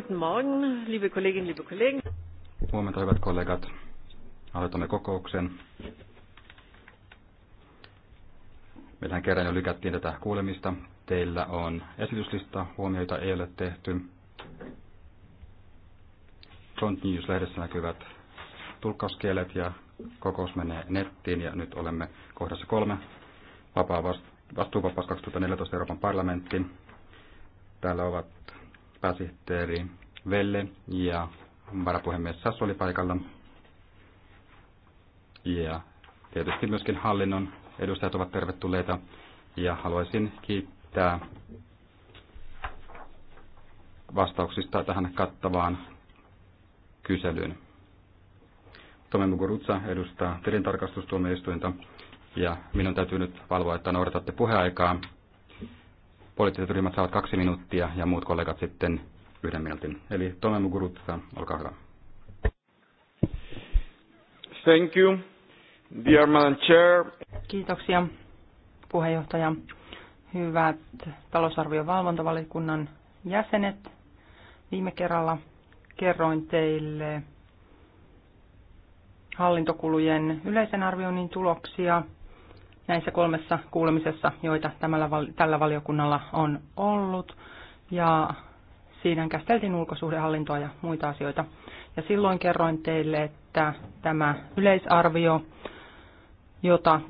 Guten Morgen, liebe Kolleginnen, liebe Kollegen. Huomenta, hyvät kollegat. Aloitamme kokouksen. Meillähän kerran jo lykättiin tätä kuulemista. Teillä on esityslista, huomioita ei ole tehty. Front News-lehdessä näkyvät tulkkauskielet ja kokous menee nettiin ja nyt olemme kohdassa kolme. Vapaa vastuuvapaus 2014 Euroopan parlamentti. Täällä ovat pääsihteeri Velle ja varapuhemies Sassu oli paikalla. Ja tietysti myöskin hallinnon edustajat ovat tervetulleita. Ja haluaisin kiittää vastauksista tähän kattavaan kyselyyn. Tome Muguruza edustaa tilintarkastustuomioistuinta ja minun täytyy nyt valvoa, että noudatatte puheaikaa poliittiset ryhmät saavat kaksi minuuttia ja muut kollegat sitten yhden minuutin. Eli Tome Mugurutsa, olkaa hyvä. Thank you, dear Madam Chair. Kiitoksia, puheenjohtaja. Hyvät talousarvion valvontavalikunnan jäsenet, viime kerralla kerroin teille hallintokulujen yleisen arvioinnin tuloksia – näissä kolmessa kuulemisessa, joita tällä valiokunnalla on ollut. Ja siinä käsiteltiin ulkosuhdehallintoa ja muita asioita. Ja silloin kerroin teille, että tämä yleisarvio, jota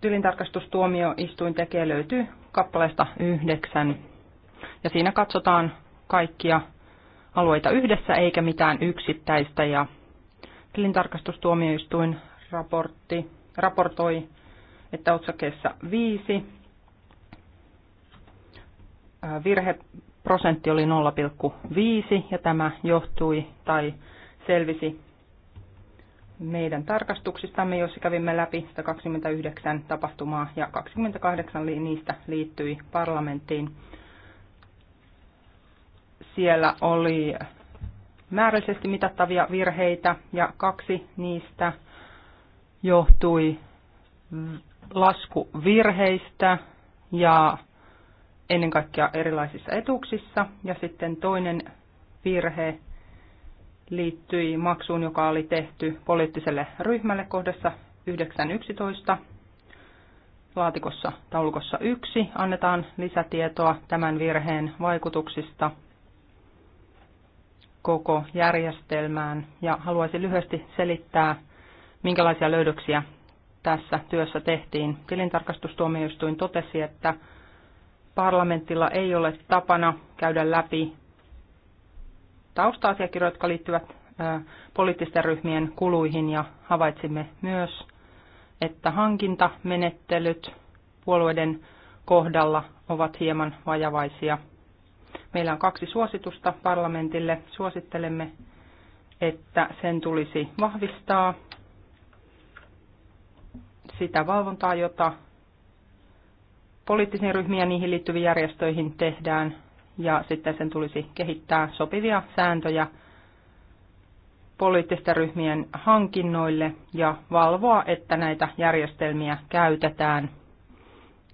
tilintarkastustuomioistuin tekee, löytyy kappaleesta yhdeksän. Ja siinä katsotaan kaikkia alueita yhdessä eikä mitään yksittäistä. Ja tilintarkastustuomioistuin raportti, raportoi että otsakessa 5 virheprosentti oli 0,5 ja tämä johtui tai selvisi meidän tarkastuksistamme, joissa kävimme läpi 129 tapahtumaa ja 28 niistä liittyi parlamenttiin. Siellä oli määrällisesti mitattavia virheitä ja kaksi niistä johtui laskuvirheistä ja ennen kaikkea erilaisissa etuuksissa. Ja sitten toinen virhe liittyi maksuun, joka oli tehty poliittiselle ryhmälle kohdassa 9.11. Laatikossa taulukossa 1 annetaan lisätietoa tämän virheen vaikutuksista koko järjestelmään. Ja haluaisin lyhyesti selittää, minkälaisia löydöksiä tässä työssä tehtiin. Tilintarkastustuomioistuin totesi, että parlamentilla ei ole tapana käydä läpi tausta-asiakirjoja, jotka liittyvät poliittisten ryhmien kuluihin ja havaitsimme myös, että hankintamenettelyt puolueiden kohdalla ovat hieman vajavaisia. Meillä on kaksi suositusta parlamentille. Suosittelemme, että sen tulisi vahvistaa sitä valvontaa, jota poliittisiin ryhmiin ja niihin liittyviin järjestöihin tehdään, ja sitten sen tulisi kehittää sopivia sääntöjä poliittisten ryhmien hankinnoille ja valvoa, että näitä järjestelmiä käytetään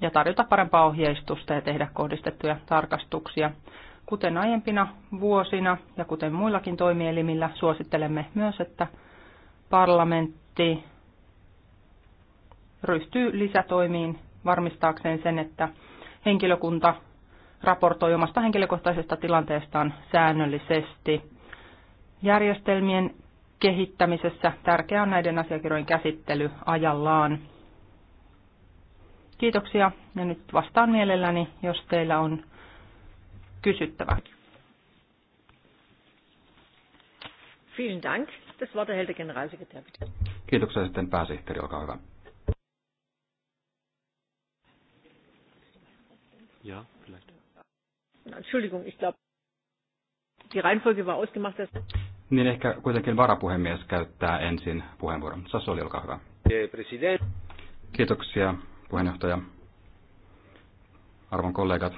ja tarjota parempaa ohjeistusta ja tehdä kohdistettuja tarkastuksia. Kuten aiempina vuosina ja kuten muillakin toimielimillä suosittelemme myös, että parlamentti ryhtyy lisätoimiin varmistaakseen sen, että henkilökunta raportoi omasta henkilökohtaisesta tilanteestaan säännöllisesti. Järjestelmien kehittämisessä tärkeää on näiden asiakirjojen käsittely ajallaan. Kiitoksia ja nyt vastaan mielelläni, jos teillä on kysyttävää. Vielen Dank. Das Wort erhält der Generalsekretär. Kiitoksia sitten pääsihteeri, olkaa hyvä. Ja, vielleicht. Entschuldigung, ich glaube, die Reihenfolge war ausgemacht. Dass niin ehkä kuitenkin varapuhemies käyttää ensin puheenvuoron. Sassoli, olkaa hyvä. Kiitoksia, puheenjohtaja. Arvon kollegat.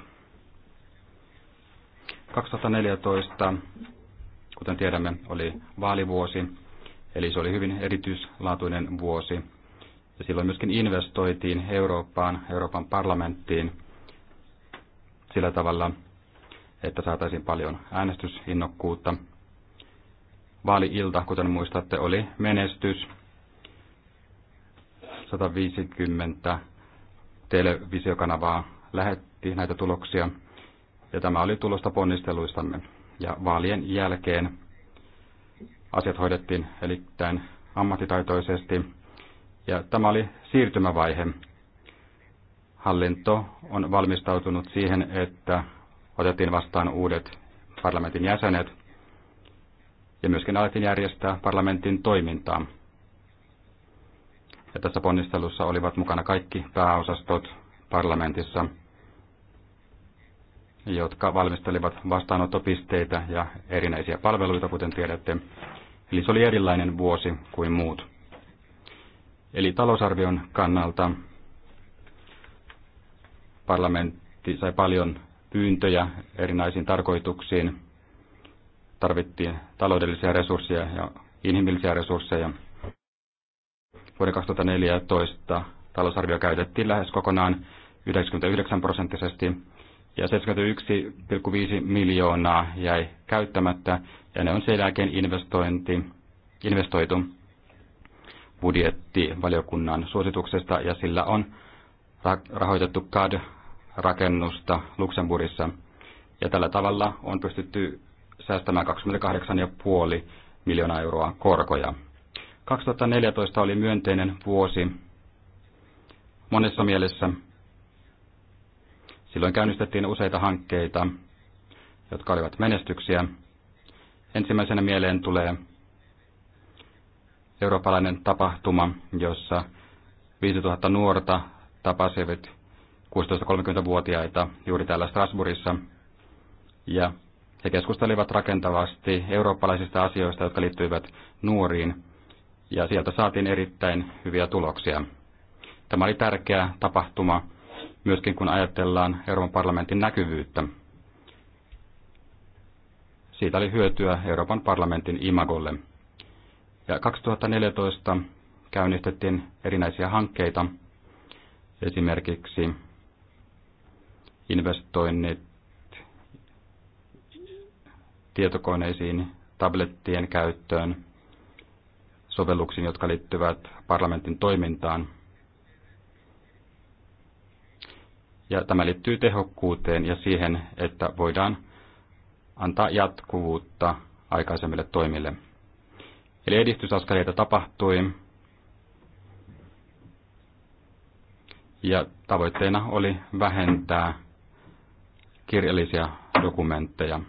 2014, kuten tiedämme, oli vaalivuosi, eli se oli hyvin erityislaatuinen vuosi. Ja silloin myöskin investoitiin Eurooppaan, Euroopan parlamenttiin – sillä tavalla, että saataisiin paljon äänestysinnokkuutta. Vaali-ilta, kuten muistatte, oli menestys. 150 televisiokanavaa lähetti näitä tuloksia, ja tämä oli tulosta ponnisteluistamme. Ja vaalien jälkeen asiat hoidettiin erittäin ammattitaitoisesti, ja tämä oli siirtymävaihe, hallinto on valmistautunut siihen, että otettiin vastaan uudet parlamentin jäsenet ja myöskin alettiin järjestää parlamentin toimintaa. Ja tässä ponnistelussa olivat mukana kaikki pääosastot parlamentissa, jotka valmistelivat vastaanottopisteitä ja erinäisiä palveluita, kuten tiedätte. Eli se oli erilainen vuosi kuin muut. Eli talousarvion kannalta parlamentti sai paljon pyyntöjä erinäisiin tarkoituksiin. Tarvittiin taloudellisia resursseja ja inhimillisiä resursseja. Vuoden 2014 talousarvio käytettiin lähes kokonaan 99 prosenttisesti ja 71,5 miljoonaa jäi käyttämättä ja ne on sen jälkeen investointi, investoitu budjettivaliokunnan suosituksesta ja sillä on rahoitettu CAD-rakennusta Luxemburgissa. Ja tällä tavalla on pystytty säästämään 28,5 miljoonaa euroa korkoja. 2014 oli myönteinen vuosi monessa mielessä. Silloin käynnistettiin useita hankkeita, jotka olivat menestyksiä. Ensimmäisenä mieleen tulee eurooppalainen tapahtuma, jossa 5000 nuorta tapasivat 16-30-vuotiaita juuri täällä Strasbourgissa. Ja he keskustelivat rakentavasti eurooppalaisista asioista, jotka liittyivät nuoriin, ja sieltä saatiin erittäin hyviä tuloksia. Tämä oli tärkeä tapahtuma, myöskin kun ajatellaan Euroopan parlamentin näkyvyyttä. Siitä oli hyötyä Euroopan parlamentin imagolle. Ja 2014 käynnistettiin erinäisiä hankkeita, Esimerkiksi investoinnit tietokoneisiin, tablettien käyttöön, sovelluksiin, jotka liittyvät parlamentin toimintaan. Ja tämä liittyy tehokkuuteen ja siihen, että voidaan antaa jatkuvuutta aikaisemmille toimille. Eli edistysaskeleita tapahtui, ja tavoitteena oli vähentää kirjallisia dokumentteja.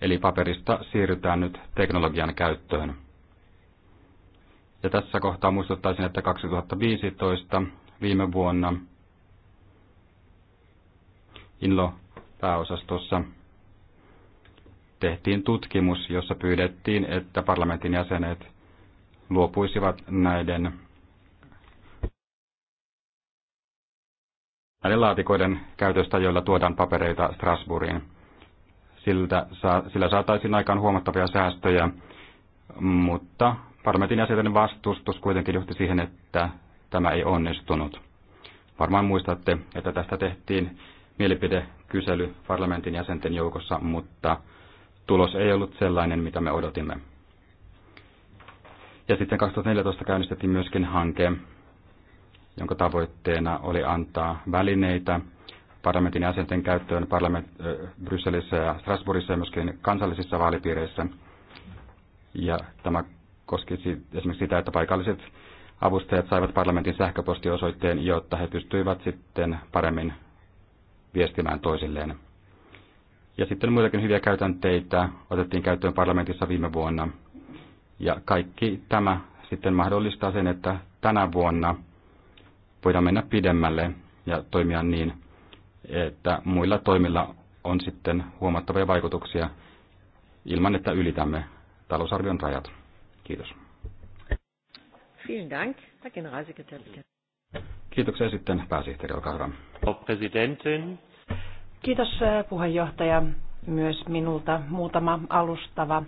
Eli paperista siirrytään nyt teknologian käyttöön. Ja tässä kohtaa muistuttaisin, että 2015 viime vuonna INLO-pääosastossa tehtiin tutkimus, jossa pyydettiin, että parlamentin jäsenet luopuisivat näiden näiden laatikoiden käytöstä, joilla tuodaan papereita Strasbourgiin. Siltä, sillä saataisiin aikaan huomattavia säästöjä, mutta parlamentin jäsenten vastustus kuitenkin johti siihen, että tämä ei onnistunut. Varmaan muistatte, että tästä tehtiin mielipidekysely parlamentin jäsenten joukossa, mutta tulos ei ollut sellainen, mitä me odotimme. Ja sitten 2014 käynnistettiin myöskin hanke, jonka tavoitteena oli antaa välineitä parlamentin jäsenten käyttöön parlament, äh, Brysselissä ja Strasbourgissa ja myöskin kansallisissa vaalipiireissä. Ja tämä koskisi esimerkiksi sitä, että paikalliset avustajat saivat parlamentin sähköpostiosoitteen, jotta he pystyivät sitten paremmin viestimään toisilleen. Ja sitten muitakin hyviä käytänteitä otettiin käyttöön parlamentissa viime vuonna. Ja kaikki tämä sitten mahdollistaa sen, että tänä vuonna – voidaan mennä pidemmälle ja toimia niin, että muilla toimilla on sitten huomattavia vaikutuksia ilman, että ylitämme talousarvion rajat. Kiitos. Dank, Kiitoksia sitten pääsihteeri, olkaa hyvä. Kiitos puheenjohtaja. Myös minulta muutama alustava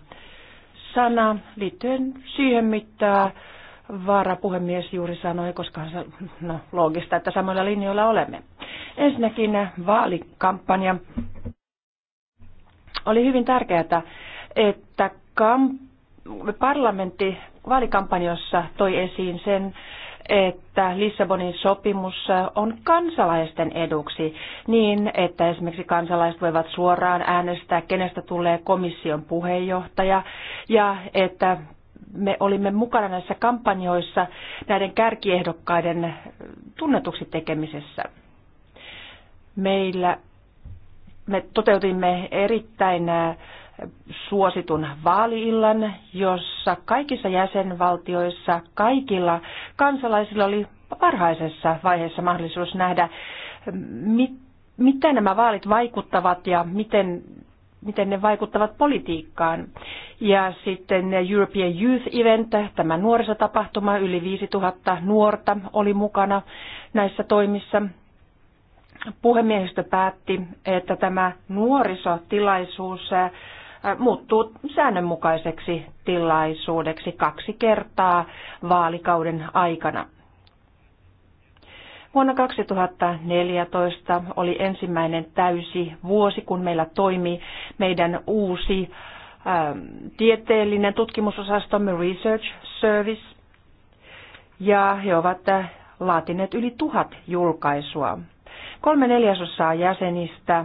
sana liittyen siihen, mitä varapuhemies juuri sanoi, koska no, loogista, että samoilla linjoilla olemme. Ensinnäkin vaalikampanja. Oli hyvin tärkeää, että parlamentti vaalikampanjassa toi esiin sen, että Lissabonin sopimus on kansalaisten eduksi niin, että esimerkiksi kansalaiset voivat suoraan äänestää, kenestä tulee komission puheenjohtaja ja että me olimme mukana näissä kampanjoissa näiden kärkiehdokkaiden tunnetuksi tekemisessä. Meillä me toteutimme erittäin suositun vaaliillan, jossa kaikissa jäsenvaltioissa kaikilla kansalaisilla oli varhaisessa vaiheessa mahdollisuus nähdä, mit, mitä nämä vaalit vaikuttavat ja miten miten ne vaikuttavat politiikkaan. Ja sitten European Youth Event, tämä nuorisotapahtuma, yli 5000 nuorta oli mukana näissä toimissa. Puhemiehistö päätti, että tämä nuorisotilaisuus äh, muuttuu säännönmukaiseksi tilaisuudeksi kaksi kertaa vaalikauden aikana. Vuonna 2014 oli ensimmäinen täysi vuosi, kun meillä toimi meidän uusi ähm, tieteellinen tutkimusosastomme Research Service. Ja he ovat äh, laatineet yli tuhat julkaisua. Kolme neljäsosaa jäsenistä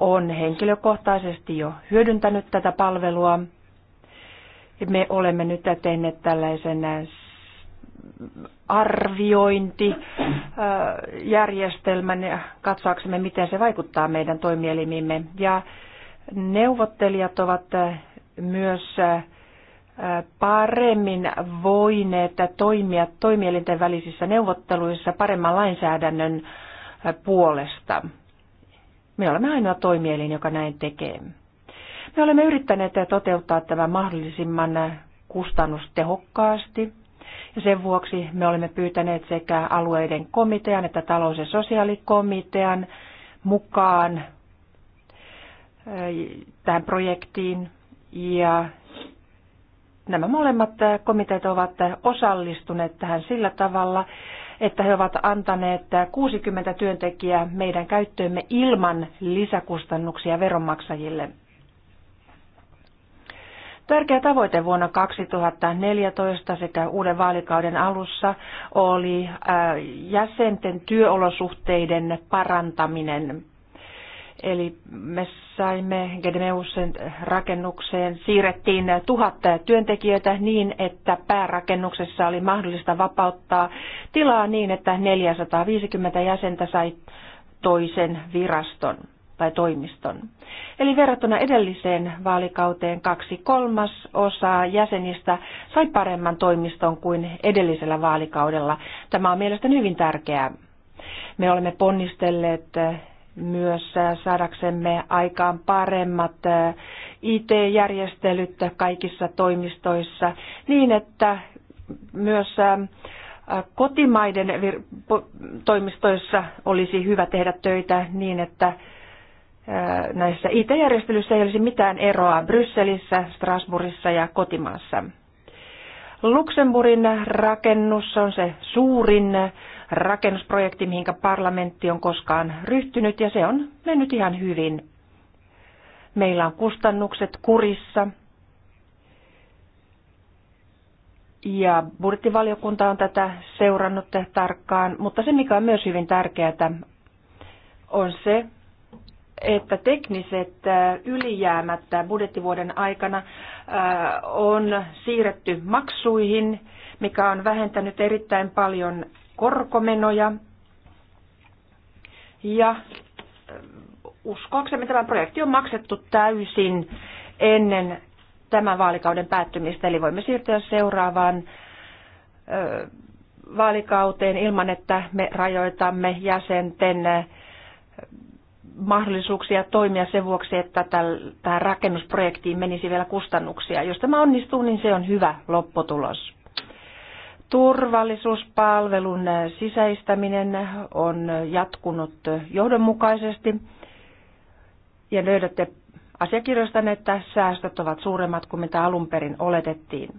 on henkilökohtaisesti jo hyödyntänyt tätä palvelua. Me olemme nyt tehneet tällaisen äh, arviointijärjestelmän äh, ja katsoaksemme, miten se vaikuttaa meidän toimielimimme. Ja neuvottelijat ovat äh, myös äh, paremmin voineet toimia toimielinten välisissä neuvotteluissa paremman lainsäädännön äh, puolesta. Me olemme ainoa toimielin, joka näin tekee. Me olemme yrittäneet toteuttaa tämän mahdollisimman kustannustehokkaasti. Ja sen vuoksi me olemme pyytäneet sekä alueiden komitean että talous- ja sosiaalikomitean mukaan tähän projektiin ja nämä molemmat komiteat ovat osallistuneet tähän sillä tavalla, että he ovat antaneet 60 työntekijää meidän käyttöömme ilman lisäkustannuksia veronmaksajille. Tärkeä tavoite vuonna 2014 sekä uuden vaalikauden alussa oli äh, jäsenten työolosuhteiden parantaminen Eli me saimme Gedemeusen rakennukseen, siirrettiin tuhat työntekijöitä niin, että päärakennuksessa oli mahdollista vapauttaa tilaa niin, että 450 jäsentä sai toisen viraston tai toimiston. Eli verrattuna edelliseen vaalikauteen kaksi kolmas osaa jäsenistä sai paremman toimiston kuin edellisellä vaalikaudella. Tämä on mielestäni hyvin tärkeää. Me olemme ponnistelleet myös äh, saadaksemme aikaan paremmat äh, IT-järjestelyt kaikissa toimistoissa niin, että myös ähm, äh, kotimaiden toimistoissa olisi hyvä tehdä töitä niin, että näissä IT-järjestelyissä ei olisi mitään eroa Brysselissä, Strasbourgissa ja kotimaassa. Luxemburgin rakennus on se suurin rakennusprojekti, mihinkä parlamentti on koskaan ryhtynyt, ja se on mennyt ihan hyvin. Meillä on kustannukset kurissa, ja budjettivaliokunta on tätä seurannut tarkkaan, mutta se mikä on myös hyvin tärkeää on se, että tekniset äh, ylijäämät budjettivuoden aikana äh, on siirretty maksuihin, mikä on vähentänyt erittäin paljon korkomenoja. Ja uskoakseni tämä projekti on maksettu täysin ennen tämän vaalikauden päättymistä, eli voimme siirtyä seuraavaan vaalikauteen ilman, että me rajoitamme jäsenten mahdollisuuksia toimia sen vuoksi, että tähän rakennusprojektiin menisi vielä kustannuksia. Jos tämä onnistuu, niin se on hyvä lopputulos. Turvallisuuspalvelun sisäistäminen on jatkunut johdonmukaisesti ja löydätte asiakirjoista, että säästöt ovat suuremmat kuin mitä alun perin oletettiin.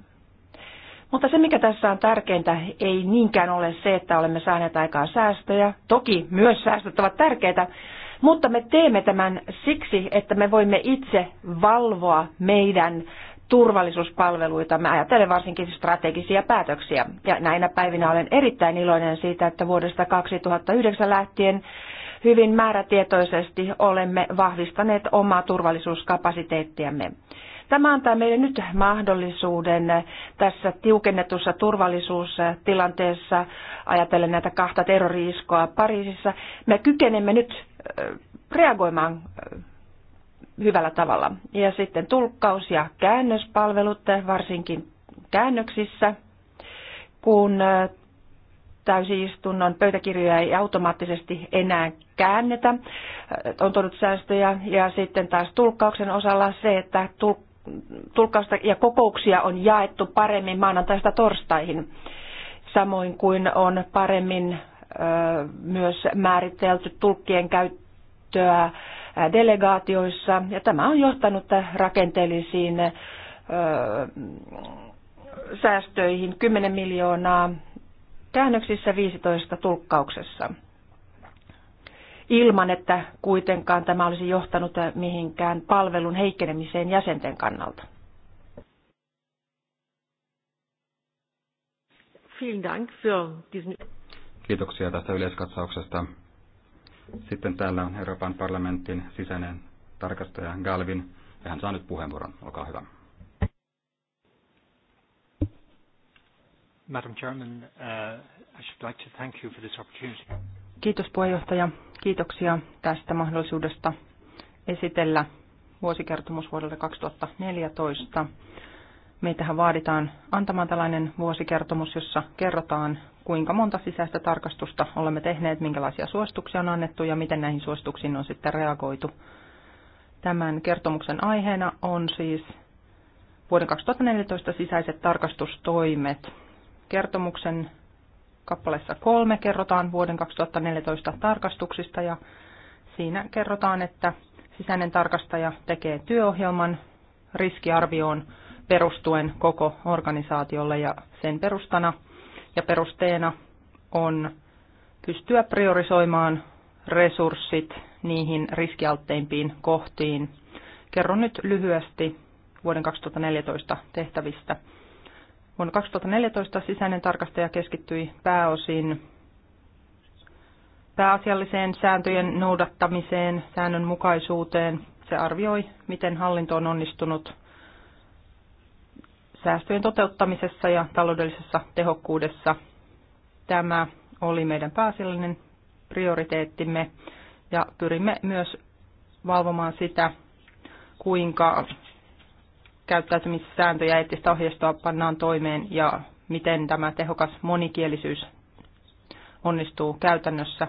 Mutta se, mikä tässä on tärkeintä, ei niinkään ole se, että olemme saaneet aikaan säästöjä. Toki myös säästöt ovat tärkeitä, mutta me teemme tämän siksi, että me voimme itse valvoa meidän turvallisuuspalveluita. Mä ajattelen varsinkin siis strategisia päätöksiä. Ja näinä päivinä olen erittäin iloinen siitä, että vuodesta 2009 lähtien hyvin määrätietoisesti olemme vahvistaneet omaa turvallisuuskapasiteettiamme. Tämä antaa meille nyt mahdollisuuden tässä tiukennetussa turvallisuustilanteessa, ajatellen näitä kahta terroriiskoa Pariisissa, me kykenemme nyt reagoimaan hyvällä tavalla. Ja sitten tulkkaus- ja käännöspalvelut, varsinkin käännöksissä, kun äh, täysistunnon pöytäkirjoja ei automaattisesti enää käännetä. Äh, on tullut säästöjä ja sitten taas tulkkauksen osalla se, että tulkkausta ja kokouksia on jaettu paremmin maanantaista torstaihin, samoin kuin on paremmin äh, myös määritelty tulkkien käyttöä delegaatioissa ja tämä on johtanut rakenteellisiin säästöihin 10 miljoonaa käännöksissä 15 tulkkauksessa ilman, että kuitenkaan tämä olisi johtanut mihinkään palvelun heikkenemiseen jäsenten kannalta. Kiitoksia tästä yleiskatsauksesta. Sitten täällä on Euroopan parlamentin sisäinen tarkastaja Galvin, ja hän saa nyt puheenvuoron. Olkaa hyvä. Madam Chairman, uh, I should like to thank you for this opportunity. Kiitos puheenjohtaja. Kiitoksia tästä mahdollisuudesta esitellä vuosikertomus vuodelta 2014. Meitähän vaaditaan antamaan tällainen vuosikertomus, jossa kerrotaan kuinka monta sisäistä tarkastusta olemme tehneet, minkälaisia suosituksia on annettu ja miten näihin suosituksiin on sitten reagoitu. Tämän kertomuksen aiheena on siis vuoden 2014 sisäiset tarkastustoimet. Kertomuksen kappaleessa kolme kerrotaan vuoden 2014 tarkastuksista ja siinä kerrotaan, että sisäinen tarkastaja tekee työohjelman riskiarvioon perustuen koko organisaatiolle ja sen perustana – ja perusteena on pystyä priorisoimaan resurssit niihin riskialtteimpiin kohtiin. Kerron nyt lyhyesti vuoden 2014 tehtävistä. Vuonna 2014 sisäinen tarkastaja keskittyi pääosin pääasialliseen sääntöjen noudattamiseen, säännönmukaisuuteen. Se arvioi, miten hallinto on onnistunut säästöjen toteuttamisessa ja taloudellisessa tehokkuudessa. Tämä oli meidän pääasiallinen prioriteettimme ja pyrimme myös valvomaan sitä, kuinka käyttäytymissääntöjä ja eettistä ohjeistoa pannaan toimeen ja miten tämä tehokas monikielisyys onnistuu käytännössä.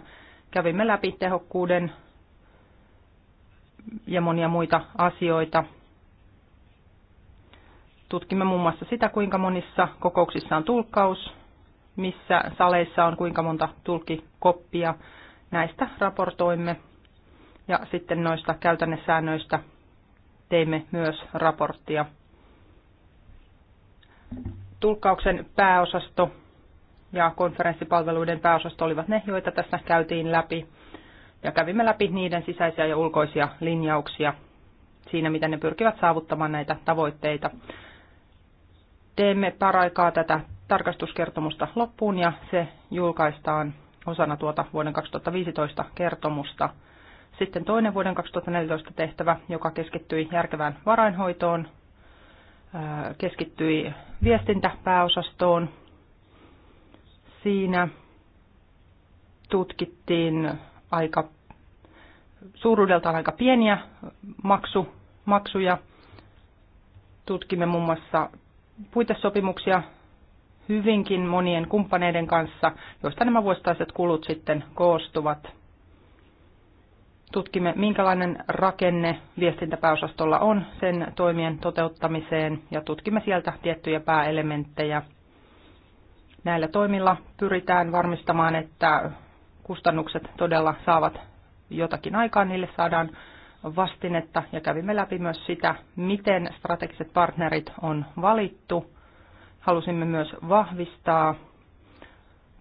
Kävimme läpi tehokkuuden ja monia muita asioita Tutkimme muun muassa sitä, kuinka monissa kokouksissa on tulkkaus, missä saleissa on kuinka monta tulkikoppia. Näistä raportoimme ja sitten noista käytännesäännöistä teimme myös raporttia. Tulkkauksen pääosasto ja konferenssipalveluiden pääosasto olivat ne, joita tässä käytiin läpi. Ja kävimme läpi niiden sisäisiä ja ulkoisia linjauksia siinä, miten ne pyrkivät saavuttamaan näitä tavoitteita teemme paraikaa tätä tarkastuskertomusta loppuun ja se julkaistaan osana tuota vuoden 2015 kertomusta. Sitten toinen vuoden 2014 tehtävä, joka keskittyi järkevään varainhoitoon, keskittyi viestintäpääosastoon. Siinä tutkittiin aika suuruudeltaan aika pieniä maksu, maksuja. Tutkimme muun muassa puitesopimuksia hyvinkin monien kumppaneiden kanssa, joista nämä vuosittaiset kulut sitten koostuvat. Tutkimme, minkälainen rakenne viestintäpääosastolla on sen toimien toteuttamiseen ja tutkimme sieltä tiettyjä pääelementtejä. Näillä toimilla pyritään varmistamaan, että kustannukset todella saavat jotakin aikaa, niille saadaan vastinetta ja kävimme läpi myös sitä, miten strategiset partnerit on valittu. Halusimme myös vahvistaa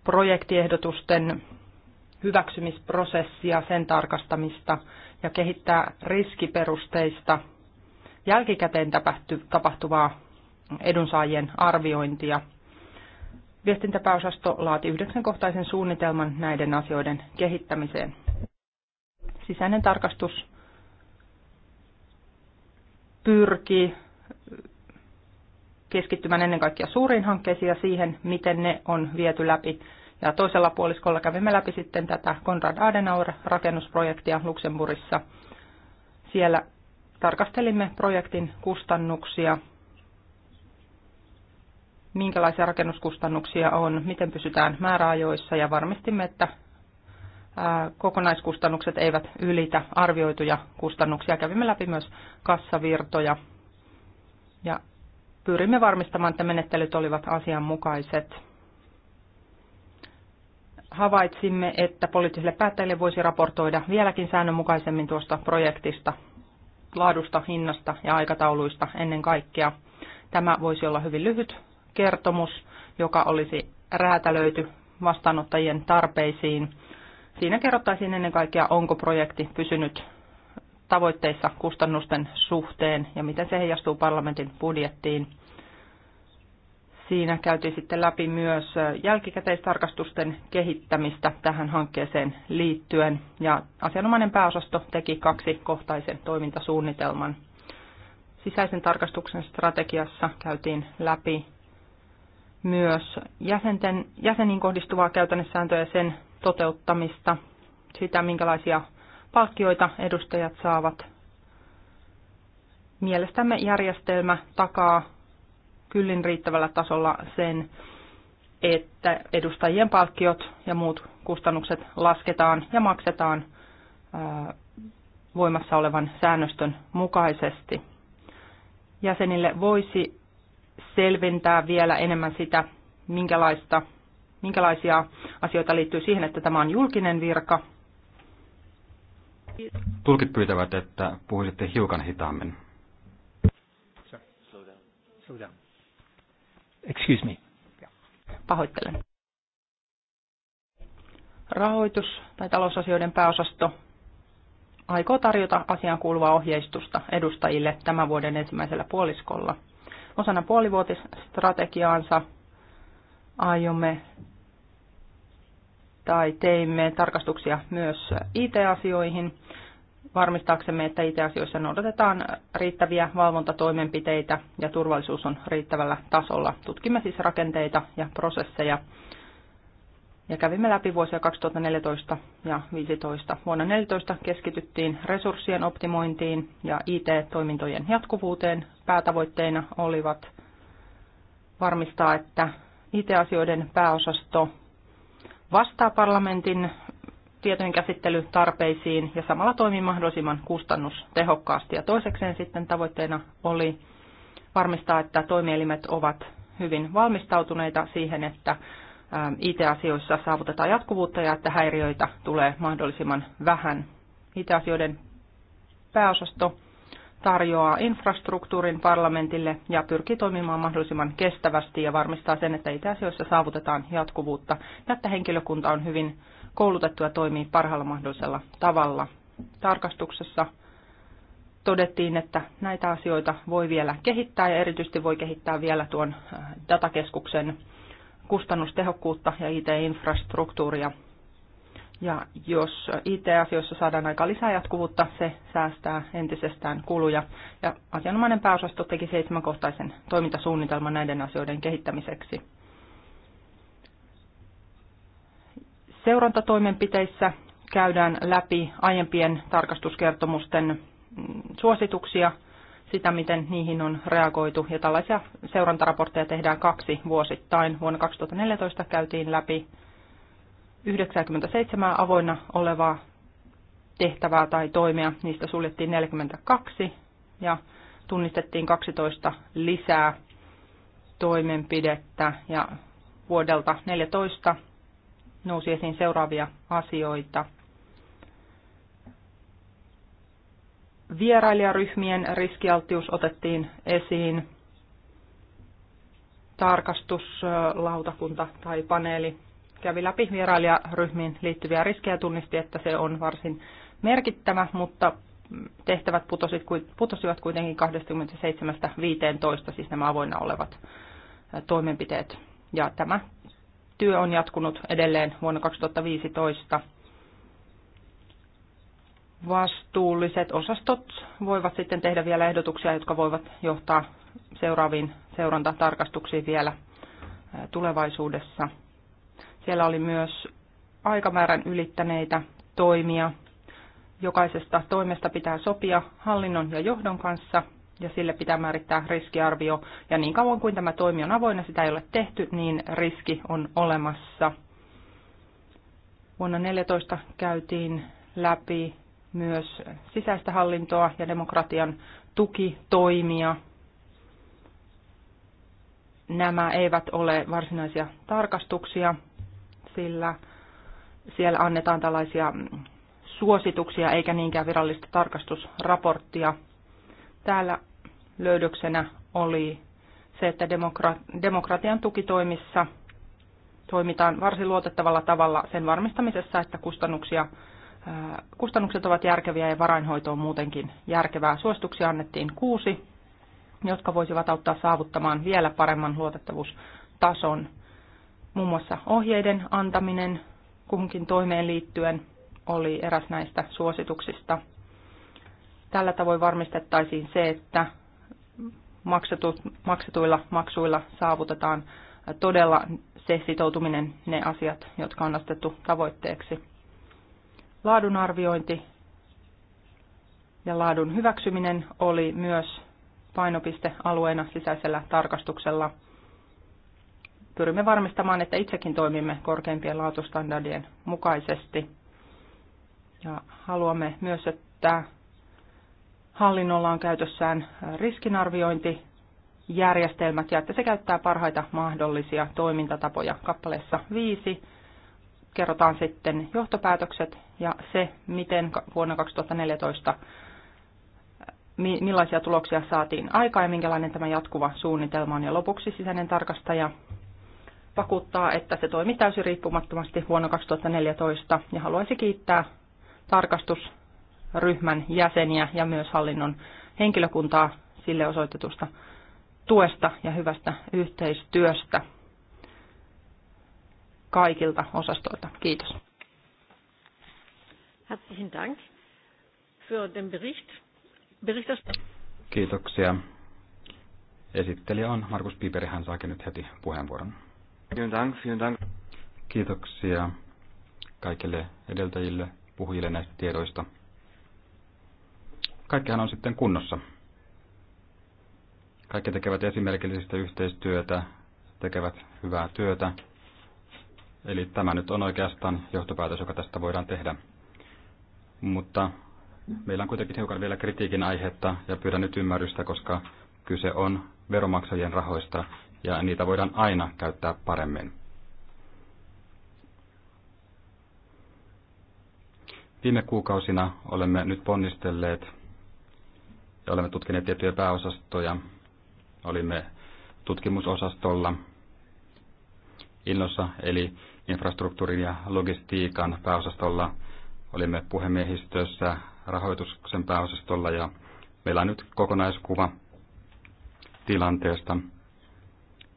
projektiehdotusten hyväksymisprosessia, sen tarkastamista ja kehittää riskiperusteista jälkikäteen tapahtuvaa edunsaajien arviointia. Viestintäpääosasto laati yhdeksänkohtaisen suunnitelman näiden asioiden kehittämiseen. Sisäinen tarkastus pyrki keskittymään ennen kaikkea suuriin hankkeisiin ja siihen, miten ne on viety läpi. Ja toisella puoliskolla kävimme läpi sitten tätä Konrad Adenauer-rakennusprojektia Luxemburissa. Siellä tarkastelimme projektin kustannuksia, minkälaisia rakennuskustannuksia on, miten pysytään määräajoissa ja varmistimme, että kokonaiskustannukset eivät ylitä arvioituja kustannuksia. Kävimme läpi myös kassavirtoja ja pyrimme varmistamaan, että menettelyt olivat asianmukaiset. Havaitsimme, että poliittisille päättäjille voisi raportoida vieläkin säännönmukaisemmin tuosta projektista, laadusta, hinnasta ja aikatauluista ennen kaikkea. Tämä voisi olla hyvin lyhyt kertomus, joka olisi räätälöity vastaanottajien tarpeisiin Siinä kerrottaisiin ennen kaikkea, onko projekti pysynyt tavoitteissa kustannusten suhteen ja miten se heijastuu parlamentin budjettiin. Siinä käytiin sitten läpi myös jälkikäteistarkastusten kehittämistä tähän hankkeeseen liittyen ja asianomainen pääosasto teki kaksi kohtaisen toimintasuunnitelman. Sisäisen tarkastuksen strategiassa käytiin läpi myös jäsenten, jäseniin kohdistuvaa käytännössääntöä ja sen toteuttamista, sitä minkälaisia palkkioita edustajat saavat. Mielestämme järjestelmä takaa kyllin riittävällä tasolla sen, että edustajien palkkiot ja muut kustannukset lasketaan ja maksetaan voimassa olevan säännöstön mukaisesti. Jäsenille voisi selventää vielä enemmän sitä, minkälaista minkälaisia asioita liittyy siihen, että tämä on julkinen virka. Tulkit pyytävät, että puhuisitte hiukan hitaammin. Excuse me. Pahoittelen. Rahoitus- tai talousasioiden pääosasto aikoo tarjota asiaan kuuluvaa ohjeistusta edustajille tämän vuoden ensimmäisellä puoliskolla. Osana puolivuotisstrategiaansa aiomme tai teimme tarkastuksia myös IT-asioihin varmistaaksemme, että IT-asioissa noudatetaan riittäviä valvontatoimenpiteitä ja turvallisuus on riittävällä tasolla. Tutkimme siis rakenteita ja prosesseja ja kävimme läpi vuosia 2014 ja 2015. Vuonna 2014 keskityttiin resurssien optimointiin ja IT-toimintojen jatkuvuuteen. Päätavoitteina olivat varmistaa, että IT-asioiden pääosasto vastaa parlamentin tietojen käsittelytarpeisiin ja samalla toimii mahdollisimman kustannustehokkaasti. Ja toisekseen sitten tavoitteena oli varmistaa, että toimielimet ovat hyvin valmistautuneita siihen, että IT-asioissa saavutetaan jatkuvuutta ja että häiriöitä tulee mahdollisimman vähän. IT-asioiden pääosasto tarjoaa infrastruktuurin parlamentille ja pyrkii toimimaan mahdollisimman kestävästi ja varmistaa sen, että itäasioissa saavutetaan jatkuvuutta ja että henkilökunta on hyvin koulutettu ja toimii parhaalla mahdollisella tavalla. Tarkastuksessa todettiin, että näitä asioita voi vielä kehittää ja erityisesti voi kehittää vielä tuon äh, datakeskuksen kustannustehokkuutta ja IT-infrastruktuuria ja jos IT-asioissa saadaan aika lisää jatkuvuutta, se säästää entisestään kuluja. Ja asianomainen pääosasto teki seitsemänkohtaisen toimintasuunnitelman näiden asioiden kehittämiseksi. Seurantatoimenpiteissä käydään läpi aiempien tarkastuskertomusten mm, suosituksia, sitä miten niihin on reagoitu. Ja tällaisia seurantaraportteja tehdään kaksi vuosittain. Vuonna 2014 käytiin läpi 97 avoinna olevaa tehtävää tai toimia, niistä suljettiin 42 ja tunnistettiin 12 lisää toimenpidettä ja vuodelta 14 nousi esiin seuraavia asioita. Vierailijaryhmien riskialtius otettiin esiin, tarkastuslautakunta tai paneeli kävi läpi vierailijaryhmiin liittyviä riskejä tunnisti, että se on varsin merkittävä, mutta tehtävät putosivat kuitenkin 27 siis nämä avoinna olevat toimenpiteet. Ja tämä työ on jatkunut edelleen vuonna 2015. Vastuulliset osastot voivat sitten tehdä vielä ehdotuksia, jotka voivat johtaa seuraaviin seurantatarkastuksiin vielä tulevaisuudessa. Siellä oli myös aikamäärän ylittäneitä toimia. Jokaisesta toimesta pitää sopia hallinnon ja johdon kanssa ja sille pitää määrittää riskiarvio. Ja niin kauan kuin tämä toimi on avoinna, sitä ei ole tehty, niin riski on olemassa. Vuonna 2014 käytiin läpi myös sisäistä hallintoa ja demokratian tukitoimia. Nämä eivät ole varsinaisia tarkastuksia, sillä siellä annetaan tällaisia suosituksia eikä niinkään virallista tarkastusraporttia. Täällä löydöksenä oli se, että demokratian tukitoimissa toimitaan varsin luotettavalla tavalla sen varmistamisessa, että kustannuksia, kustannukset ovat järkeviä ja varainhoito on muutenkin järkevää. Suosituksia annettiin kuusi, jotka voisivat auttaa saavuttamaan vielä paremman luotettavuustason. Muun muassa ohjeiden antaminen kuhunkin toimeen liittyen oli eräs näistä suosituksista. Tällä tavoin varmistettaisiin se, että maksetut, maksetuilla maksuilla saavutetaan todella se sitoutuminen, ne asiat, jotka on nostettu tavoitteeksi. Laadunarviointi ja laadun hyväksyminen oli myös painopistealueena sisäisellä tarkastuksella – pyrimme varmistamaan, että itsekin toimimme korkeimpien laatustandardien mukaisesti. Ja haluamme myös, että hallinnolla on käytössään riskinarviointijärjestelmät ja että se käyttää parhaita mahdollisia toimintatapoja. Kappaleessa 5 kerrotaan sitten johtopäätökset ja se, miten vuonna 2014 millaisia tuloksia saatiin aikaa ja minkälainen tämä jatkuva suunnitelma on. Ja lopuksi sisäinen tarkastaja vakuuttaa, että se toimi täysin riippumattomasti vuonna 2014 ja haluaisi kiittää tarkastusryhmän jäseniä ja myös hallinnon henkilökuntaa sille osoitetusta tuesta ja hyvästä yhteistyöstä kaikilta osastoilta. Kiitos. Herzlichen Dank für den Bericht. Kiitoksia. Esittelijä on Markus Piiperi, hän saakin nyt heti puheenvuoron. Kiitoksia kaikille edeltäjille puhujille näistä tiedoista. Kaikkihan on sitten kunnossa. Kaikki tekevät esimerkillisistä yhteistyötä, tekevät hyvää työtä. Eli tämä nyt on oikeastaan johtopäätös, joka tästä voidaan tehdä. Mutta meillä on kuitenkin hiukan vielä kritiikin aihetta ja pyydän nyt ymmärrystä, koska kyse on veromaksajien rahoista ja niitä voidaan aina käyttää paremmin. Viime kuukausina olemme nyt ponnistelleet ja olemme tutkineet tiettyjä pääosastoja. Olimme tutkimusosastolla Innossa, eli infrastruktuurin ja logistiikan pääosastolla. Olimme puhemiehistössä rahoituksen pääosastolla ja meillä on nyt kokonaiskuva tilanteesta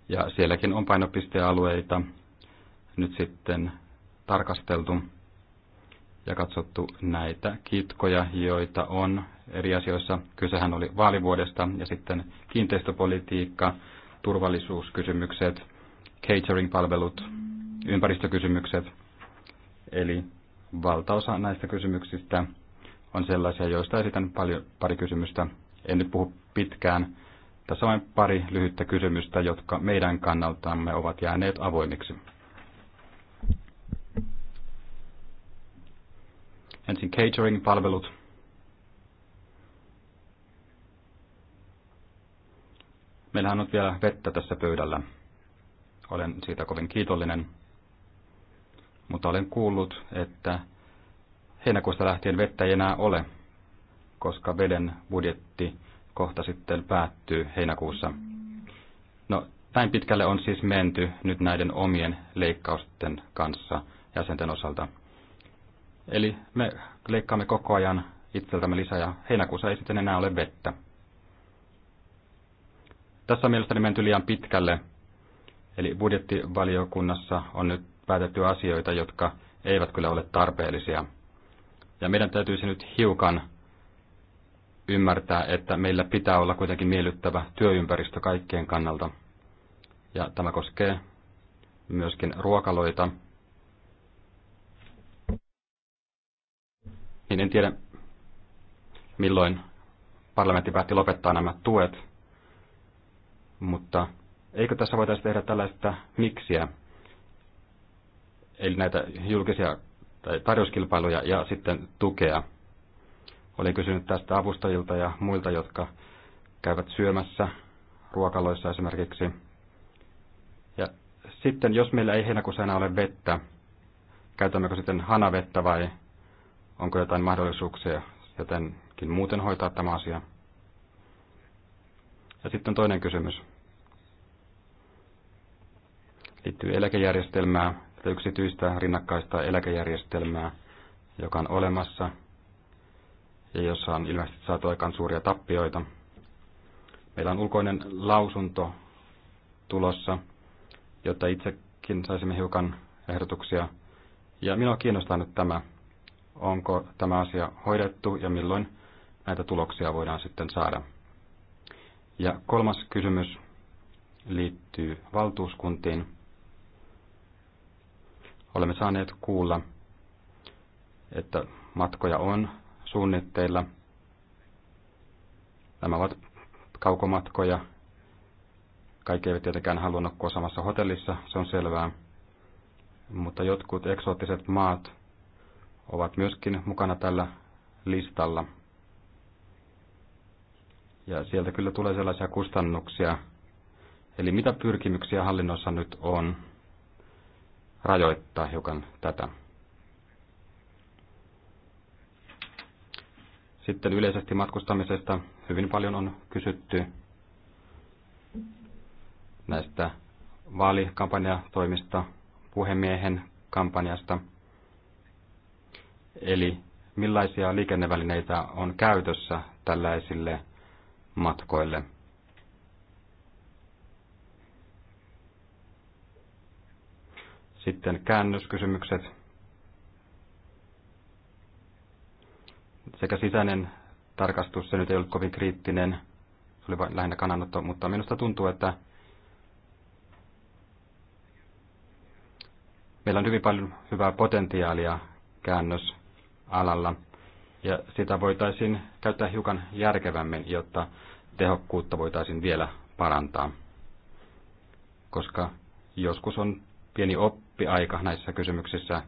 ja sielläkin on painopistealueita nyt sitten tarkasteltu ja katsottu näitä kitkoja, joita on eri asioissa. Kysehän oli vaalivuodesta ja sitten kiinteistöpolitiikka, turvallisuuskysymykset, catering-palvelut, ympäristökysymykset. Eli valtaosa näistä kysymyksistä on sellaisia, joista esitän paljon, pari kysymystä. En nyt puhu pitkään, tässä on pari lyhyttä kysymystä, jotka meidän kannaltamme ovat jääneet avoimiksi. Ensin catering-palvelut. Meillähän on vielä vettä tässä pöydällä. Olen siitä kovin kiitollinen. Mutta olen kuullut, että heinäkuusta lähtien vettä ei enää ole, koska veden budjetti kohta sitten päättyy heinäkuussa. No, näin pitkälle on siis menty nyt näiden omien leikkausten kanssa jäsenten osalta. Eli me leikkaamme koko ajan itseltämme lisää ja heinäkuussa ei sitten enää ole vettä. Tässä on mielestäni menty liian pitkälle. Eli budjettivaliokunnassa on nyt päätetty asioita, jotka eivät kyllä ole tarpeellisia. Ja meidän täytyisi nyt hiukan ymmärtää, että meillä pitää olla kuitenkin miellyttävä työympäristö kaikkien kannalta. Ja tämä koskee myöskin ruokaloita. Niin en tiedä, milloin parlamentti päätti lopettaa nämä tuet, mutta eikö tässä voitaisiin tehdä tällaista miksiä, eli näitä julkisia tai tarjouskilpailuja ja sitten tukea Olin kysynyt tästä avustajilta ja muilta, jotka käyvät syömässä ruokaloissa esimerkiksi. Ja sitten, jos meillä ei heinäkuussa enää ole vettä, käytämmekö sitten hanavettä vai onko jotain mahdollisuuksia jotenkin muuten hoitaa tämä asia? Ja sitten toinen kysymys. Liittyy eläkejärjestelmää, yksityistä rinnakkaista eläkejärjestelmää, joka on olemassa – ja jossa on ilmeisesti saatu aikaan suuria tappioita. Meillä on ulkoinen lausunto tulossa, jotta itsekin saisimme hiukan ehdotuksia. Ja minua kiinnostaa nyt tämä, onko tämä asia hoidettu ja milloin näitä tuloksia voidaan sitten saada. Ja kolmas kysymys liittyy valtuuskuntiin. Olemme saaneet kuulla, että matkoja on suunnitteilla. Nämä ovat kaukomatkoja. Kaikki eivät tietenkään halua nukkua samassa hotellissa, se on selvää. Mutta jotkut eksoottiset maat ovat myöskin mukana tällä listalla. Ja sieltä kyllä tulee sellaisia kustannuksia. Eli mitä pyrkimyksiä hallinnossa nyt on rajoittaa hiukan tätä? Sitten yleisesti matkustamisesta hyvin paljon on kysytty näistä vaalikampanjatoimista, puhemiehen kampanjasta. Eli millaisia liikennevälineitä on käytössä tällaisille matkoille? Sitten käännöskysymykset. sekä sisäinen tarkastus, se nyt ei ollut kovin kriittinen, se oli vain lähinnä kannanotto, mutta minusta tuntuu, että meillä on hyvin paljon hyvää potentiaalia käännösalalla, ja sitä voitaisiin käyttää hiukan järkevämmin, jotta tehokkuutta voitaisiin vielä parantaa. Koska joskus on pieni oppiaika näissä kysymyksissä,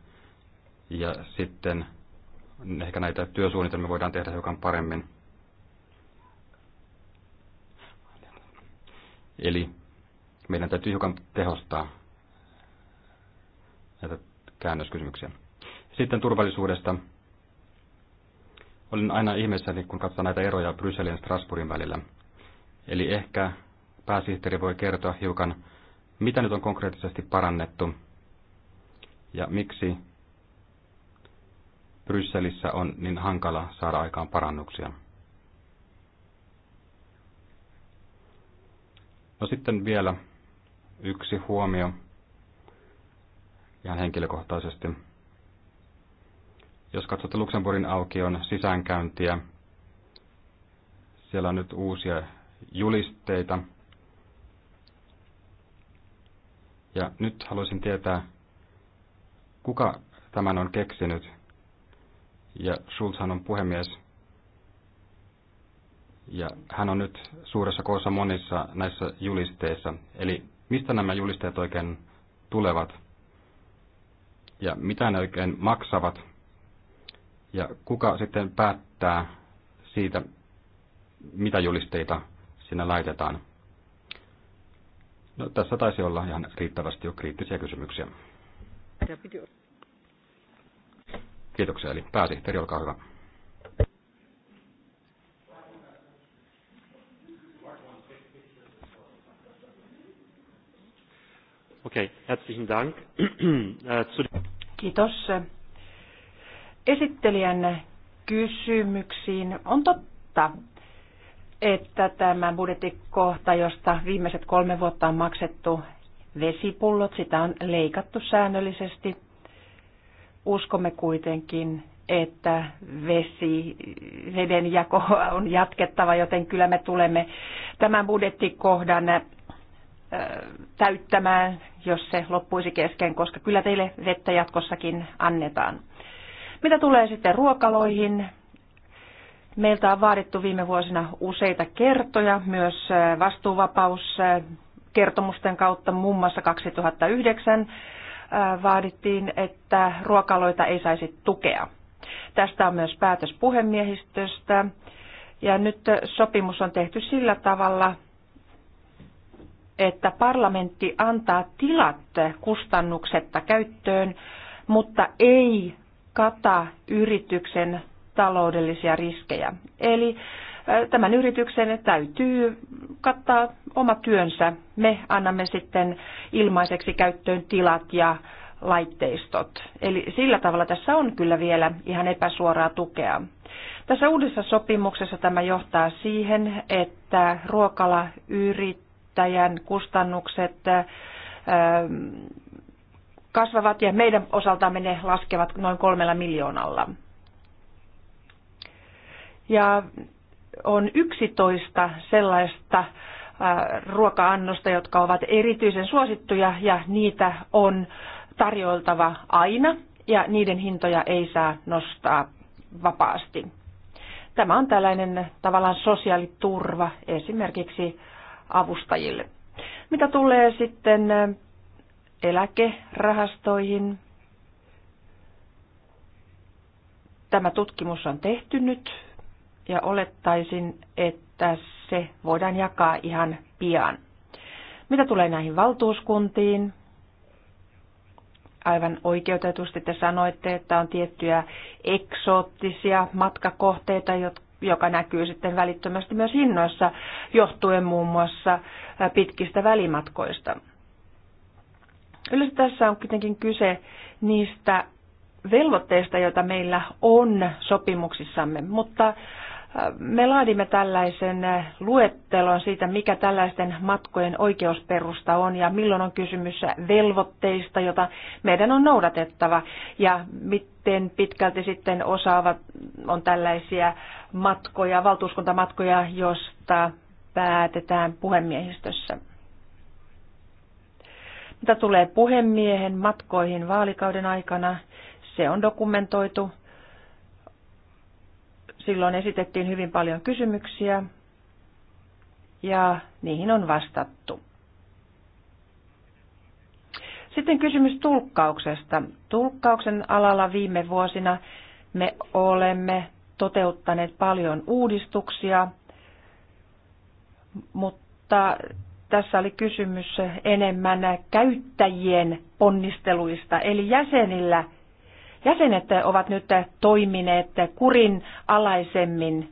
ja sitten ehkä näitä työsuunnitelmia voidaan tehdä hiukan paremmin. Eli meidän täytyy hiukan tehostaa näitä käännöskysymyksiä. Sitten turvallisuudesta. Olin aina ihmeessäni, kun katsoin näitä eroja Brysselin ja Strasbourgin välillä. Eli ehkä pääsihteeri voi kertoa hiukan, mitä nyt on konkreettisesti parannettu ja miksi Brysselissä on niin hankala saada aikaan parannuksia. No sitten vielä yksi huomio ihan henkilökohtaisesti. Jos katsotte Luxemburgin aukion sisäänkäyntiä, siellä on nyt uusia julisteita. Ja nyt haluaisin tietää, kuka tämän on keksinyt ja Schulzhan on puhemies. Ja hän on nyt suuressa koossa monissa näissä julisteissa. Eli mistä nämä julisteet oikein tulevat? Ja mitä ne oikein maksavat? Ja kuka sitten päättää siitä, mitä julisteita sinne laitetaan? No, tässä taisi olla ihan riittävästi jo kriittisiä kysymyksiä. Ja Kiitoksia. Eli pääsihteeri, olkaa hyvä. Okei, okay, Dank. Äh, Kiitos. Esittelijän kysymyksiin. On totta, että tämä budjettikohta, josta viimeiset kolme vuotta on maksettu vesipullot, sitä on leikattu säännöllisesti uskomme kuitenkin, että vesi, veden jako on jatkettava, joten kyllä me tulemme tämän budjettikohdan äh, täyttämään, jos se loppuisi kesken, koska kyllä teille vettä jatkossakin annetaan. Mitä tulee sitten ruokaloihin? Meiltä on vaadittu viime vuosina useita kertoja, myös äh, vastuuvapauskertomusten äh, kautta muun muassa 2009 vaadittiin, että ruokaloita ei saisi tukea. Tästä on myös päätös puhemiehistöstä. Ja nyt sopimus on tehty sillä tavalla, että parlamentti antaa tilat kustannuksetta käyttöön, mutta ei kata yrityksen taloudellisia riskejä. Eli tämän yrityksen täytyy kattaa oma työnsä. Me annamme sitten ilmaiseksi käyttöön tilat ja laitteistot. Eli sillä tavalla tässä on kyllä vielä ihan epäsuoraa tukea. Tässä uudessa sopimuksessa tämä johtaa siihen, että ruokalayrittäjän kustannukset äh, kasvavat ja meidän osaltamme ne laskevat noin kolmella miljoonalla. Ja on 11 sellaista äh, ruoka-annosta, jotka ovat erityisen suosittuja ja niitä on tarjoiltava aina ja niiden hintoja ei saa nostaa vapaasti. Tämä on tällainen tavallaan sosiaaliturva esimerkiksi avustajille. Mitä tulee sitten äh, eläkerahastoihin? Tämä tutkimus on tehty nyt ja olettaisin, että se voidaan jakaa ihan pian. Mitä tulee näihin valtuuskuntiin, aivan oikeutetusti te sanoitte, että on tiettyjä eksoottisia matkakohteita, joka näkyy sitten välittömästi myös hinnoissa, johtuen muun muassa pitkistä välimatkoista. Yleensä tässä on kuitenkin kyse niistä velvoitteista, joita meillä on sopimuksissamme, mutta me laadimme tällaisen luettelon siitä, mikä tällaisten matkojen oikeusperusta on ja milloin on kysymys velvoitteista, jota meidän on noudatettava ja miten pitkälti sitten osaavat on tällaisia matkoja, valtuuskuntamatkoja, josta päätetään puhemiehistössä. Mitä tulee puhemiehen matkoihin vaalikauden aikana, se on dokumentoitu Silloin esitettiin hyvin paljon kysymyksiä ja niihin on vastattu. Sitten kysymys tulkkauksesta. Tulkkauksen alalla viime vuosina me olemme toteuttaneet paljon uudistuksia, mutta tässä oli kysymys enemmän käyttäjien ponnisteluista, eli jäsenillä – jäsenet ovat nyt toimineet kurin alaisemmin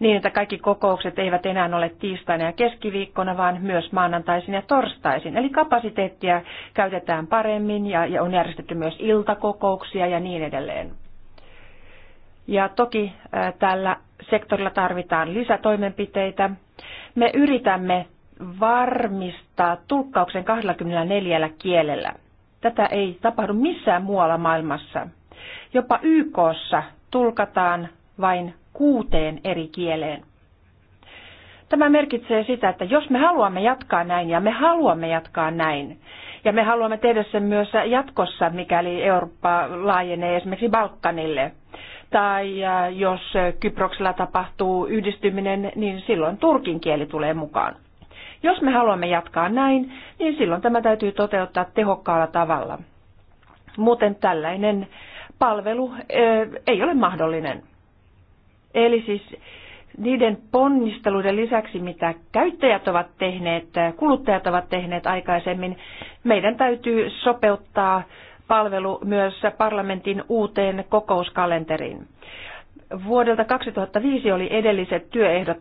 niin, että kaikki kokoukset eivät enää ole tiistaina ja keskiviikkona, vaan myös maanantaisin ja torstaisin. Eli kapasiteettia käytetään paremmin ja, ja on järjestetty myös iltakokouksia ja niin edelleen. Ja toki äh, tällä sektorilla tarvitaan lisätoimenpiteitä. Me yritämme varmistaa tulkkauksen 24 kielellä. Tätä ei tapahdu missään muualla maailmassa jopa YKssa tulkataan vain kuuteen eri kieleen. Tämä merkitsee sitä, että jos me haluamme jatkaa näin ja me haluamme jatkaa näin, ja me haluamme tehdä sen myös jatkossa, mikäli Eurooppa laajenee esimerkiksi Balkanille, tai äh, jos Kyproksella tapahtuu yhdistyminen, niin silloin turkin kieli tulee mukaan. Jos me haluamme jatkaa näin, niin silloin tämä täytyy toteuttaa tehokkaalla tavalla. Muuten tällainen äh, palvelu ei ole mahdollinen. Eli siis niiden ponnisteluiden lisäksi, mitä käyttäjät ovat tehneet, kuluttajat ovat tehneet aikaisemmin, meidän täytyy sopeuttaa palvelu myös parlamentin uuteen kokouskalenteriin. Vuodelta 2005 oli edelliset työehdot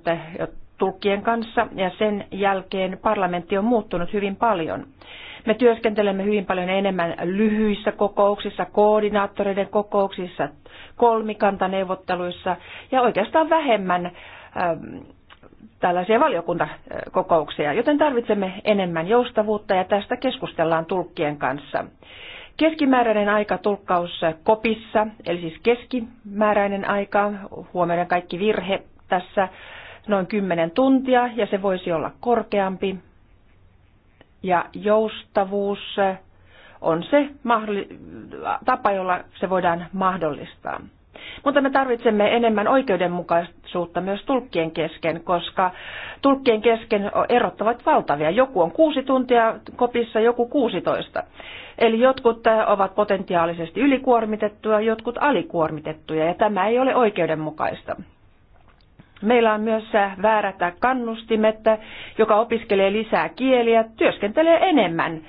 tulkkien kanssa ja sen jälkeen parlamentti on muuttunut hyvin paljon. Me työskentelemme hyvin paljon enemmän lyhyissä kokouksissa, koordinaattoreiden kokouksissa, kolmikantaneuvotteluissa ja oikeastaan vähemmän ähm, tällaisia valiokuntakokouksia, joten tarvitsemme enemmän joustavuutta ja tästä keskustellaan tulkkien kanssa. Keskimääräinen aika tulkkaus kopissa, eli siis keskimääräinen aika, huomioiden kaikki virhe tässä, noin 10 tuntia ja se voisi olla korkeampi ja joustavuus on se tapa, jolla se voidaan mahdollistaa. Mutta me tarvitsemme enemmän oikeudenmukaisuutta myös tulkkien kesken, koska tulkkien kesken erottavat valtavia. Joku on kuusi tuntia kopissa, joku 16. Eli jotkut ovat potentiaalisesti ylikuormitettuja, jotkut alikuormitettuja, ja tämä ei ole oikeudenmukaista. Meillä on myös äh, väärät kannustimet, joka opiskelee lisää kieliä, työskentelee enemmän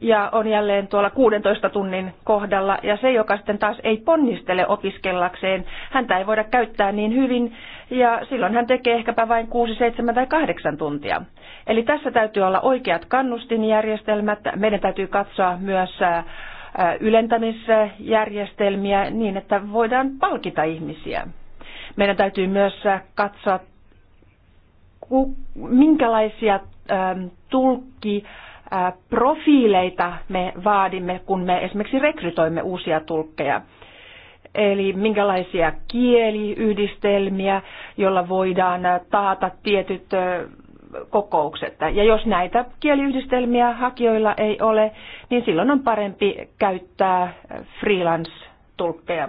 ja on jälleen tuolla 16 tunnin kohdalla. Ja se, joka sitten taas ei ponnistele opiskellakseen, häntä ei voida käyttää niin hyvin ja silloin hän tekee ehkäpä vain 6, 7 tai 8 tuntia. Eli tässä täytyy olla oikeat kannustinjärjestelmät. Meidän täytyy katsoa myös äh, äh, ylentämisjärjestelmiä niin, että voidaan palkita ihmisiä. Meidän täytyy myös äh, katsoa, minkälaisia ähm, tulkki äh, profiileita me vaadimme, kun me esimerkiksi rekrytoimme uusia tulkkeja. Eli minkälaisia kieliyhdistelmiä, joilla voidaan äh, taata tietyt kokoukset. Ja jos näitä kieliyhdistelmiä hakijoilla ei ole, niin silloin on parempi käyttää freelance-tulkkeja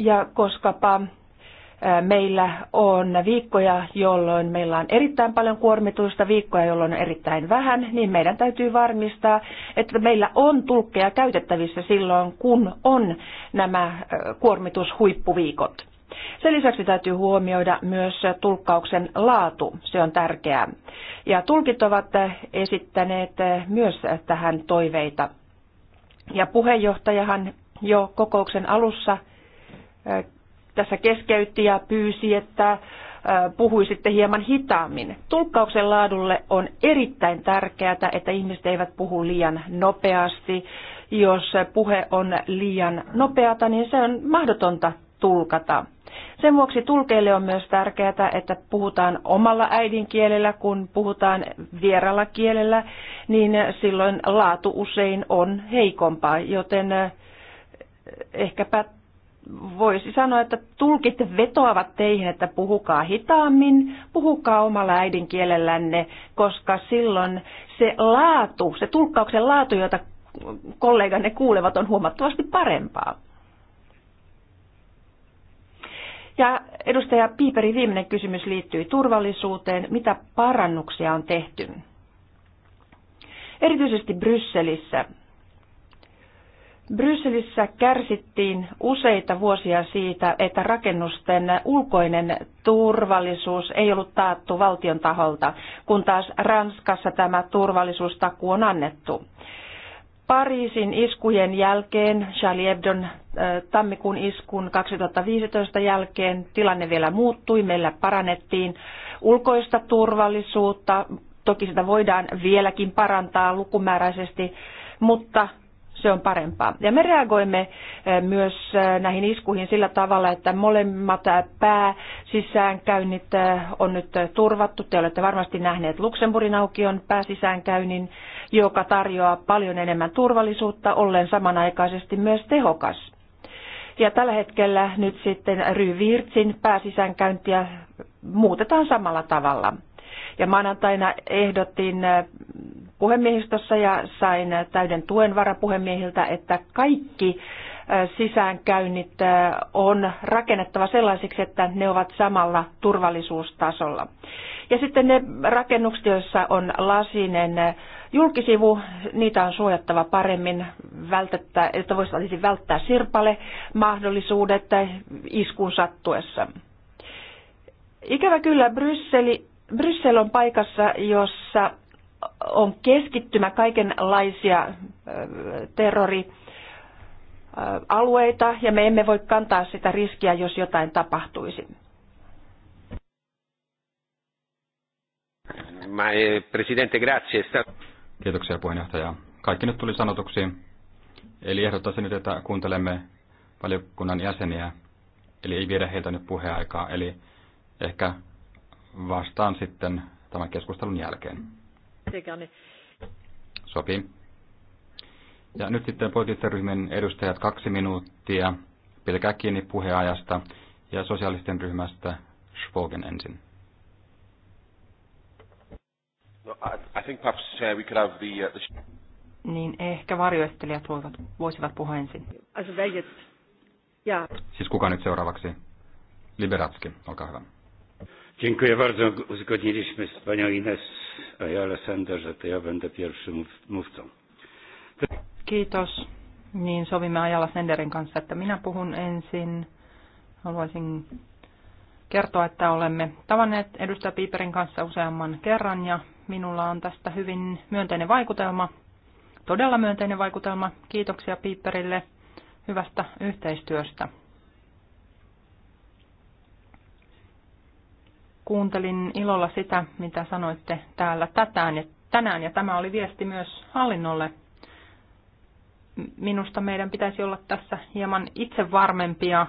ja koskapa meillä on viikkoja, jolloin meillä on erittäin paljon kuormitusta, viikkoja, jolloin on erittäin vähän, niin meidän täytyy varmistaa, että meillä on tulkkeja käytettävissä silloin, kun on nämä kuormitushuippuviikot. Sen lisäksi täytyy huomioida myös tulkkauksen laatu, se on tärkeää. Ja tulkit ovat esittäneet myös tähän toiveita. Ja puheenjohtajahan jo kokouksen alussa – tässä keskeytti ja pyysi, että puhuisitte hieman hitaammin. Tulkkauksen laadulle on erittäin tärkeää, että ihmiset eivät puhu liian nopeasti. Jos puhe on liian nopeata, niin se on mahdotonta tulkata. Sen vuoksi tulkeille on myös tärkeää, että puhutaan omalla äidinkielellä, kun puhutaan vieralla kielellä, niin silloin laatu usein on heikompaa, joten ehkäpä voisi sanoa, että tulkit vetoavat teihin, että puhukaa hitaammin, puhukaa omalla äidinkielellänne, koska silloin se laatu, se tulkkauksen laatu, jota kolleganne kuulevat, on huomattavasti parempaa. Ja edustaja Piiperi, viimeinen kysymys liittyy turvallisuuteen. Mitä parannuksia on tehty? Erityisesti Brysselissä Brysselissä kärsittiin useita vuosia siitä, että rakennusten ulkoinen turvallisuus ei ollut taattu valtion taholta, kun taas Ranskassa tämä turvallisuustaku on annettu. Pariisin iskujen jälkeen, Charlie Hebdon tammikuun iskun 2015 jälkeen, tilanne vielä muuttui, meillä parannettiin ulkoista turvallisuutta, toki sitä voidaan vieläkin parantaa lukumääräisesti, mutta se on parempaa. Ja me reagoimme eh, myös eh, näihin iskuihin sillä tavalla, että molemmat eh, pääsisäänkäynnit on nyt turvattu. Te olette varmasti nähneet Luxemburgin aukion pääsisäänkäynnin, joka tarjoaa paljon enemmän turvallisuutta, ollen samanaikaisesti myös tehokas. Ja tällä hetkellä nyt sitten Ryvirtsin pääsisäänkäyntiä muutetaan samalla tavalla. Ja maanantaina ehdottiin puhemiehistössä ja sain täyden tuen varapuhemiehiltä, että kaikki sisäänkäynnit on rakennettava sellaisiksi, että ne ovat samalla turvallisuustasolla. Ja sitten ne rakennukset, joissa on lasinen julkisivu, niitä on suojattava paremmin, vältettä, että voisi välttää sirpale mahdollisuudet iskun sattuessa. Ikävä kyllä Brysseli, Bryssel on paikassa, jossa on keskittymä kaikenlaisia terrorialueita ja me emme voi kantaa sitä riskiä, jos jotain tapahtuisi. Eh, presidente, grazie. Kiitoksia puheenjohtaja. Kaikki nyt tuli sanotuksi. Eli ehdottaisin nyt, että kuuntelemme valiokunnan jäseniä, eli ei viedä heitä nyt puheaikaa, eli ehkä vastaan sitten tämän keskustelun jälkeen. Niin- Sopii. Ja nyt sitten poliittisten ryhmien edustajat kaksi minuuttia. Pilkää kiinni puheajasta ja sosiaalisten ryhmästä Schwogen ensin. No, I, I think perhaps, uh, we could have the, uh, the... Niin ehkä varjoistelijat voivat, voisivat puhua ensin. Also, Siis kuka nyt seuraavaksi? Liberatski, olkaa hyvä. Dziękuję bardzo. Uzgodniliśmy z panią Ines Ajala-Sander, że to ja będę pierwszym mówcą. Kiitos. Niin sovimme Ajala Senderin kanssa, että minä puhun ensin. Haluaisin kertoa, että olemme tavanneet edustaja Piiperin kanssa useamman kerran ja minulla on tästä hyvin myönteinen vaikutelma, todella myönteinen vaikutelma. Kiitoksia Piiperille hyvästä yhteistyöstä. kuuntelin ilolla sitä, mitä sanoitte täällä tätään ja tänään, ja tämä oli viesti myös hallinnolle. Minusta meidän pitäisi olla tässä hieman itsevarmempia.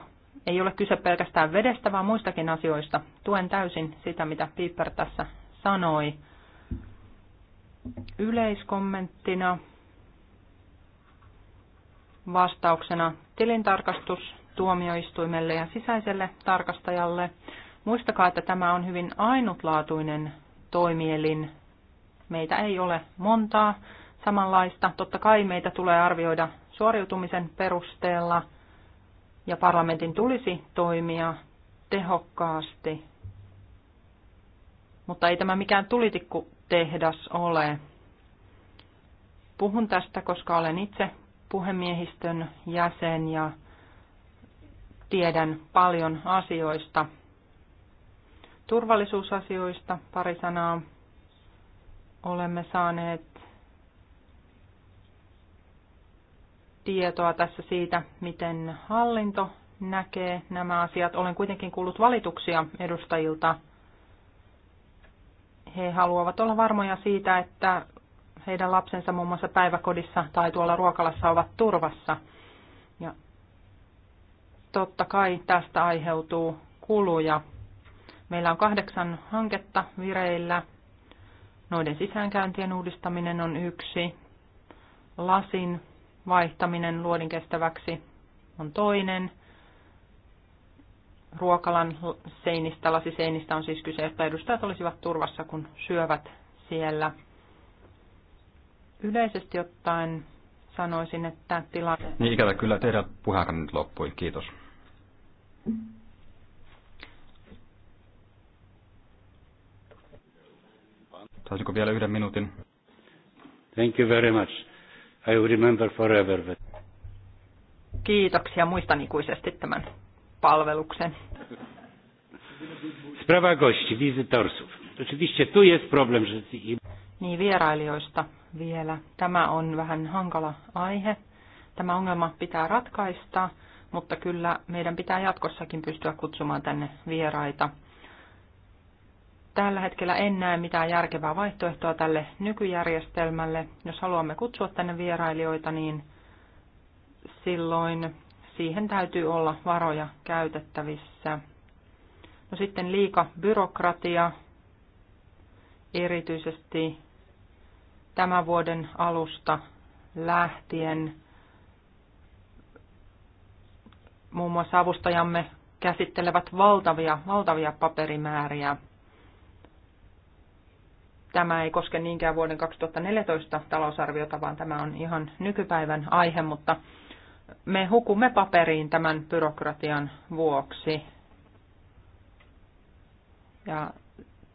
Ei ole kyse pelkästään vedestä, vaan muistakin asioista. Tuen täysin sitä, mitä Piper tässä sanoi. Yleiskommenttina vastauksena tuomioistuimelle ja sisäiselle tarkastajalle – Muistakaa, että tämä on hyvin ainutlaatuinen toimielin. Meitä ei ole montaa samanlaista. Totta kai meitä tulee arvioida suoriutumisen perusteella ja parlamentin tulisi toimia tehokkaasti. Mutta ei tämä mikään tulitikku tehdas ole. Puhun tästä, koska olen itse puhemiehistön jäsen ja tiedän paljon asioista – turvallisuusasioista pari sanaa. Olemme saaneet tietoa tässä siitä, miten hallinto näkee nämä asiat. Olen kuitenkin kuullut valituksia edustajilta. He haluavat olla varmoja siitä, että heidän lapsensa muun muassa päiväkodissa tai tuolla ruokalassa ovat turvassa. Ja totta kai tästä aiheutuu kuluja Meillä on kahdeksan hanketta vireillä. Noiden sisäänkäyntien uudistaminen on yksi. Lasin vaihtaminen luodin kestäväksi on toinen. Ruokalan seinistä, lasiseinistä on siis kyse, että edustajat olisivat turvassa, kun syövät siellä. Yleisesti ottaen sanoisin, että tilanne... Niin ikävä kyllä teidän puheenjohtaja nyt loppui. Kiitos. Saisinko vielä yhden minuutin? Thank you very much. I will remember forever. Kiitoksia. Muistan ikuisesti tämän palveluksen. Sprawa gości, wizytorsów. Oczywiście tu jest problem, że... Niin, vierailijoista vielä. Tämä on vähän hankala aihe. Tämä ongelma pitää ratkaista, mutta kyllä meidän pitää jatkossakin pystyä kutsumaan tänne vieraita tällä hetkellä en näe mitään järkevää vaihtoehtoa tälle nykyjärjestelmälle. Jos haluamme kutsua tänne vierailijoita, niin silloin siihen täytyy olla varoja käytettävissä. No sitten liika byrokratia, erityisesti tämän vuoden alusta lähtien. Muun muassa avustajamme käsittelevät valtavia, valtavia paperimääriä Tämä ei koske niinkään vuoden 2014 talousarviota, vaan tämä on ihan nykypäivän aihe, mutta me hukumme paperiin tämän byrokratian vuoksi. Ja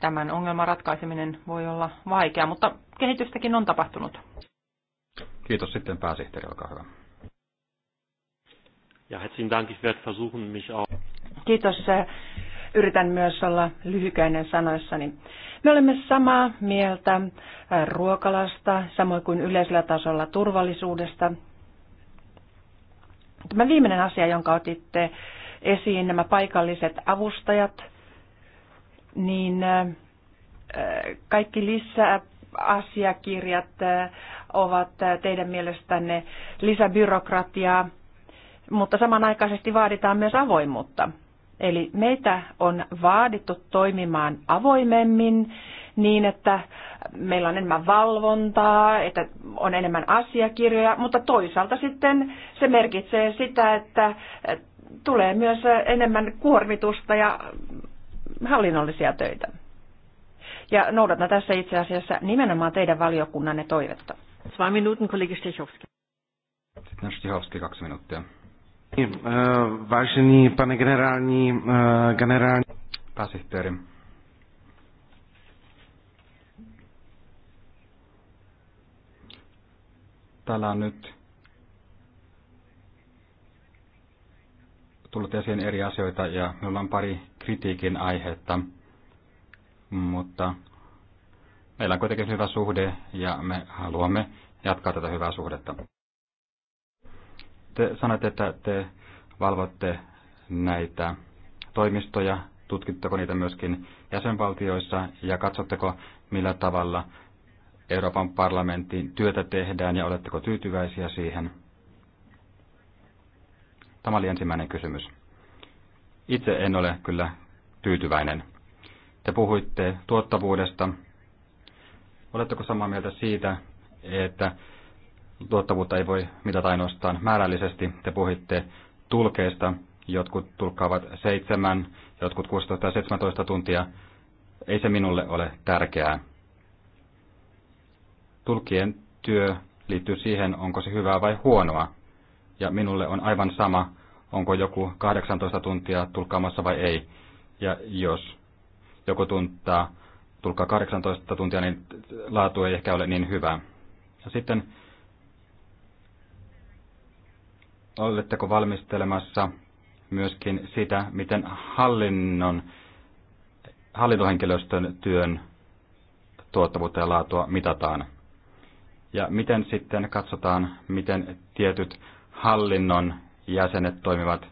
tämän ongelman ratkaiseminen voi olla vaikea, mutta kehitystäkin on tapahtunut. Kiitos sitten pääsihteeri, olkaa hyvä. Ja herzlichen Dank, ich werde versuchen mich auch. Kiitos. Eh, yritän myös olla lyhykäinen sanoissani. Me olemme samaa mieltä ruokalasta, samoin kuin yleisellä tasolla turvallisuudesta. Tämä viimeinen asia, jonka otitte esiin, nämä paikalliset avustajat, niin kaikki lisää asiakirjat ovat teidän mielestänne lisäbyrokratiaa, mutta samanaikaisesti vaaditaan myös avoimuutta. Eli meitä on vaadittu toimimaan avoimemmin niin, että meillä on enemmän valvontaa, että on enemmän asiakirjoja, mutta toisaalta sitten se merkitsee sitä, että tulee myös enemmän kuormitusta ja hallinnollisia töitä. Ja noudatan tässä itse asiassa nimenomaan teidän valiokunnanne toivetta. Kaksi minuutin, kollegi Stechowski. Sitten kaksi minuuttia. Eh, vážený pane generální, eh, generální... Pääsihteeri. Täällä on nyt tullut esiin eri asioita ja minulla on pari kritiikin aihetta, mutta meillä on kuitenkin hyvä suhde ja me haluamme jatkaa tätä hyvää suhdetta. Te sanoitte, että te valvotte näitä toimistoja, tutkitteko niitä myöskin jäsenvaltioissa ja katsotteko, millä tavalla Euroopan parlamentin työtä tehdään ja oletteko tyytyväisiä siihen? Tämä oli ensimmäinen kysymys. Itse en ole kyllä tyytyväinen. Te puhuitte tuottavuudesta. Oletteko samaa mieltä siitä, että tuottavuutta ei voi mitata ainoastaan määrällisesti. Te puhitte tulkeista, jotkut tulkkaavat seitsemän, jotkut 16 17 tuntia. Ei se minulle ole tärkeää. Tulkien työ liittyy siihen, onko se hyvää vai huonoa. Ja minulle on aivan sama, onko joku 18 tuntia tulkkaamassa vai ei. Ja jos joku tuntaa tulkkaa 18 tuntia, niin laatu ei ehkä ole niin hyvä. Ja sitten oletteko valmistelemassa myöskin sitä, miten hallinnon, hallintohenkilöstön työn tuottavuutta ja laatua mitataan? Ja miten sitten katsotaan, miten tietyt hallinnon jäsenet toimivat?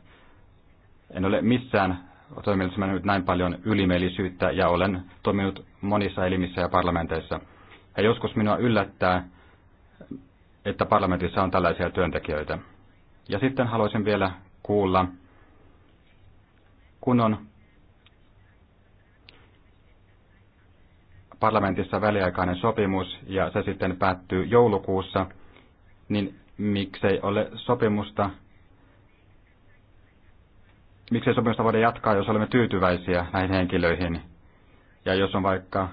En ole missään toiminnassa nyt näin paljon ylimielisyyttä ja olen toiminut monissa elimissä ja parlamenteissa. Ja joskus minua yllättää, että parlamentissa on tällaisia työntekijöitä. Ja sitten haluaisin vielä kuulla, kun on parlamentissa väliaikainen sopimus ja se sitten päättyy joulukuussa, niin miksei ole sopimusta, miksei sopimusta voida jatkaa, jos olemme tyytyväisiä näihin henkilöihin. Ja jos on vaikka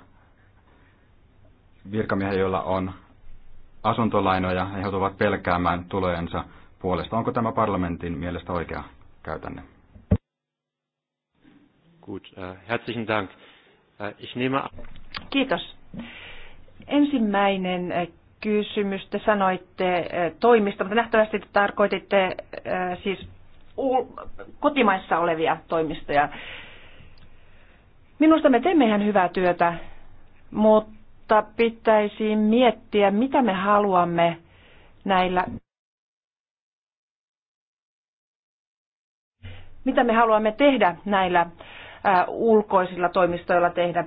virkamiehiä, joilla on asuntolainoja, he joutuvat pelkäämään tulojensa puolesta. Onko tämä parlamentin mielestä oikea käytänne? Gut, äh, herzlichen Dank. Äh, ich nehme... Kiitos. Ensimmäinen äh, kysymys. Te sanoitte toimista, mutta nähtävästi te tarkoititte siis kotimaissa olevia toimistoja. Minusta me teemme ihan hyvää työtä, mutta pitäisi miettiä, mitä me haluamme näillä mitä me haluamme tehdä näillä ulkoisilla toimistoilla tehdä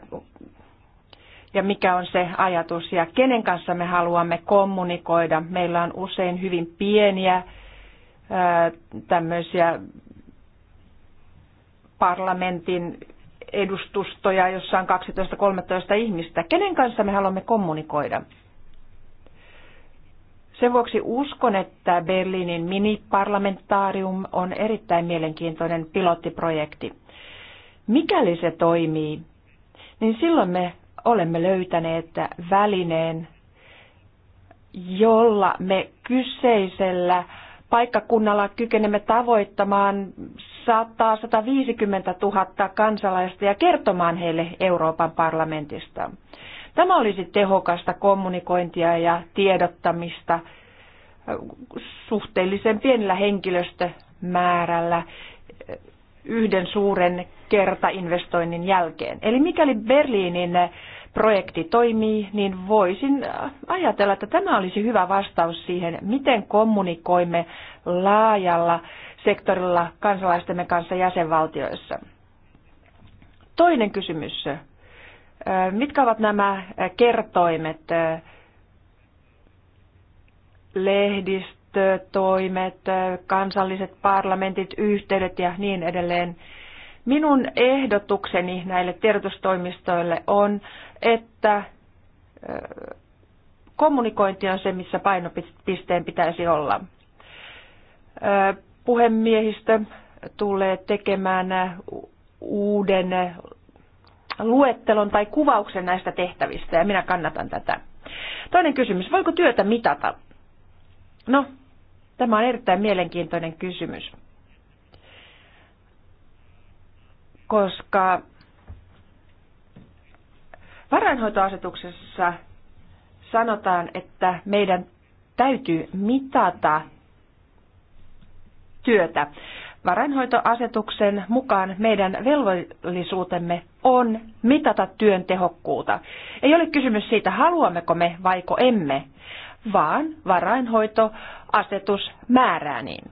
ja mikä on se ajatus ja kenen kanssa me haluamme kommunikoida. Meillä on usein hyvin pieniä tämmöisiä parlamentin edustustoja, jossa on 12-13 ihmistä. Kenen kanssa me haluamme kommunikoida? Sen vuoksi uskon, että Berliinin miniparlamentaarium on erittäin mielenkiintoinen pilottiprojekti. Mikäli se toimii, niin silloin me olemme löytäneet välineen, jolla me kyseisellä paikkakunnalla kykenemme tavoittamaan 100-150 000 kansalaista ja kertomaan heille Euroopan parlamentista – Tämä olisi tehokasta kommunikointia ja tiedottamista suhteellisen pienellä henkilöstömäärällä yhden suuren kertainvestoinnin jälkeen. Eli mikäli Berliinin projekti toimii, niin voisin ajatella, että tämä olisi hyvä vastaus siihen, miten kommunikoimme laajalla sektorilla kansalaistemme kanssa jäsenvaltioissa. Toinen kysymys Mitkä ovat nämä kertoimet, lehdistötoimet, kansalliset parlamentit, yhteydet ja niin edelleen? Minun ehdotukseni näille tiedotustoimistoille on, että kommunikointi on se, missä painopisteen pitäisi olla. Puhemiehistö tulee tekemään uuden luettelon tai kuvauksen näistä tehtävistä ja minä kannatan tätä. Toinen kysymys, voiko työtä mitata? No, tämä on erittäin mielenkiintoinen kysymys, koska varainhoitoasetuksessa sanotaan, että meidän täytyy mitata työtä. Varainhoitoasetuksen mukaan meidän velvollisuutemme on mitata työn tehokkuutta. Ei ole kysymys siitä, haluammeko me vaiko emme, vaan varainhoitoasetus määrää niin.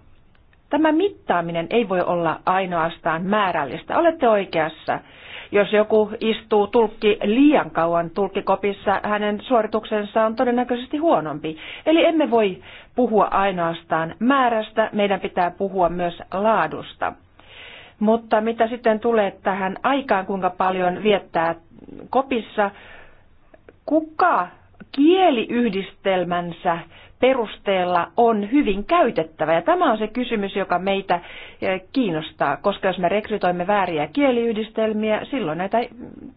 Tämä mittaaminen ei voi olla ainoastaan määrällistä. Olette oikeassa. Jos joku istuu tulkki liian kauan tulkkikopissa, hänen suorituksensa on todennäköisesti huonompi. Eli emme voi puhua ainoastaan määrästä, meidän pitää puhua myös laadusta. Mutta mitä sitten tulee tähän aikaan, kuinka paljon viettää kopissa, kuka kieliyhdistelmänsä perusteella on hyvin käytettävä. Ja tämä on se kysymys, joka meitä eh, kiinnostaa, koska jos me rekrytoimme vääriä kieliyhdistelmiä, silloin näitä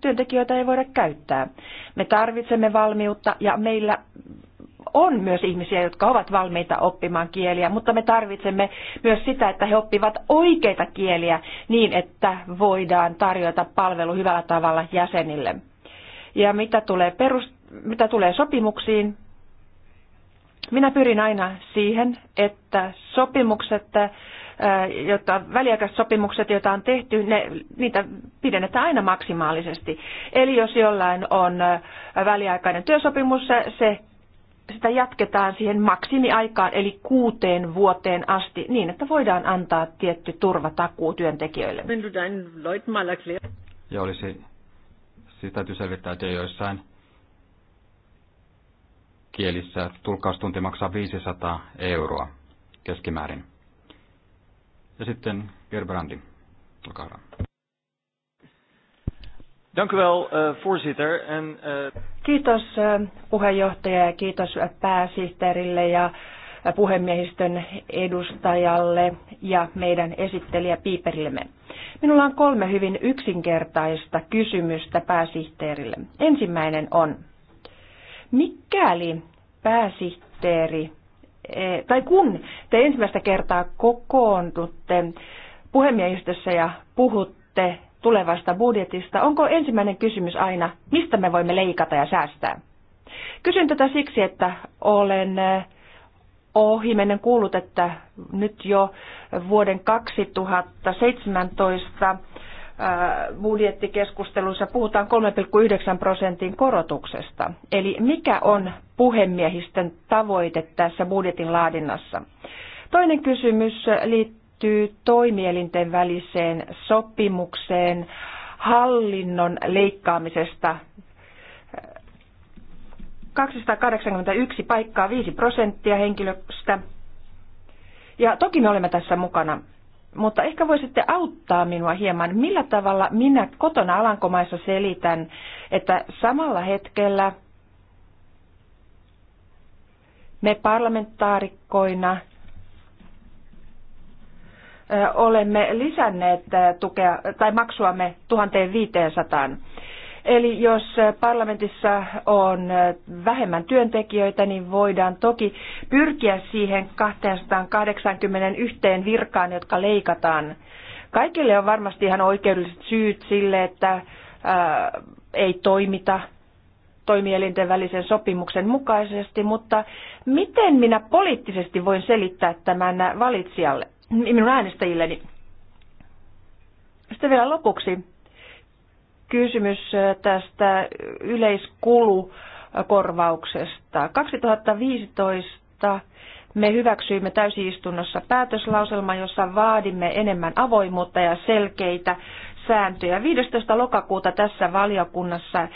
työntekijöitä ei voida käyttää. Me tarvitsemme valmiutta ja meillä on myös ihmisiä, jotka ovat valmiita oppimaan kieliä, mutta me tarvitsemme myös sitä, että he oppivat oikeita kieliä niin, että voidaan tarjota palvelu hyvällä tavalla jäsenille. Ja mitä tulee, perus, mitä tulee sopimuksiin, minä pyrin aina siihen, että sopimukset, äh, jotta väliaikaiset sopimukset, joita on tehty, ne, niitä pidennetään aina maksimaalisesti. Eli jos jollain on äh, väliaikainen työsopimus, se, sitä jatketaan siihen maksimiaikaan, eli kuuteen vuoteen asti, niin että voidaan antaa tietty turvatakuu työntekijöille. Ja olisi, siis täytyy selvittää, että joissain kielissä tulkkaustunti maksaa 500 euroa keskimäärin. Ja sitten Gerbrandi, olkaa hyvä. Dank u wel, eh, voorzitter. En, eh, Kiitos eh, puheenjohtaja ja kiitos pääsihteerille ja puhemiehistön edustajalle ja meidän esittelijä Piiperillemme. Minulla on kolme hyvin yksinkertaista kysymystä pääsihteerille. Ensimmäinen on, Mikäli pääsihteeri, eh, tai kun te ensimmäistä kertaa kokoontutte puhemiehistössä ja puhutte tulevasta budjetista, onko ensimmäinen kysymys aina, mistä me voimme leikata ja säästää? Kysyn tätä siksi, että olen eh, ohimennen kuullut, että nyt jo vuoden 2017 Äh, budjettikeskusteluissa puhutaan 3,9 prosentin korotuksesta. Eli mikä on puhemiehisten tavoite tässä budjetin laadinnassa? Toinen kysymys liittyy toimielinten väliseen sopimukseen hallinnon leikkaamisesta 281 paikkaa 5 prosenttia henkilöstä. Ja toki me olemme tässä mukana mutta ehkä voisitte auttaa minua hieman, millä tavalla minä kotona Alankomaissa selitän, että samalla hetkellä me parlamentaarikkoina olemme lisänneet tukea tai maksuamme 1500. Eli jos parlamentissa on vähemmän työntekijöitä, niin voidaan toki pyrkiä siihen 281 virkaan, jotka leikataan. Kaikille on varmasti ihan oikeudelliset syyt sille, että ää, ei toimita toimielinten välisen sopimuksen mukaisesti, mutta miten minä poliittisesti voin selittää tämän valitsijalle, minun äänestäjilleni? Sitten vielä lopuksi kysymys tästä yleiskulukorvauksesta. 2015 me hyväksyimme täysistunnossa päätöslauselman, jossa vaadimme enemmän avoimuutta ja selkeitä sääntöjä. 15. lokakuuta tässä valiokunnassa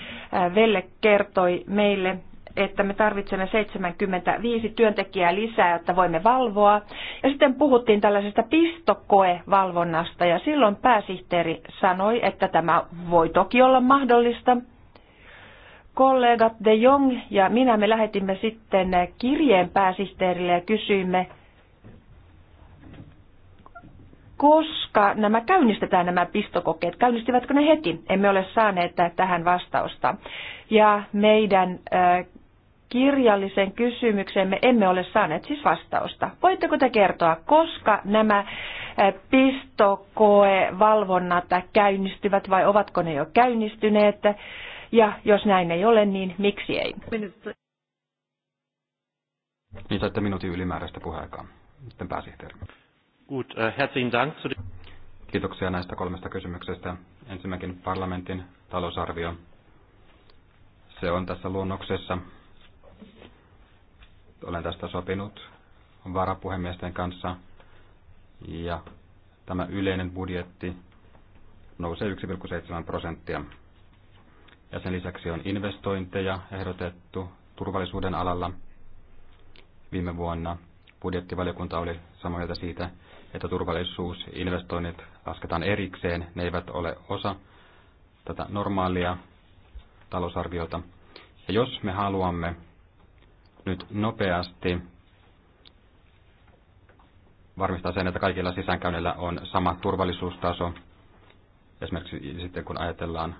Velle kertoi meille että me tarvitsemme 75 työntekijää lisää, että voimme valvoa. Ja sitten puhuttiin tällaisesta pistokoevalvonnasta ja silloin pääsihteeri sanoi, että tämä voi toki olla mahdollista. Kollegat De Jong ja minä me lähetimme sitten kirjeen pääsihteerille ja kysyimme, koska nämä käynnistetään nämä pistokokeet, käynnistivätkö ne heti? Emme ole saaneet tähän vastausta. Ja meidän äh, kirjalliseen kysymykseen me emme ole saaneet siis vastausta. Voitteko te kertoa, koska nämä eh, pistokoevalvonnat käynnistyvät vai ovatko ne jo käynnistyneet? Ja jos näin ei ole, niin miksi ei? Niin saitte minuutin ylimääräistä puheaikaa. Sitten pääsihteeri. Gut, eh, herzlichen Dank. Kiitoksia näistä kolmesta kysymyksestä. Ensinnäkin parlamentin talousarvio. Se on tässä luonnoksessa olen tästä sopinut varapuhemiesten kanssa ja tämä yleinen budjetti nousee 1,7 prosenttia. Ja sen lisäksi on investointeja ehdotettu turvallisuuden alalla. Viime vuonna budjettivaliokunta oli samaa mieltä siitä, että turvallisuusinvestoinnit lasketaan erikseen. Ne eivät ole osa tätä normaalia talousarviota. Ja jos me haluamme nyt nopeasti varmistaa sen, että kaikilla sisäänkäynnillä on sama turvallisuustaso. Esimerkiksi sitten kun ajatellaan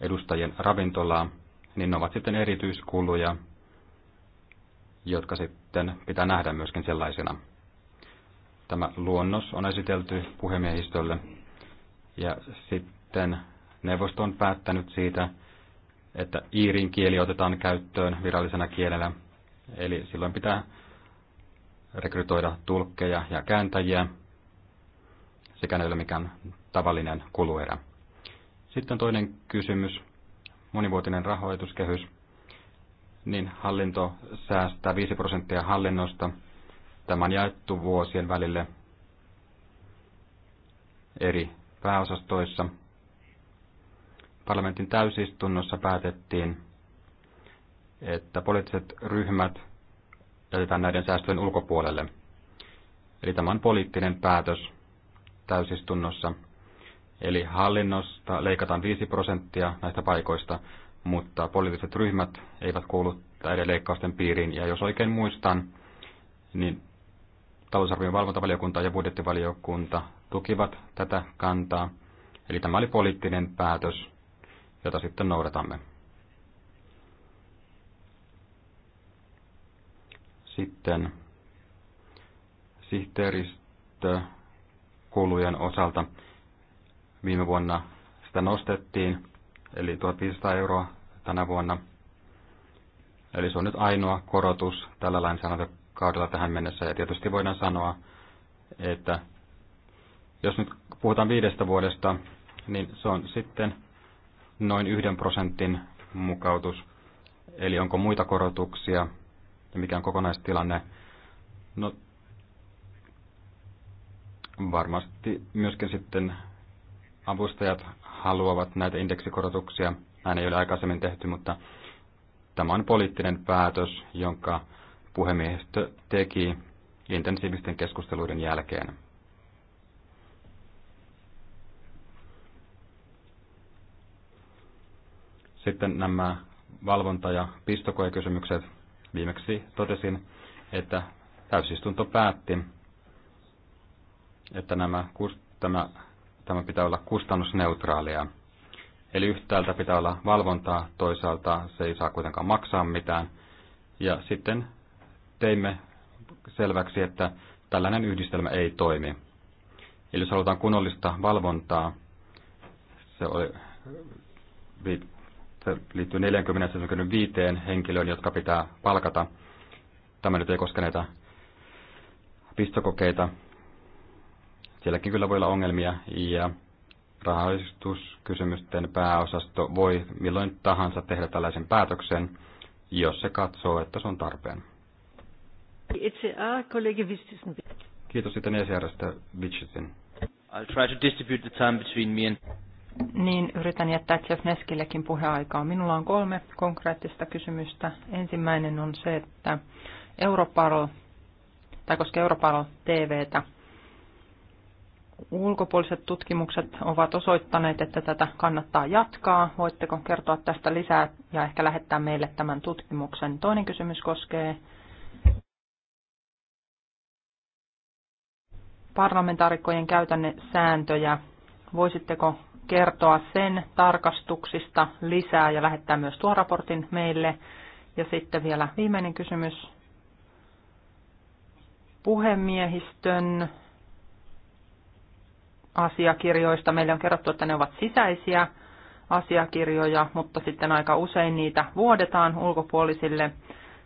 edustajien ravintolaa, niin ne ovat sitten erityiskuluja, jotka sitten pitää nähdä myöskin sellaisena. Tämä luonnos on esitelty puhemiehistölle ja sitten neuvosto on päättänyt siitä, että iirin kieli otetaan käyttöön virallisena kielellä. Eli silloin pitää rekrytoida tulkkeja ja kääntäjiä. sekä ei ole mikään tavallinen kuluerä. Sitten toinen kysymys, monivuotinen rahoituskehys. Niin hallinto säästää 5 prosenttia hallinnosta. tämän jaettu vuosien välille eri pääosastoissa – parlamentin täysistunnossa päätettiin, että poliittiset ryhmät jätetään näiden säästöjen ulkopuolelle. Eli tämä on poliittinen päätös täysistunnossa. Eli hallinnosta leikataan 5 prosenttia näistä paikoista, mutta poliittiset ryhmät eivät kuulu näiden leikkausten piiriin. Ja jos oikein muistan, niin talousarvion valvontavaliokunta ja budjettivaliokunta tukivat tätä kantaa. Eli tämä oli poliittinen päätös jota sitten noudatamme. Sitten sihteeristökulujen osalta viime vuonna sitä nostettiin, eli 1500 euroa tänä vuonna. Eli se on nyt ainoa korotus tällä lainsäädäntökaudella tähän mennessä. Ja tietysti voidaan sanoa, että jos nyt puhutaan viidestä vuodesta, niin se on sitten noin yhden prosentin mukautus. Eli onko muita korotuksia ja mikä on kokonaistilanne? No, varmasti myöskin sitten avustajat haluavat näitä indeksikorotuksia. Näin ei ole aikaisemmin tehty, mutta tämä on poliittinen päätös, jonka puhemiehistö teki intensiivisten keskusteluiden jälkeen. Sitten nämä valvonta- ja pistokoekysymykset. Viimeksi totesin, että täysistunto päätti, että nämä, tämä, tämä pitää olla kustannusneutraalia. Eli yhtäältä pitää olla valvontaa, toisaalta se ei saa kuitenkaan maksaa mitään. Ja sitten teimme selväksi, että tällainen yhdistelmä ei toimi. Eli jos halutaan kunnollista valvontaa, se oli se liittyy 45 henkilöön, jotka pitää palkata. Tämä nyt ei koske näitä pistokokeita. Sielläkin kyllä voi olla ongelmia ja rahoituskysymysten pääosasto voi milloin tahansa tehdä tällaisen päätöksen, jos se katsoo, että se on tarpeen. Kiitos sitten ECRstä Widgetin. I'll try to distribute the time between me and niin yritän jättää Neskillekin puheaikaa. Minulla on kolme konkreettista kysymystä. Ensimmäinen on se, että Europarl, tai koska Europarl TVtä, ulkopuoliset tutkimukset ovat osoittaneet, että tätä kannattaa jatkaa. Voitteko kertoa tästä lisää ja ehkä lähettää meille tämän tutkimuksen? Toinen kysymys koskee parlamentaarikkojen käytännön sääntöjä. Voisitteko kertoa sen tarkastuksista lisää ja lähettää myös tuon raportin meille. Ja sitten vielä viimeinen kysymys. Puhemiehistön asiakirjoista. Meille on kerrottu, että ne ovat sisäisiä asiakirjoja, mutta sitten aika usein niitä vuodetaan ulkopuolisille.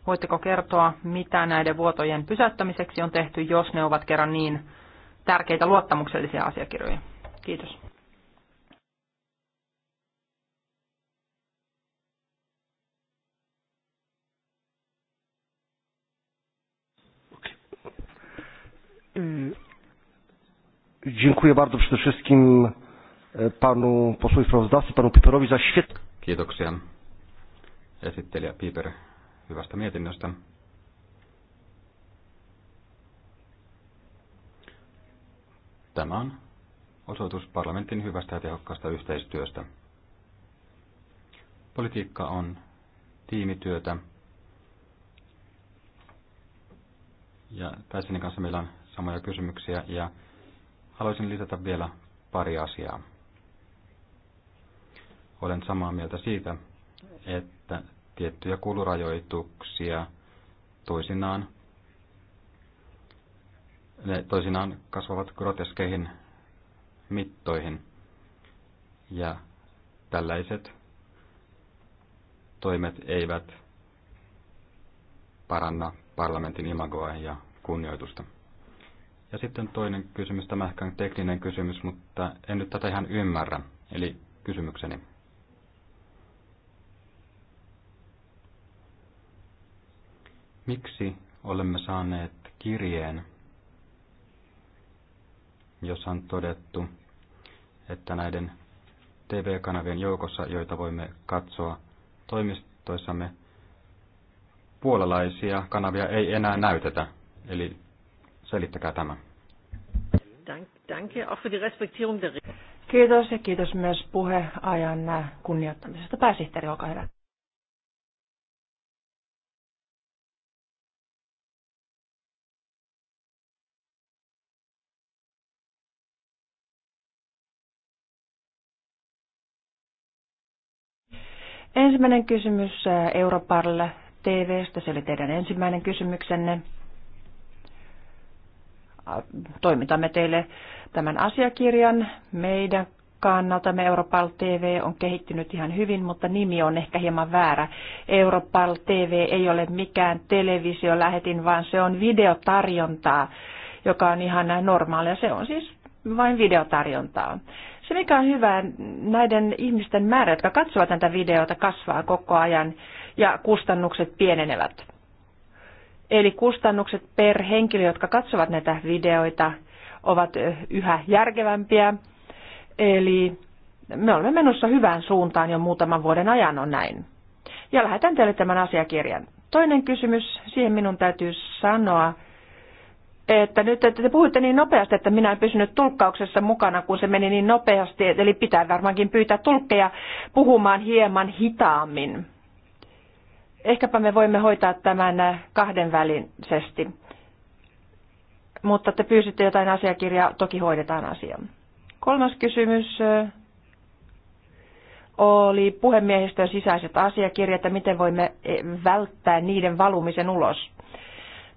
Voitteko kertoa, mitä näiden vuotojen pysäyttämiseksi on tehty, jos ne ovat kerran niin tärkeitä luottamuksellisia asiakirjoja? Kiitos. Dziękuję bardzo przede wszystkim e, panu posłowi sprawozdawcy, panu Piperowi za świetne... Kiitoksia esittelijä Piper hyvästä mietinnöstä. Tämä on osoitus parlamentin hyvästä ja tehokkaasta yhteistyöstä. Politiikka on tiimityötä ja Tässenin kanssa meillä on samoja kysymyksiä ja haluaisin lisätä vielä pari asiaa. Olen samaa mieltä siitä, että tiettyjä kulurajoituksia toisinaan, ne toisinaan kasvavat groteskeihin mittoihin. Ja tällaiset toimet eivät paranna parlamentin imagoa ja kunnioitusta. Ja sitten toinen kysymys, tämä ehkä on tekninen kysymys, mutta en nyt tätä ihan ymmärrä. Eli kysymykseni. Miksi olemme saaneet kirjeen, jossa on todettu, että näiden TV-kanavien joukossa, joita voimme katsoa toimistoissamme, puolalaisia kanavia ei enää näytetä. Eli Selittäkää tämä. Kiitos ja kiitos myös puheajan kunnioittamisesta. Pääsihteeri, olkaa hyvä. Ensimmäinen kysymys Europarl TVstä, se oli teidän ensimmäinen kysymyksenne toimitamme teille tämän asiakirjan. Meidän kannalta me Europal TV on kehittynyt ihan hyvin, mutta nimi on ehkä hieman väärä. Europal TV ei ole mikään televisiolähetin, vaan se on videotarjontaa, joka on ihan normaalia. Se on siis vain videotarjontaa. Se mikä on hyvä, näiden ihmisten määrä, jotka katsovat tätä videota, kasvaa koko ajan ja kustannukset pienenevät Eli kustannukset per henkilö, jotka katsovat näitä videoita, ovat yhä järkevämpiä. Eli me olemme menossa hyvään suuntaan jo muutaman vuoden ajan on näin. Ja lähetän teille tämän asiakirjan. Toinen kysymys, siihen minun täytyy sanoa, että nyt että te puhuitte niin nopeasti, että minä en pysynyt tulkkauksessa mukana, kun se meni niin nopeasti, eli pitää varmaankin pyytää tulkkeja puhumaan hieman hitaammin ehkäpä me voimme hoitaa tämän äh, kahdenvälisesti. Mutta te pyysitte jotain asiakirjaa, toki hoidetaan asia. Kolmas kysymys äh, oli puhemiehistön sisäiset asiakirjat ja miten voimme e, välttää niiden valumisen ulos.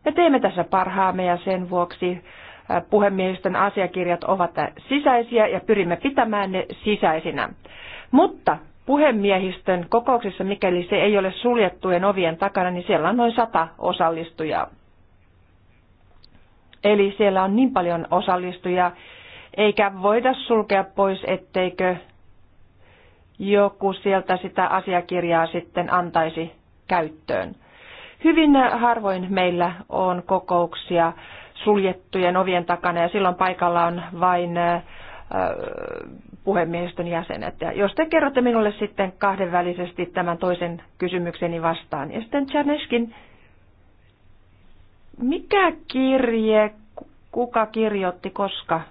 Me teemme tässä parhaamme ja sen vuoksi äh, puhemiehistön asiakirjat ovat sisäisiä ja pyrimme pitämään ne sisäisinä. Mutta puhemiehistön kokouksessa, mikäli se ei ole suljettujen ovien takana, niin siellä on noin sata osallistujaa. Eli siellä on niin paljon osallistujia, eikä voida sulkea pois, etteikö joku sieltä sitä asiakirjaa sitten antaisi käyttöön. Hyvin harvoin meillä on kokouksia suljettujen ovien takana ja silloin paikalla on vain puhemiehistön jäsenet. Ja jos te kerrotte minulle sitten kahdenvälisesti tämän toisen kysymykseni vastaan. Ja sitten Czerneskin, mikä kirje, kuka kirjoitti, koska,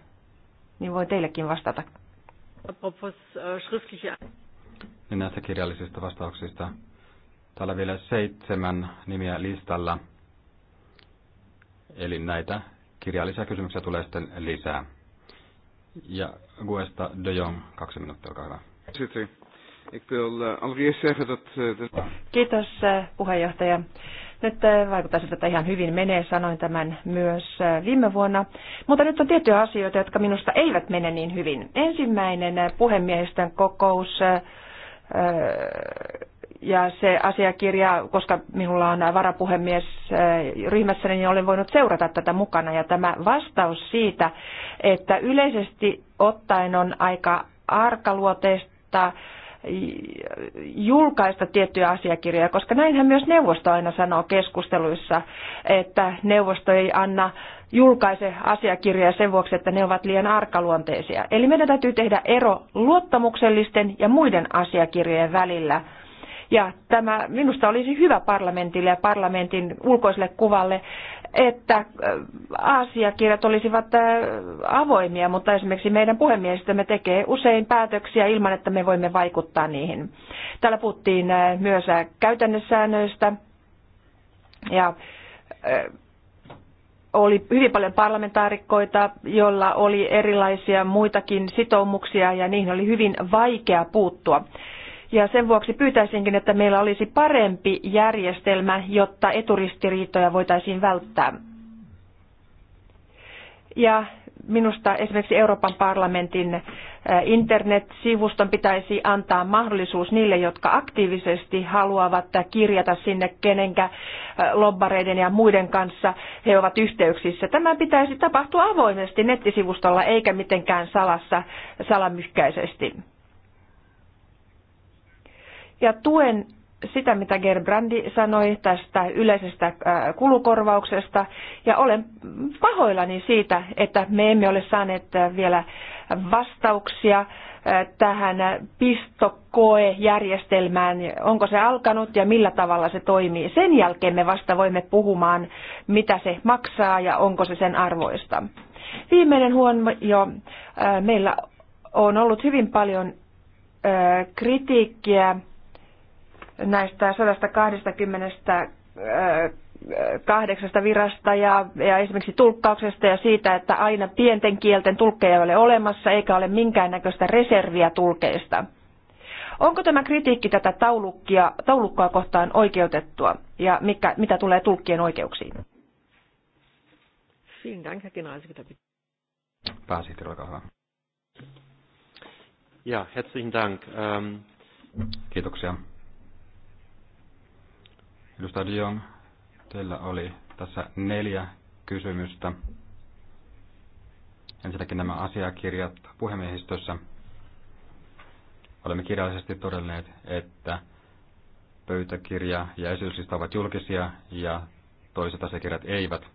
niin voin teillekin vastata. Niin näistä kirjallisista vastauksista. Täällä vielä seitsemän nimiä listalla. Eli näitä kirjallisia kysymyksiä tulee sitten lisää. Ja Guesta de Jong, kaksi minuuttia, olkaa hyvä. Eh, eh, Kiitos eh, puheenjohtaja. Nyt vaikuttaa siltä, että ihan hyvin menee, sanoin tämän myös viime vuonna. Mutta nyt on tiettyjä asioita, jotka minusta eivät mene niin hyvin. Ensimmäinen puhemiehistön kokous ja se asiakirja, koska minulla on varapuhemies eh, ryhmässäni, niin olen voinut seurata tätä mukana. Ja tämä vastaus siitä, että yleisesti ottaen on aika arkaluoteista eh, julkaista tiettyjä asiakirjoja, koska näinhän myös neuvosto aina sanoo keskusteluissa, että neuvosto ei anna julkaise asiakirjoja sen vuoksi, että ne ovat liian arkaluonteisia. Eli meidän täytyy tehdä ero luottamuksellisten ja muiden asiakirjojen välillä – ja tämä minusta olisi hyvä parlamentille ja parlamentin ulkoiselle kuvalle, että äh, asiakirjat olisivat äh, avoimia, mutta esimerkiksi meidän puhemiehistömme tekee usein päätöksiä ilman, että me voimme vaikuttaa niihin. Täällä puhuttiin äh, myös käytännössäännöistä ja oli hyvin paljon parlamentaarikkoita, joilla oli erilaisia muitakin sitoumuksia ja niihin oli hyvin vaikea puuttua. Ja sen vuoksi pyytäisinkin, että meillä olisi parempi järjestelmä, jotta eturistiriitoja voitaisiin välttää. Ja minusta esimerkiksi Euroopan parlamentin internetsivuston pitäisi antaa mahdollisuus niille, jotka aktiivisesti haluavat kirjata sinne, kenenkä lobbareiden ja muiden kanssa he ovat yhteyksissä. Tämä pitäisi tapahtua avoimesti nettisivustolla eikä mitenkään salassa salamyhkäisesti. Ja tuen sitä, mitä Gerbrandi sanoi tästä yleisestä äh, kulukorvauksesta, ja olen pahoillani siitä, että me emme ole saaneet äh, vielä vastauksia äh, tähän pistokoejärjestelmään, onko se alkanut ja millä tavalla se toimii. Sen jälkeen me vasta voimme puhumaan, mitä se maksaa ja onko se sen arvoista. Viimeinen huomio, meillä on ollut hyvin paljon kritiikkiä näistä 128 äh, virasta ja, ja esimerkiksi tulkkauksesta ja siitä, että aina pienten kielten tulkkeja ei ole olemassa eikä ole minkäännäköistä reserviä tulkeista. Onko tämä kritiikki tätä taulukkia, taulukkoa kohtaan oikeutettua ja mikä, mitä tulee tulkkien oikeuksiin? Vielen Pääsihteeri, olkaa hyvä. Ja, herzlichen Dank. Ähm... Kiitoksia. Edustaja Dion, teillä oli tässä neljä kysymystä. Ensinnäkin nämä asiakirjat puhemiehistössä. Olemme kirjallisesti todenneet, että pöytäkirja ja esityslista ovat julkisia ja toiset asiakirjat eivät.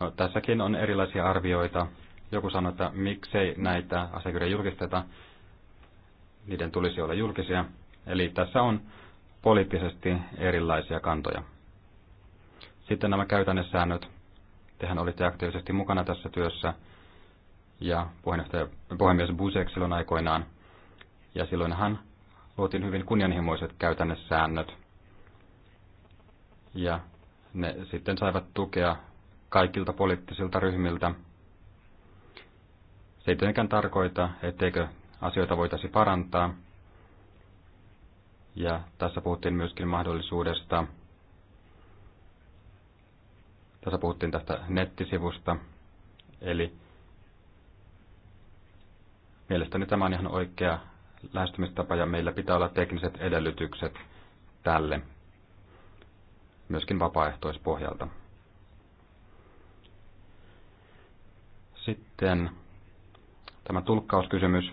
No, tässäkin on erilaisia arvioita. Joku sanoi, että miksei näitä asiakirjoja julkisteta, niiden tulisi olla julkisia. Eli tässä on poliittisesti erilaisia kantoja. Sitten nämä säännöt. Tehän olitte aktiivisesti mukana tässä työssä ja puheenjohtaja, puhemies Busek silloin aikoinaan. Ja silloin hän luotiin hyvin kunnianhimoiset säännöt. Ja ne sitten saivat tukea kaikilta poliittisilta ryhmiltä. Se ei tietenkään tarkoita, etteikö asioita voitaisi parantaa – ja tässä puhuttiin myöskin mahdollisuudesta, tässä puhuttiin tästä nettisivusta, eli mielestäni tämä on ihan oikea lähestymistapa ja meillä pitää olla tekniset edellytykset tälle, myöskin vapaaehtoispohjalta. Sitten tämä tulkkauskysymys,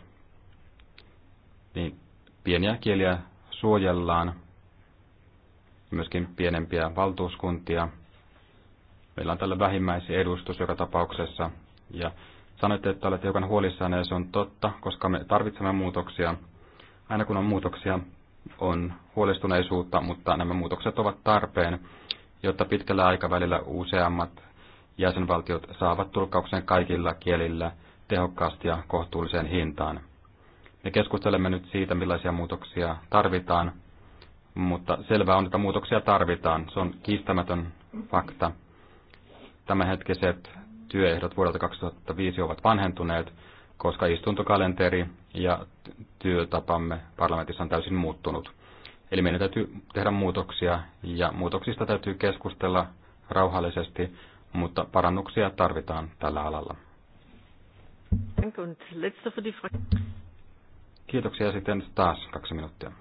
niin pieniä kieliä suojellaan myöskin pienempiä valtuuskuntia. Meillä on tällä vähimmäisedustus joka tapauksessa. Ja sanoitte, että olette hiukan huolissanne ja se on totta, koska me tarvitsemme muutoksia. Aina kun on muutoksia, on huolestuneisuutta, mutta nämä muutokset ovat tarpeen, jotta pitkällä aikavälillä useammat jäsenvaltiot saavat tulkauksen kaikilla kielillä tehokkaasti ja kohtuulliseen hintaan. Me keskustelemme nyt siitä, millaisia muutoksia tarvitaan, mutta selvää on, että muutoksia tarvitaan. Se on kiistämätön fakta. Tämänhetkiset työehdot vuodelta 2005 ovat vanhentuneet, koska istuntokalenteri ja työtapamme parlamentissa on täysin muuttunut. Eli meidän täytyy tehdä muutoksia ja muutoksista täytyy keskustella rauhallisesti, mutta parannuksia tarvitaan tällä alalla. Kiitoksia sitten taas kaksi minuuttia.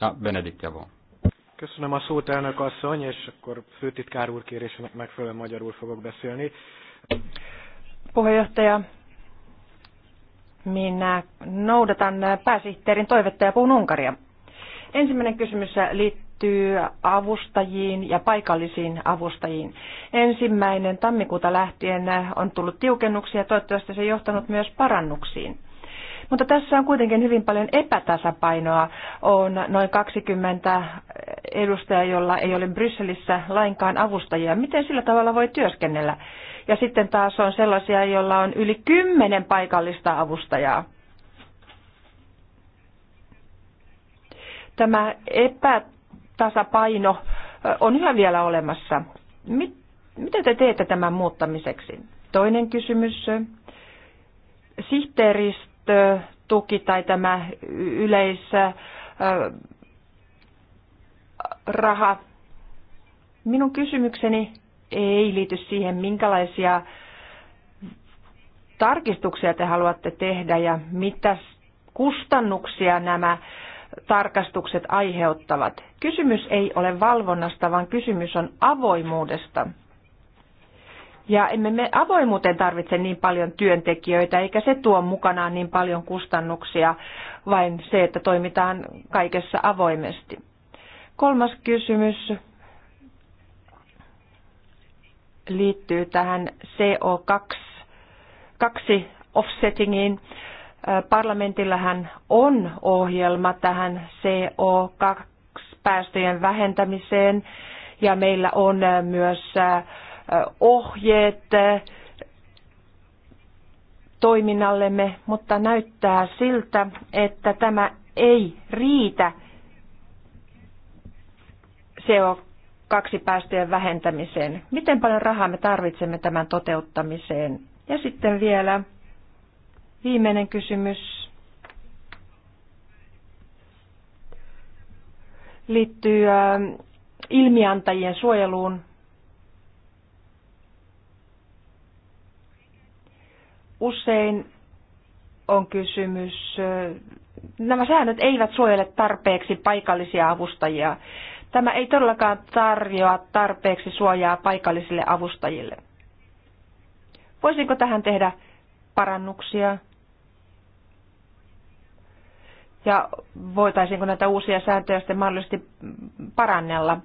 Ja Benedikt Javon. Köszönöm a szót, elnök asszony, és akkor főtitkár úr kérésének megfelelően magyarul fogok beszélni. Puheenjohtaja, minä noudatan pääsihteerin toivetta ja puhun Unkaria. Ensimmäinen kysymys liittyy liittyy avustajiin ja paikallisiin avustajiin. Ensimmäinen tammikuuta lähtien on tullut tiukennuksia ja toivottavasti se on johtanut myös parannuksiin. Mutta tässä on kuitenkin hyvin paljon epätasapainoa. On noin 20 edustajaa, jolla ei ole Brysselissä lainkaan avustajia. Miten sillä tavalla voi työskennellä? Ja sitten taas on sellaisia, joilla on yli 10 paikallista avustajaa. Tämä epätasapaino tasapaino on yhä vielä olemassa. Mit, mitä te teette tämän muuttamiseksi? Toinen kysymys. Sihteeristö, tuki tai tämä yleisä raha. Minun kysymykseni ei liity siihen, minkälaisia tarkistuksia te haluatte tehdä ja mitä kustannuksia nämä tarkastukset aiheuttavat. Kysymys ei ole valvonnasta, vaan kysymys on avoimuudesta. Ja emme me avoimuuteen tarvitse niin paljon työntekijöitä, eikä se tuo mukanaan niin paljon kustannuksia, vain se, että toimitaan kaikessa avoimesti. Kolmas kysymys liittyy tähän CO2 offsettingiin. Parlamentillahan on ohjelma tähän CO2-päästöjen vähentämiseen ja meillä on myös ohjeet toiminnallemme, mutta näyttää siltä, että tämä ei riitä CO2-päästöjen vähentämiseen. Miten paljon rahaa me tarvitsemme tämän toteuttamiseen? Ja sitten vielä Viimeinen kysymys liittyy äh, ilmiantajien suojeluun. Usein on kysymys, äh, nämä säännöt eivät suojele tarpeeksi paikallisia avustajia. Tämä ei todellakaan tarjoa tarpeeksi suojaa paikallisille avustajille. Voisinko tähän tehdä parannuksia? ja voitaisiinko näitä uusia sääntöjä sitten mahdollisesti parannella.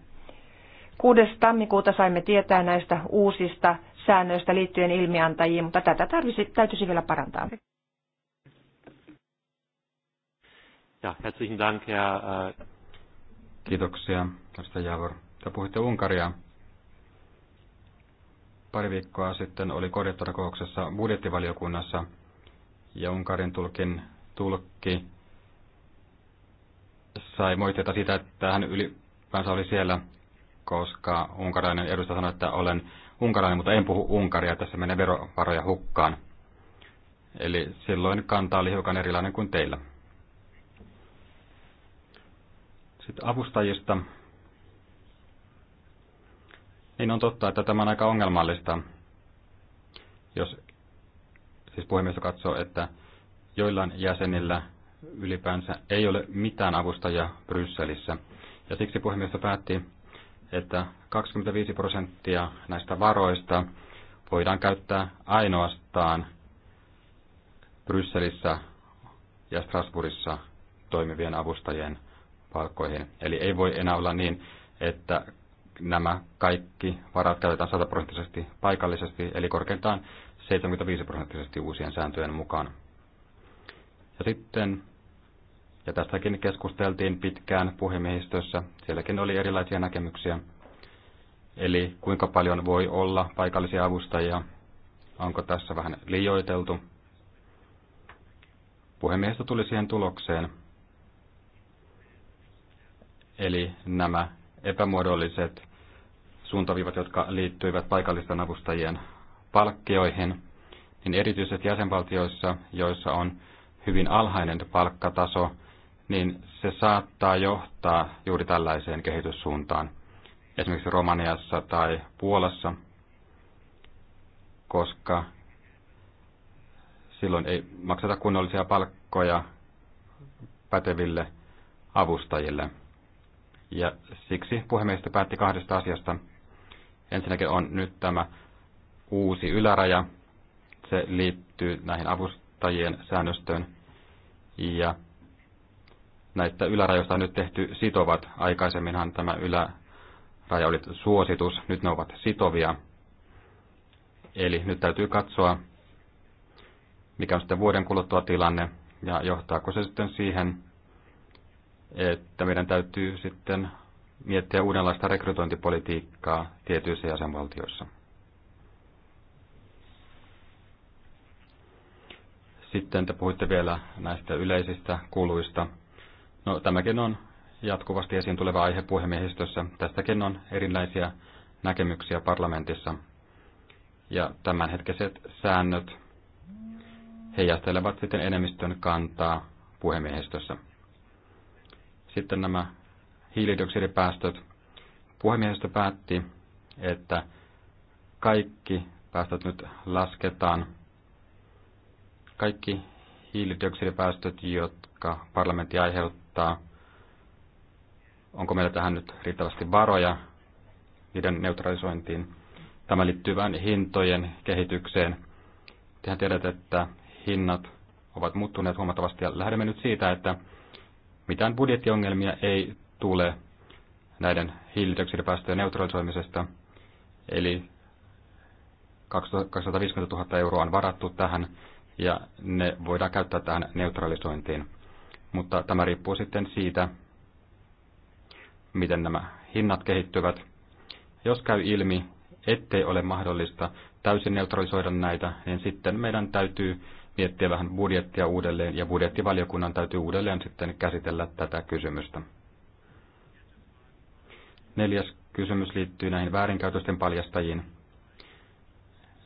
6. tammikuuta saimme tietää näistä uusista säännöistä liittyen ilmiantajiin, mutta tätä tarvisi, täytyisi vielä parantaa. Ja, herzlichen Dank, Herr... Äh, Kiitoksia, tästä Javor. Te puhuitte Unkaria. Pari viikkoa sitten oli korjattorakouksessa budjettivaliokunnassa ja Unkarin tulkin tulkki sai moitteita siitä, että hän ylipäänsä oli siellä, koska unkarainen edustaja sanoi, että olen unkarainen, mutta en puhu unkaria, tässä menee verovaroja hukkaan. Eli silloin kanta oli hiukan erilainen kuin teillä. Sitten avustajista. Niin on totta, että tämä on aika ongelmallista, jos siis puhemies katsoo, että joillain jäsenillä ylipäänsä ei ole mitään avustajia Brysselissä. Ja siksi puhemiesto päätti, että 25 prosenttia näistä varoista voidaan käyttää ainoastaan Brysselissä ja Strasbourgissa toimivien avustajien palkkoihin. Eli ei voi enää olla niin, että nämä kaikki varat käytetään sataprosenttisesti paikallisesti, eli korkeintaan 75 prosenttisesti uusien sääntöjen mukaan. Ja sitten ja tästäkin keskusteltiin pitkään puhemiehistössä. Sielläkin oli erilaisia näkemyksiä. Eli kuinka paljon voi olla paikallisia avustajia? Onko tässä vähän liioiteltu? Puhemiehistö tuli siihen tulokseen. Eli nämä epämuodolliset suuntaviivat, jotka liittyivät paikallisten avustajien palkkioihin, niin erityisesti jäsenvaltioissa, joissa on hyvin alhainen palkkataso niin se saattaa johtaa juuri tällaiseen kehityssuuntaan, esimerkiksi Romaniassa tai Puolassa, koska silloin ei makseta kunnollisia palkkoja päteville avustajille. Ja siksi puhemiehistö päätti kahdesta asiasta. Ensinnäkin on nyt tämä uusi yläraja. Se liittyy näihin avustajien säännöstöön. Ja näistä ylärajoista on nyt tehty sitovat. Aikaisemminhan tämä yläraja oli suositus, nyt ne ovat sitovia. Eli nyt täytyy katsoa, mikä on sitten vuoden kuluttua tilanne ja johtaako se sitten siihen, että meidän täytyy sitten miettiä uudenlaista rekrytointipolitiikkaa tietyissä jäsenvaltioissa. Sitten te puhuitte vielä näistä yleisistä kuluista – No, tämäkin on jatkuvasti esiin tuleva aihe puhemiehistössä. Tästäkin on erilaisia näkemyksiä parlamentissa. Ja tämänhetkiset säännöt heijastelevat sitten enemmistön kantaa puhemiehistössä. Sitten nämä hiilidioksidipäästöt. Puhemiehistö päätti, että kaikki päästöt nyt lasketaan. Kaikki hiilidioksidipäästöt, jotka parlamentti aiheuttaa, tarkoittaa, onko meillä tähän nyt riittävästi varoja niiden neutralisointiin. Tämä liittyy vain hintojen kehitykseen. Tehän tiedät, että hinnat ovat muuttuneet huomattavasti ja lähdemme nyt siitä, että mitään budjettiongelmia ei tule näiden hiilidioksidipäästöjen neutralisoimisesta. Eli 250 000 euroa on varattu tähän ja ne voidaan käyttää tähän neutralisointiin mutta tämä riippuu sitten siitä, miten nämä hinnat kehittyvät. Jos käy ilmi, ettei ole mahdollista täysin neutralisoida näitä, niin sitten meidän täytyy miettiä vähän budjettia uudelleen ja budjettivaliokunnan täytyy uudelleen sitten käsitellä tätä kysymystä. Neljäs kysymys liittyy näihin väärinkäytösten paljastajiin.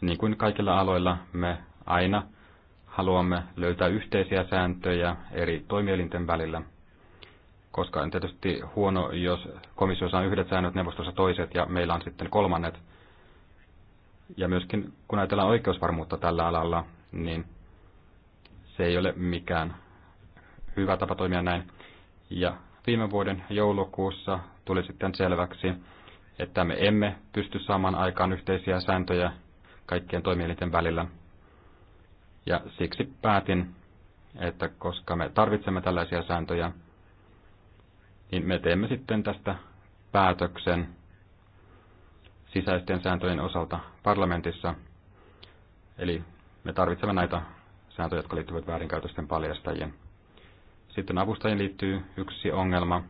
Niin kuin kaikilla aloilla me aina haluamme löytää yhteisiä sääntöjä eri toimielinten välillä, koska on tietysti huono, jos komissiossa on yhdet säännöt, neuvostossa toiset ja meillä on sitten kolmannet. Ja myöskin kun ajatellaan oikeusvarmuutta tällä alalla, niin se ei ole mikään hyvä tapa toimia näin. Ja viime vuoden joulukuussa tuli sitten selväksi, että me emme pysty saamaan aikaan yhteisiä sääntöjä kaikkien toimielinten välillä. Ja siksi päätin, että koska me tarvitsemme tällaisia sääntöjä, niin me teemme sitten tästä päätöksen sisäisten sääntöjen osalta parlamentissa. Eli me tarvitsemme näitä sääntöjä, jotka liittyvät väärinkäytösten paljastajien. Sitten avustajien liittyy yksi ongelma.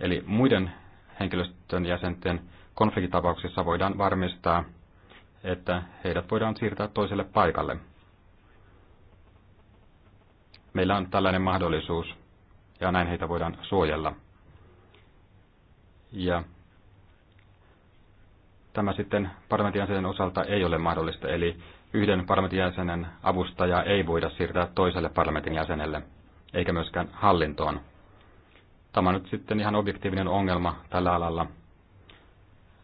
Eli muiden henkilöstön jäsenten konfliktitapauksissa voidaan varmistaa, että heidät voidaan siirtää toiselle paikalle. Meillä on tällainen mahdollisuus, ja näin heitä voidaan suojella. Ja tämä sitten parlamentin jäsenen osalta ei ole mahdollista, eli yhden parlamentin jäsenen avustajaa ei voida siirtää toiselle parlamentin jäsenelle, eikä myöskään hallintoon. Tämä on nyt sitten ihan objektiivinen ongelma tällä alalla.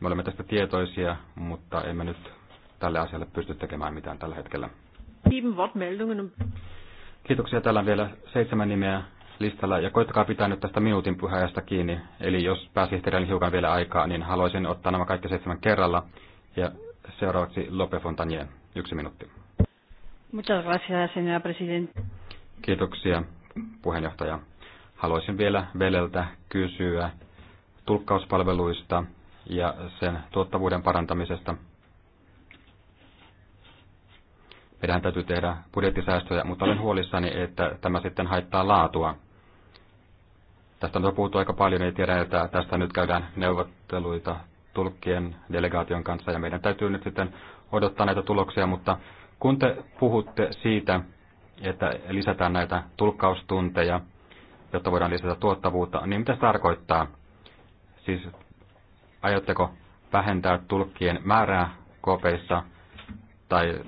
Me olemme tästä tietoisia, mutta emme nyt tälle asialle pysty tekemään mitään tällä hetkellä. Kiitoksia. Täällä on vielä seitsemän nimeä listalla ja koittakaa pitää nyt tästä minuutin puheajasta kiinni. Eli jos pääsihteerillä hiukan vielä aikaa, niin haluaisin ottaa nämä kaikki seitsemän kerralla. Ja seuraavaksi Lope Fontanier, yksi minuutti. Muchas gracias, señora presidente. Kiitoksia, puheenjohtaja. Haluaisin vielä Veleltä kysyä tulkkauspalveluista ja sen tuottavuuden parantamisesta. Meidän täytyy tehdä budjettisäästöjä, mutta olen huolissani, että tämä sitten haittaa laatua. Tästä on puhuttu aika paljon, ei tiedä, että tästä nyt käydään neuvotteluita tulkkien delegaation kanssa ja meidän täytyy nyt sitten odottaa näitä tuloksia, mutta kun te puhutte siitä, että lisätään näitä tulkkaustunteja, jotta voidaan lisätä tuottavuutta, niin mitä se tarkoittaa? Siis aiotteko vähentää tulkkien määrää kopeissa tai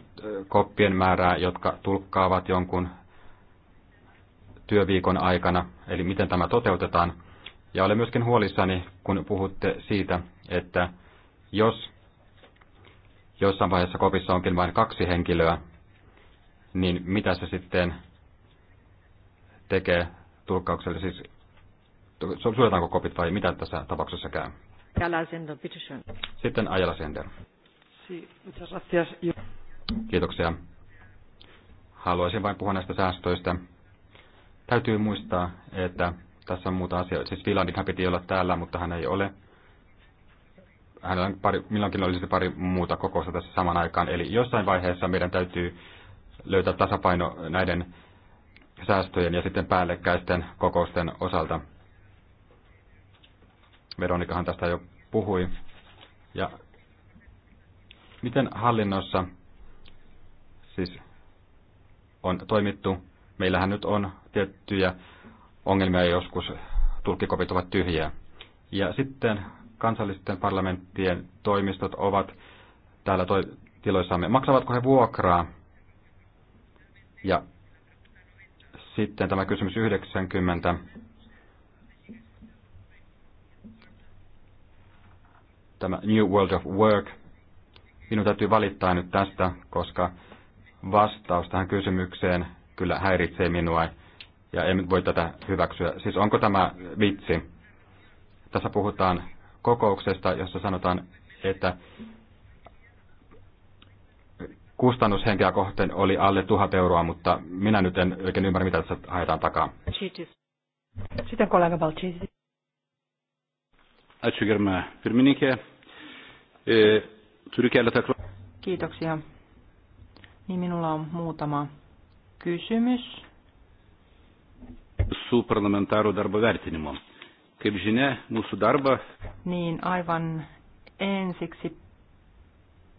koppien määrää, jotka tulkkaavat jonkun työviikon aikana, eli miten tämä toteutetaan. Ja olen myöskin huolissani, kun puhutte siitä, että jos jossain vaiheessa kopissa onkin vain kaksi henkilöä, niin mitä se sitten tekee tulkkaukselle? Siis suljetaanko kopit vai mitä tässä tapauksessa käy? Sitten Ajala Sender. Kiitoksia. Haluaisin vain puhua näistä säästöistä. Täytyy muistaa, että tässä on muuta asiaa. Siis Vilandithan piti olla täällä, mutta hän ei ole. Hänellä on pari, milloinkin olisi pari muuta kokousta tässä saman aikaan. Eli jossain vaiheessa meidän täytyy löytää tasapaino näiden säästöjen ja sitten päällekkäisten kokousten osalta. Veronikahan tästä jo puhui. Ja Miten hallinnossa siis on toimittu? Meillähän nyt on tiettyjä ongelmia joskus tulkkikopit ovat tyhjiä. Ja sitten kansallisten parlamenttien toimistot ovat täällä toi, tiloissamme. Maksavatko he vuokraa? Ja sitten tämä kysymys 90. Tämä New World of Work – Minun täytyy valittaa nyt tästä, koska vastaus tähän kysymykseen kyllä häiritsee minua ja en voi tätä hyväksyä. Siis onko tämä vitsi? Tässä puhutaan kokouksesta, jossa sanotaan, että kustannushenkeä kohteen oli alle tuhat euroa, mutta minä nyt en oikein ymmärrä, mitä tässä haetaan takaa. Sitten kollega Balcisi. Ačiū, gerbiama pirmininkė. E, Kiitoksia. Niin minulla on muutama kysymys. Su parlamentaarų darbo vertinimo. Kaip žinia, mūsų darba... Niin aivan ensiksi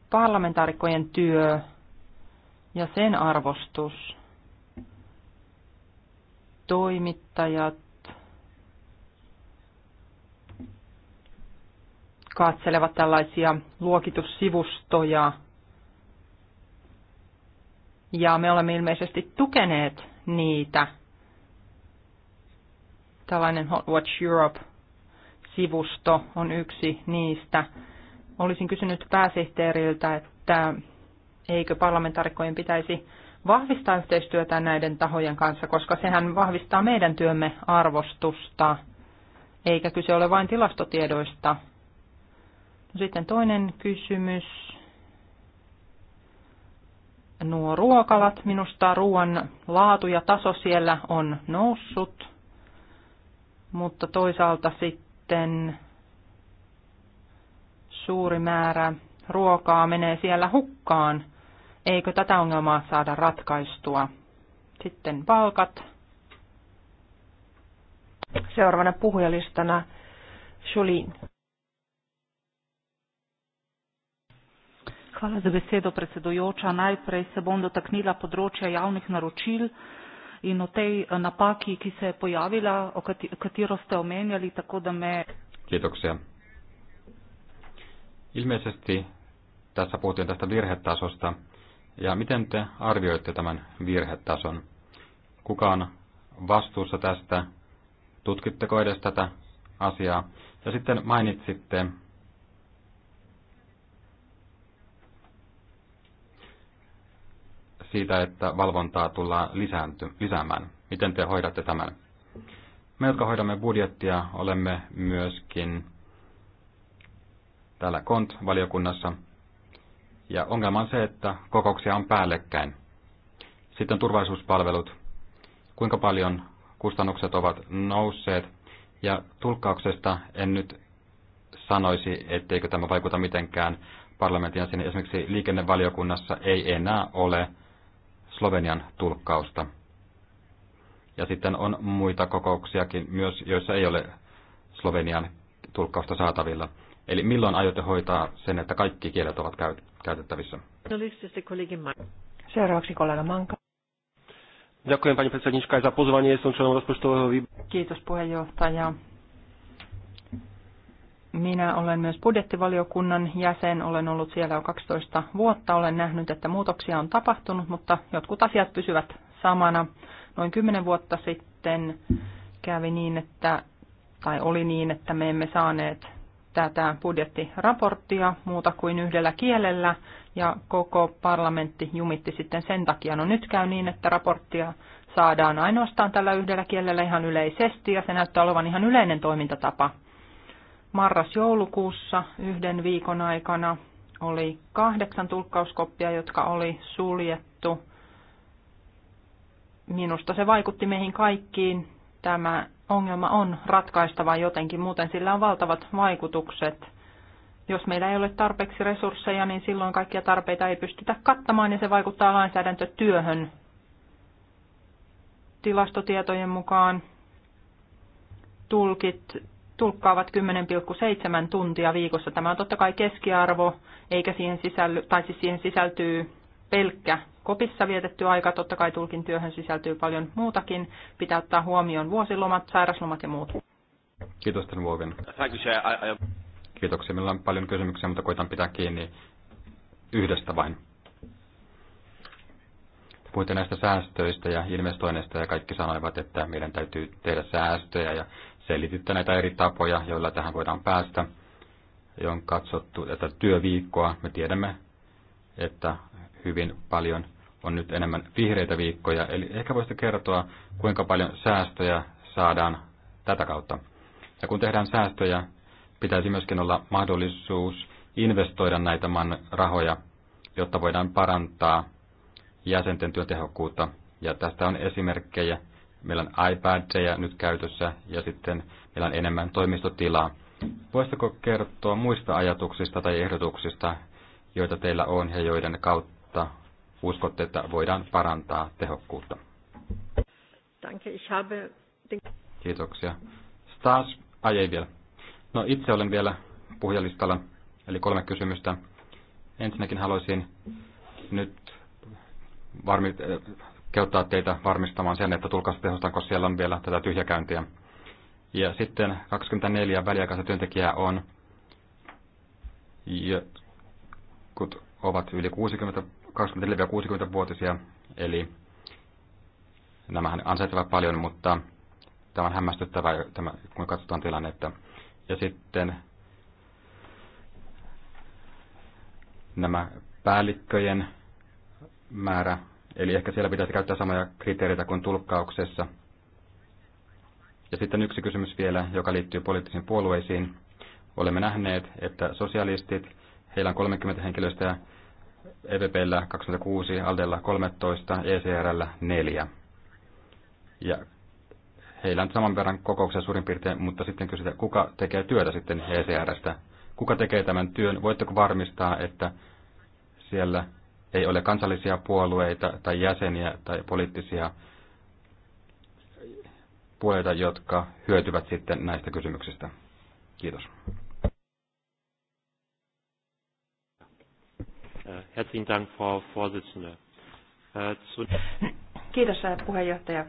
parlamentaarikkojen työ ja sen arvostus. Toimittajat katselevat tällaisia luokitussivustoja. Ja me olemme ilmeisesti tukeneet niitä. Tällainen Hot Watch Europe-sivusto on yksi niistä. Olisin kysynyt pääsihteeriltä, että eikö parlamentaarikkojen pitäisi vahvistaa yhteistyötä näiden tahojen kanssa, koska sehän vahvistaa meidän työmme arvostusta, eikä kyse ole vain tilastotiedoista, sitten toinen kysymys. Nuo ruokalat, minusta ruoan laatu ja taso siellä on noussut, mutta toisaalta sitten suuri määrä ruokaa menee siellä hukkaan. Eikö tätä ongelmaa saada ratkaistua? Sitten palkat. Seuraavana puhujalistana Julin. Hvala za besedo, predsedujoča. Najprej se bom dotaknila področja javnih naročil in o tej eh, napaki, ki se je pojavila, o katero ste omenjali, tako da me... Kiitoksia. Ilmeisesti tässä puhuttiin tästä virhetasosta. Ja miten te arvioitte tämän virhetason? Kuka on vastuussa tästä? Tutkitteko edes tätä asiaa? Ja sitten mainitsitte siitä, että valvontaa tullaan lisäänty, lisäämään. Miten te hoidatte tämän? Me, jotka hoidamme budjettia, olemme myöskin täällä KONT-valiokunnassa. Ja ongelma on se, että kokouksia on päällekkäin. Sitten turvallisuuspalvelut. Kuinka paljon kustannukset ovat nousseet. Ja tulkkauksesta en nyt sanoisi, etteikö tämä vaikuta mitenkään parlamentin jäseniin. Esimerkiksi liikennevaliokunnassa ei enää ole Slovenian tulkkausta. Ja sitten on muita kokouksiakin myös, joissa ei ole Slovenian tulkkausta saatavilla. Eli milloin aiotte hoitaa sen, että kaikki kielet ovat käytettävissä? Seuraavaksi kollega Manka. Ďakujem pani predsednička za pozvanie. Som členom rozpočtového Kiitos puheenjohtaja. Minä olen myös budjettivaliokunnan jäsen, olen ollut siellä jo 12 vuotta, olen nähnyt, että muutoksia on tapahtunut, mutta jotkut asiat pysyvät samana. Noin 10 vuotta sitten kävi niin, että, tai oli niin, että me emme saaneet tätä budjettiraporttia muuta kuin yhdellä kielellä, ja koko parlamentti jumitti sitten sen takia. No nyt käy niin, että raporttia saadaan ainoastaan tällä yhdellä kielellä ihan yleisesti, ja se näyttää olevan ihan yleinen toimintatapa – marras-joulukuussa yhden viikon aikana oli kahdeksan tulkkauskoppia, jotka oli suljettu. Minusta se vaikutti meihin kaikkiin. Tämä ongelma on ratkaistava jotenkin, muuten sillä on valtavat vaikutukset. Jos meillä ei ole tarpeeksi resursseja, niin silloin kaikkia tarpeita ei pystytä kattamaan ja se vaikuttaa lainsäädäntötyöhön. Tilastotietojen mukaan tulkit tulkkaavat 10,7 tuntia viikossa. Tämä on totta kai keskiarvo, eikä siihen sisälly, tai siis siihen sisältyy pelkkä kopissa vietetty aika. Totta kai tulkin työhön sisältyy paljon muutakin. Pitää ottaa huomioon vuosilomat, sairaslomat ja muut. Kiitos tämän vuoden. Kiitoksia. Meillä on paljon kysymyksiä, mutta koitan pitää kiinni yhdestä vain. Puhuitte näistä säästöistä ja investoinneista ja kaikki sanoivat, että meidän täytyy tehdä säästöjä ja selititte näitä eri tapoja, joilla tähän voidaan päästä. Ja on katsottu tätä työviikkoa. Me tiedämme, että hyvin paljon on nyt enemmän vihreitä viikkoja. Eli ehkä voisitte kertoa, kuinka paljon säästöjä saadaan tätä kautta. Ja kun tehdään säästöjä, pitäisi myöskin olla mahdollisuus investoida näitä maan rahoja, jotta voidaan parantaa jäsenten työtehokkuutta. Ja tästä on esimerkkejä meillä on iPadseja nyt käytössä ja sitten meillä on enemmän toimistotilaa. Voisitko kertoa muista ajatuksista tai ehdotuksista, joita teillä on ja joiden kautta uskotte, että voidaan parantaa tehokkuutta? Kiitoksia. Stas, ajei vielä. No itse olen vielä puhujalistalla, eli kolme kysymystä. Ensinnäkin haluaisin nyt varmi, kehottaa teitä varmistamaan sen, että tulkaa tehostaan, koska siellä on vielä tätä tyhjäkäyntiä. Ja sitten 24 väliaikaista työntekijää on, kun ovat yli 60, 24-60-vuotisia, eli nämähän ansaitsevat paljon, mutta tämä on hämmästyttävää, tämä, kun katsotaan tilannetta. Ja sitten nämä päällikköjen määrä Eli ehkä siellä pitäisi käyttää samoja kriteereitä kuin tulkkauksessa. Ja sitten yksi kysymys vielä, joka liittyy poliittisiin puolueisiin. Olemme nähneet, että sosialistit, heillä on 30 henkilöstä, EVPllä 26, Aldella 13, ECRllä 4. Ja heillä on saman verran kokouksia suurin piirtein, mutta sitten kysytään, kuka tekee työtä sitten ECRstä? Kuka tekee tämän työn? Voitteko varmistaa, että siellä ei ole kansallisia puolueita tai jäseniä tai poliittisia puolueita, jotka hyötyvät sitten näistä kysymyksistä. Kiitos. Äh, Kiitos äh, puheenjohtaja.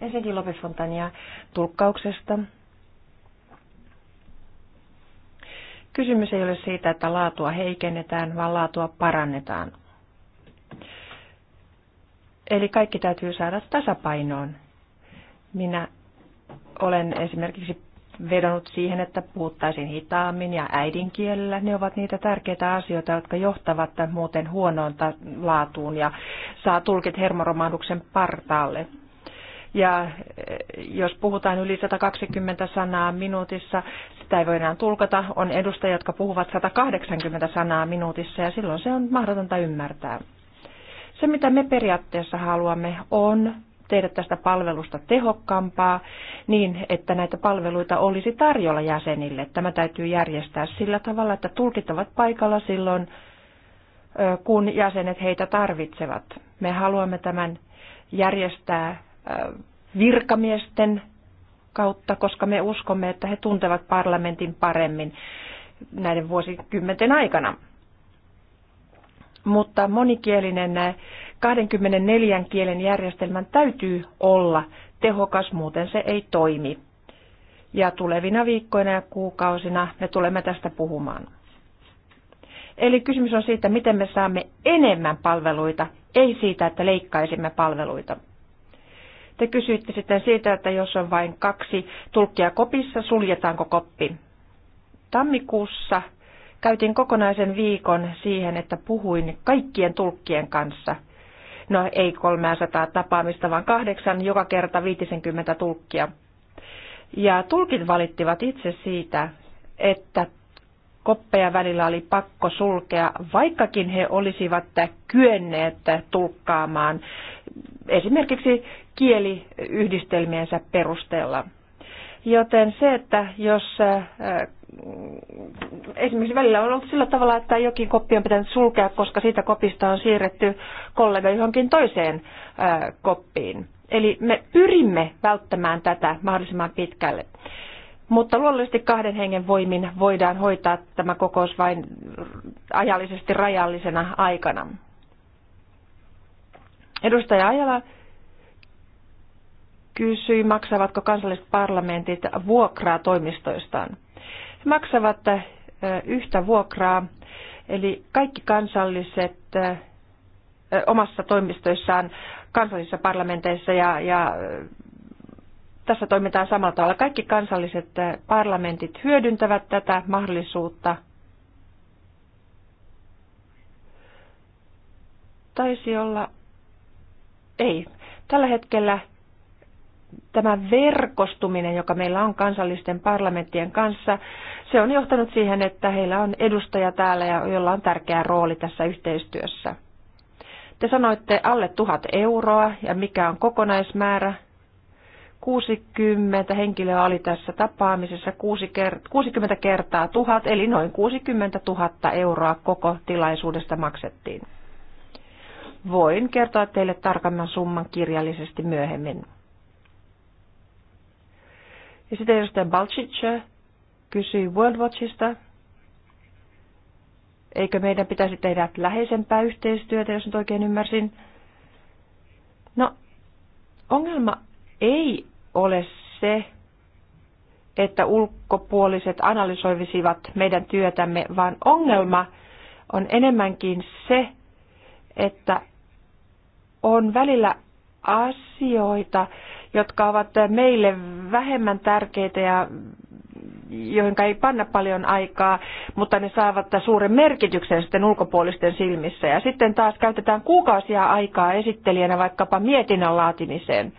Ensinnäkin Lopes Fontania tulkkauksesta. Kysymys ei ole siitä, että laatua heikennetään, vaan laatua parannetaan. Eli kaikki täytyy saada tasapainoon. Minä olen esimerkiksi vedonnut siihen, että puhuttaisiin hitaammin ja äidinkielellä. Ne ovat niitä tärkeitä asioita, jotka johtavat muuten huonoon laatuun ja saa tulkit hermoromahduksen partaalle. Ja eh, jos puhutaan yli 120 sanaa minuutissa, sitä ei voidaan tulkata. On edustajia, jotka puhuvat 180 sanaa minuutissa ja silloin se on mahdotonta ymmärtää. Se, mitä me periaatteessa haluamme, on tehdä tästä palvelusta tehokkaampaa niin, että näitä palveluita olisi tarjolla jäsenille. Tämä täytyy järjestää sillä tavalla, että tulkit ovat paikalla silloin, kun jäsenet heitä tarvitsevat. Me haluamme tämän järjestää virkamiesten kautta, koska me uskomme, että he tuntevat parlamentin paremmin näiden vuosikymmenten aikana mutta monikielinen 24 eh, kielen järjestelmän täytyy olla tehokas, muuten se ei toimi. Ja tulevina viikkoina ja kuukausina me tulemme tästä puhumaan. Eli kysymys on siitä, miten me saamme enemmän palveluita, ei siitä, että leikkaisimme palveluita. Te kysyitte sitten siitä, että jos on vain kaksi tulkkia kopissa, suljetaanko koppi? Tammikuussa Käytin kokonaisen viikon siihen, että puhuin kaikkien tulkkien kanssa. No ei 300 tapaamista, vaan kahdeksan, joka kerta 50 tulkkia. Ja tulkit valittivat itse siitä, että koppeja välillä oli pakko sulkea, vaikkakin he olisivat kyenneet tulkkaamaan esimerkiksi kieliyhdistelmiensä perusteella. Joten se, että jos esimerkiksi välillä on ollut sillä tavalla, että jokin koppi on pitänyt sulkea, koska siitä kopista on siirretty kollega johonkin toiseen ää, koppiin. Eli me pyrimme välttämään tätä mahdollisimman pitkälle. Mutta luonnollisesti kahden hengen voimin voidaan hoitaa tämä kokous vain ajallisesti rajallisena aikana. Edustaja Ajala kysyi, maksavatko kansalliset parlamentit vuokraa toimistoistaan. He maksavat yhtä vuokraa, eli kaikki kansalliset omassa toimistoissaan kansallisissa parlamenteissa ja, ja tässä toimitaan samalla tavalla. Kaikki kansalliset parlamentit hyödyntävät tätä mahdollisuutta. Taisi olla, ei, tällä hetkellä tämä verkostuminen, joka meillä on kansallisten parlamenttien kanssa, se on johtanut siihen, että heillä on edustaja täällä, ja jolla on tärkeä rooli tässä yhteistyössä. Te sanoitte alle tuhat euroa ja mikä on kokonaismäärä. 60 henkilöä oli tässä tapaamisessa 60 kertaa tuhat, eli noin 60 000 euroa koko tilaisuudesta maksettiin. Voin kertoa teille tarkemman summan kirjallisesti myöhemmin. Ja sitten edustaja Balcic kysyi World Watchista. Eikö meidän pitäisi tehdä läheisempää yhteistyötä, jos nyt oikein ymmärsin? No, ongelma ei ole se, että ulkopuoliset analysoivisivat meidän työtämme, vaan ongelma on enemmänkin se, että on välillä asioita, jotka ovat meille vähemmän tärkeitä ja joihin ei panna paljon aikaa, mutta ne saavat suuren merkityksen sitten ulkopuolisten silmissä. Ja sitten taas käytetään kuukausia aikaa esittelijänä vaikkapa mietinnän laatimiseen,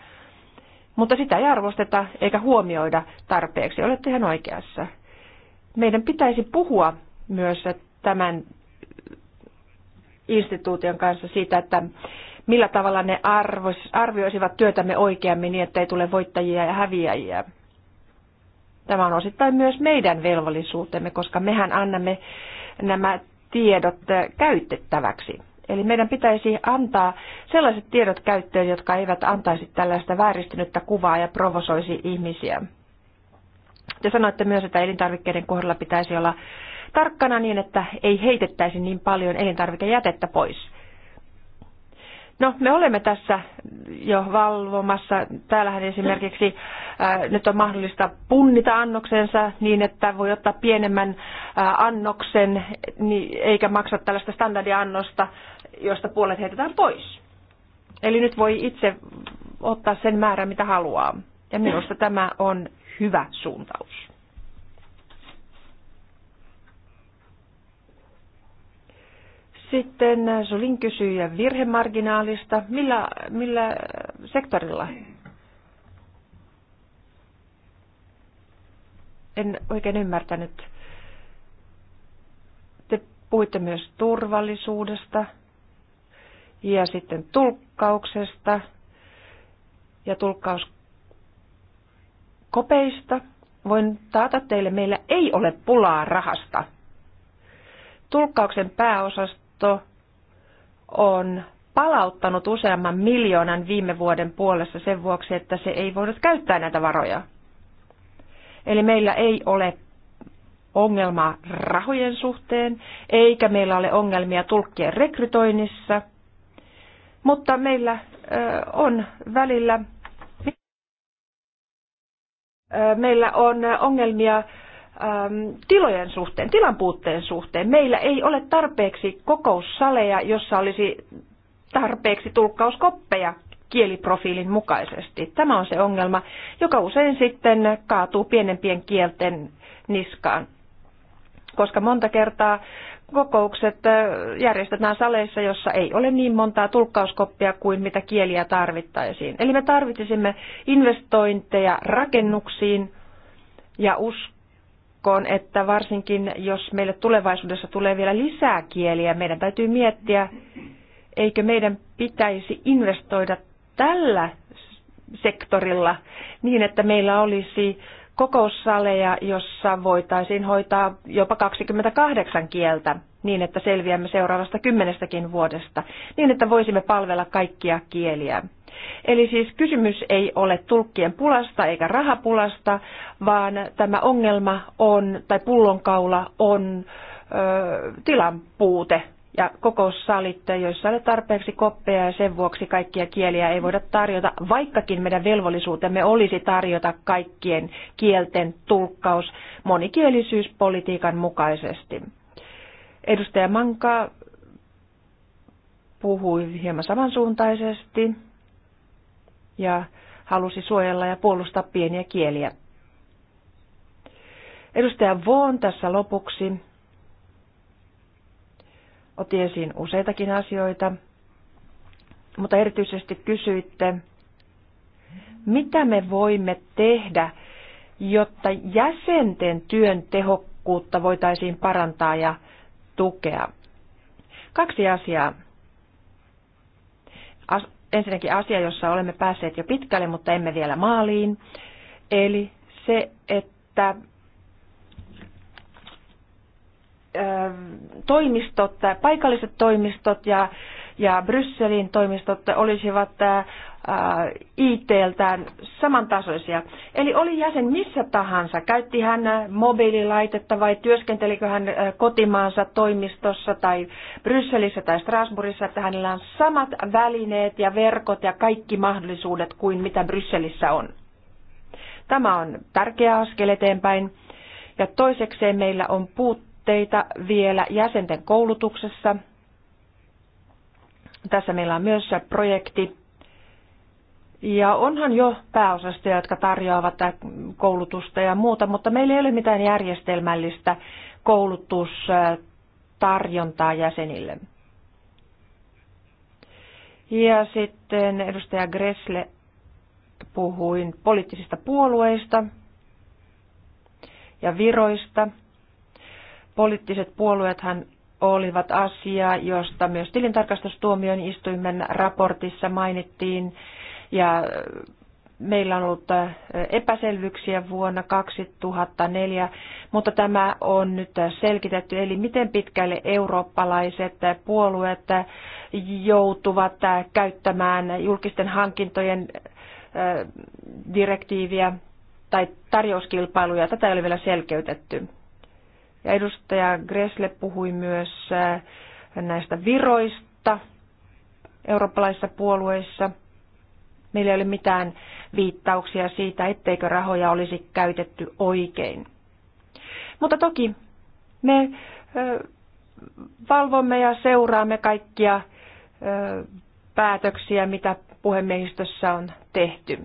mutta sitä ei arvosteta eikä huomioida tarpeeksi. Olette ihan oikeassa. Meidän pitäisi puhua myös tämän instituution kanssa siitä, että millä tavalla ne arvioisivat työtämme oikeammin niin, ettei tule voittajia ja häviäjiä. Tämä on osittain myös meidän velvollisuutemme, koska mehän annamme nämä tiedot käytettäväksi. Eli meidän pitäisi antaa sellaiset tiedot käyttöön, jotka eivät antaisi tällaista vääristynyttä kuvaa ja provosoisi ihmisiä. Te sanoitte myös, että elintarvikkeiden kohdalla pitäisi olla tarkkana niin, että ei heitettäisi niin paljon elintarvikejätettä pois. No, me olemme tässä jo valvomassa. Täällähän esimerkiksi äh, nyt on mahdollista punnita annoksensa niin, että voi ottaa pienemmän äh, annoksen, niin, eikä maksa tällaista standardiannosta, josta puolet heitetään pois. Eli nyt voi itse ottaa sen määrän, mitä haluaa. Ja minusta tämä on hyvä suuntaus. Sitten Solin kysyi virhemarginaalista. Millä, millä sektorilla? En oikein ymmärtänyt. Te puhuitte myös turvallisuudesta ja sitten tulkkauksesta ja tulkkauskopeista. Voin taata teille, meillä ei ole pulaa rahasta. Tulkkauksen pääosasta rahasto on palauttanut useamman miljoonan viime vuoden puolessa sen vuoksi, että se ei voinut käyttää näitä varoja. Eli meillä ei ole ongelmaa rahojen suhteen, eikä meillä ole ongelmia tulkkien rekrytoinnissa, mutta meillä on välillä meillä on ongelmia Ähm, tilojen suhteen, tilan puutteen suhteen. Meillä ei ole tarpeeksi kokoussaleja, jossa olisi tarpeeksi tulkkauskoppeja kieliprofiilin mukaisesti. Tämä on se ongelma, joka usein sitten kaatuu pienempien kielten niskaan. Koska monta kertaa kokoukset äh, järjestetään saleissa, jossa ei ole niin montaa tulkkauskoppia kuin mitä kieliä tarvittaisiin. Eli me tarvitsisimme investointeja rakennuksiin ja uskon ennakkoon, että varsinkin jos meille tulevaisuudessa tulee vielä lisää kieliä, meidän täytyy miettiä, eikö meidän pitäisi investoida tällä sektorilla niin, että meillä olisi äh, kokoussaleja, jossa voitaisiin hoitaa jopa 28 kieltä niin, että selviämme seuraavasta kymmenestäkin vuodesta, niin että voisimme palvella kaikkia kieliä. Eli siis kysymys ei ole tulkkien pulasta eikä rahapulasta, vaan tämä ongelma on, tai pullonkaula on ö, tilan puute ja kokoussalit, joissa ei ole tarpeeksi koppeja ja sen vuoksi kaikkia kieliä ei voida tarjota, vaikkakin meidän velvollisuutemme olisi tarjota kaikkien kielten tulkkaus monikielisyyspolitiikan mukaisesti. Edustaja Manka puhui hieman samansuuntaisesti ja halusi suojella ja puolustaa pieniä kieliä. Edustaja Voon tässä lopuksi otti esiin useitakin asioita, mutta erityisesti kysyitte, mitä me voimme tehdä, jotta jäsenten työn tehokkuutta voitaisiin parantaa ja tukea. Kaksi asiaa. As, ensinnäkin asia, jossa olemme päässeet jo pitkälle, mutta emme vielä maaliin. Eli se, että Ähm, toimistot, äh, paikalliset toimistot ja, ja Brysselin toimistot olisivat äh, äh, IT-ltään samantasoisia. Eli oli jäsen missä tahansa, käytti hän mobiililaitetta vai työskentelikö hän kotimaansa toimistossa tai Brysselissä tai Strasbourgissa, että hänellä on samat välineet ja verkot ja kaikki mahdollisuudet kuin mitä Brysselissä on. Tämä on tärkeä askel eteenpäin. Ja toisekseen meillä on puut puutteita vielä jäsenten koulutuksessa. Tässä meillä on myös projekti. Ja onhan jo pääosastoja, jotka tarjoavat koulutusta ja muuta, mutta meillä ei ole mitään järjestelmällistä koulutustarjontaa jäsenille. Ja sitten edustaja Gressle puhuin poliittisista puolueista ja viroista – poliittiset puolueethan olivat asia, josta myös tilintarkastustuomion istuimen raportissa mainittiin. Ja äh, meillä on ollut äh, epäselvyyksiä vuonna 2004, mutta tämä on nyt äh, selkitetty. Eli miten pitkälle eurooppalaiset puolueet joutuvat käyttämään julkisten hankintojen direktiiviä tai tarjouskilpailuja. Tätä ei ole vielä selkeytetty. Ja edustaja Gresle puhui myös äh, näistä viroista eurooppalaisissa puolueissa. Meillä ei ole mitään viittauksia siitä, etteikö rahoja olisi käytetty oikein. Mutta toki me äh, valvomme ja seuraamme kaikkia äh, päätöksiä, mitä puhemiehistössä on tehty.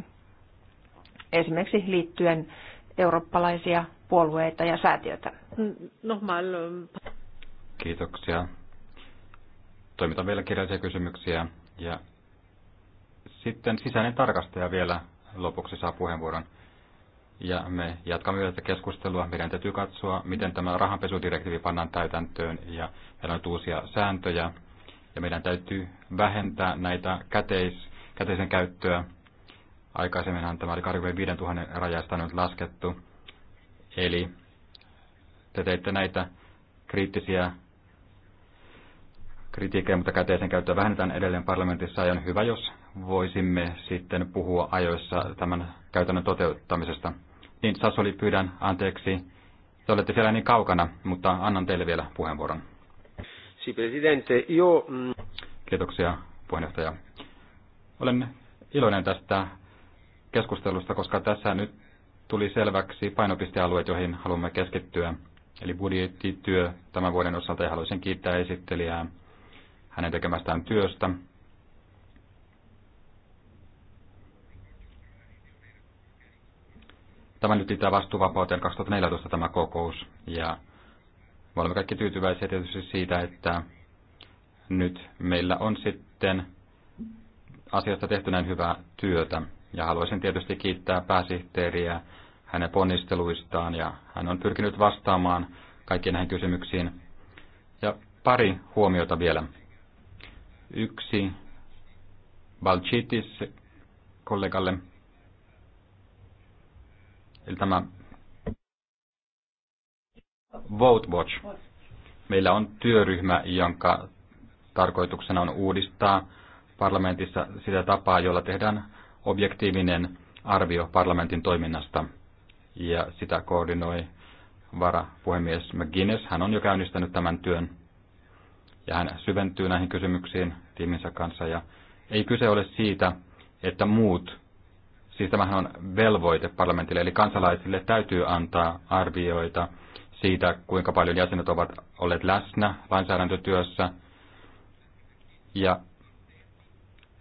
Esimerkiksi liittyen eurooppalaisia puolueita ja säätiötä. Nochmal. Ähm, Kiitoksia. Toimitan vielä kirjallisia kysymyksiä ja sitten sisäinen tarkastaja vielä lopuksi saa puheenvuoron. Ja me jatkamme vielä keskustelua. Meidän täytyy katsoa, miten tämä rahanpesudirektiivi pannaan täytäntöön ja meillä on uusia sääntöjä. Ja meidän täytyy vähentää näitä käteis, käteisen käyttöä. Aikaisemminhan tämä oli 25 000 rajasta nyt laskettu. Eli te teitte näitä kriittisiä kritiikkejä, mutta käteisen käyttöä vähennetään edelleen parlamentissa ja on hyvä, jos voisimme sitten puhua ajoissa tämän käytännön toteuttamisesta. Niin Sassoli, pyydän anteeksi. Te olette siellä niin kaukana, mutta annan teille vielä puheenvuoron. Si, presidente, io... Mm, Kiitoksia, puheenjohtaja. Olen iloinen tästä keskustelusta, koska tässä nyt tuli selväksi painopistealueet, joihin haluamme keskittyä – eli budjettityö tämän vuoden osalta ja haluaisin kiittää esittelijää hänen tekemästään työstä. Tämä nyt liittää vastuuvapauteen 2014 tämä kokous ja me olemme kaikki tyytyväisiä tietysti siitä, että nyt meillä on sitten asiasta tehty näin hyvää työtä. Ja haluaisin tietysti kiittää pääsihteeriä hänen ponnisteluistaan ja hän on pyrkinyt vastaamaan kaikkiin näihin kysymyksiin. Ja pari huomiota vielä. Yksi Balchitis kollegalle. Eli tämä Vote Watch. Meillä on työryhmä, jonka tarkoituksena on uudistaa parlamentissa sitä tapaa, jolla tehdään objektiivinen arvio parlamentin toiminnasta – ja sitä koordinoi varapuhemies McGuinness. Hän on jo käynnistänyt tämän työn ja hän syventyy näihin kysymyksiin tiiminsä kanssa. Ja ei kyse ole siitä, että muut, siis tämähän on velvoite parlamentille, eli kansalaisille täytyy antaa arvioita siitä, kuinka paljon jäsenet ovat olleet läsnä lainsäädäntötyössä. Ja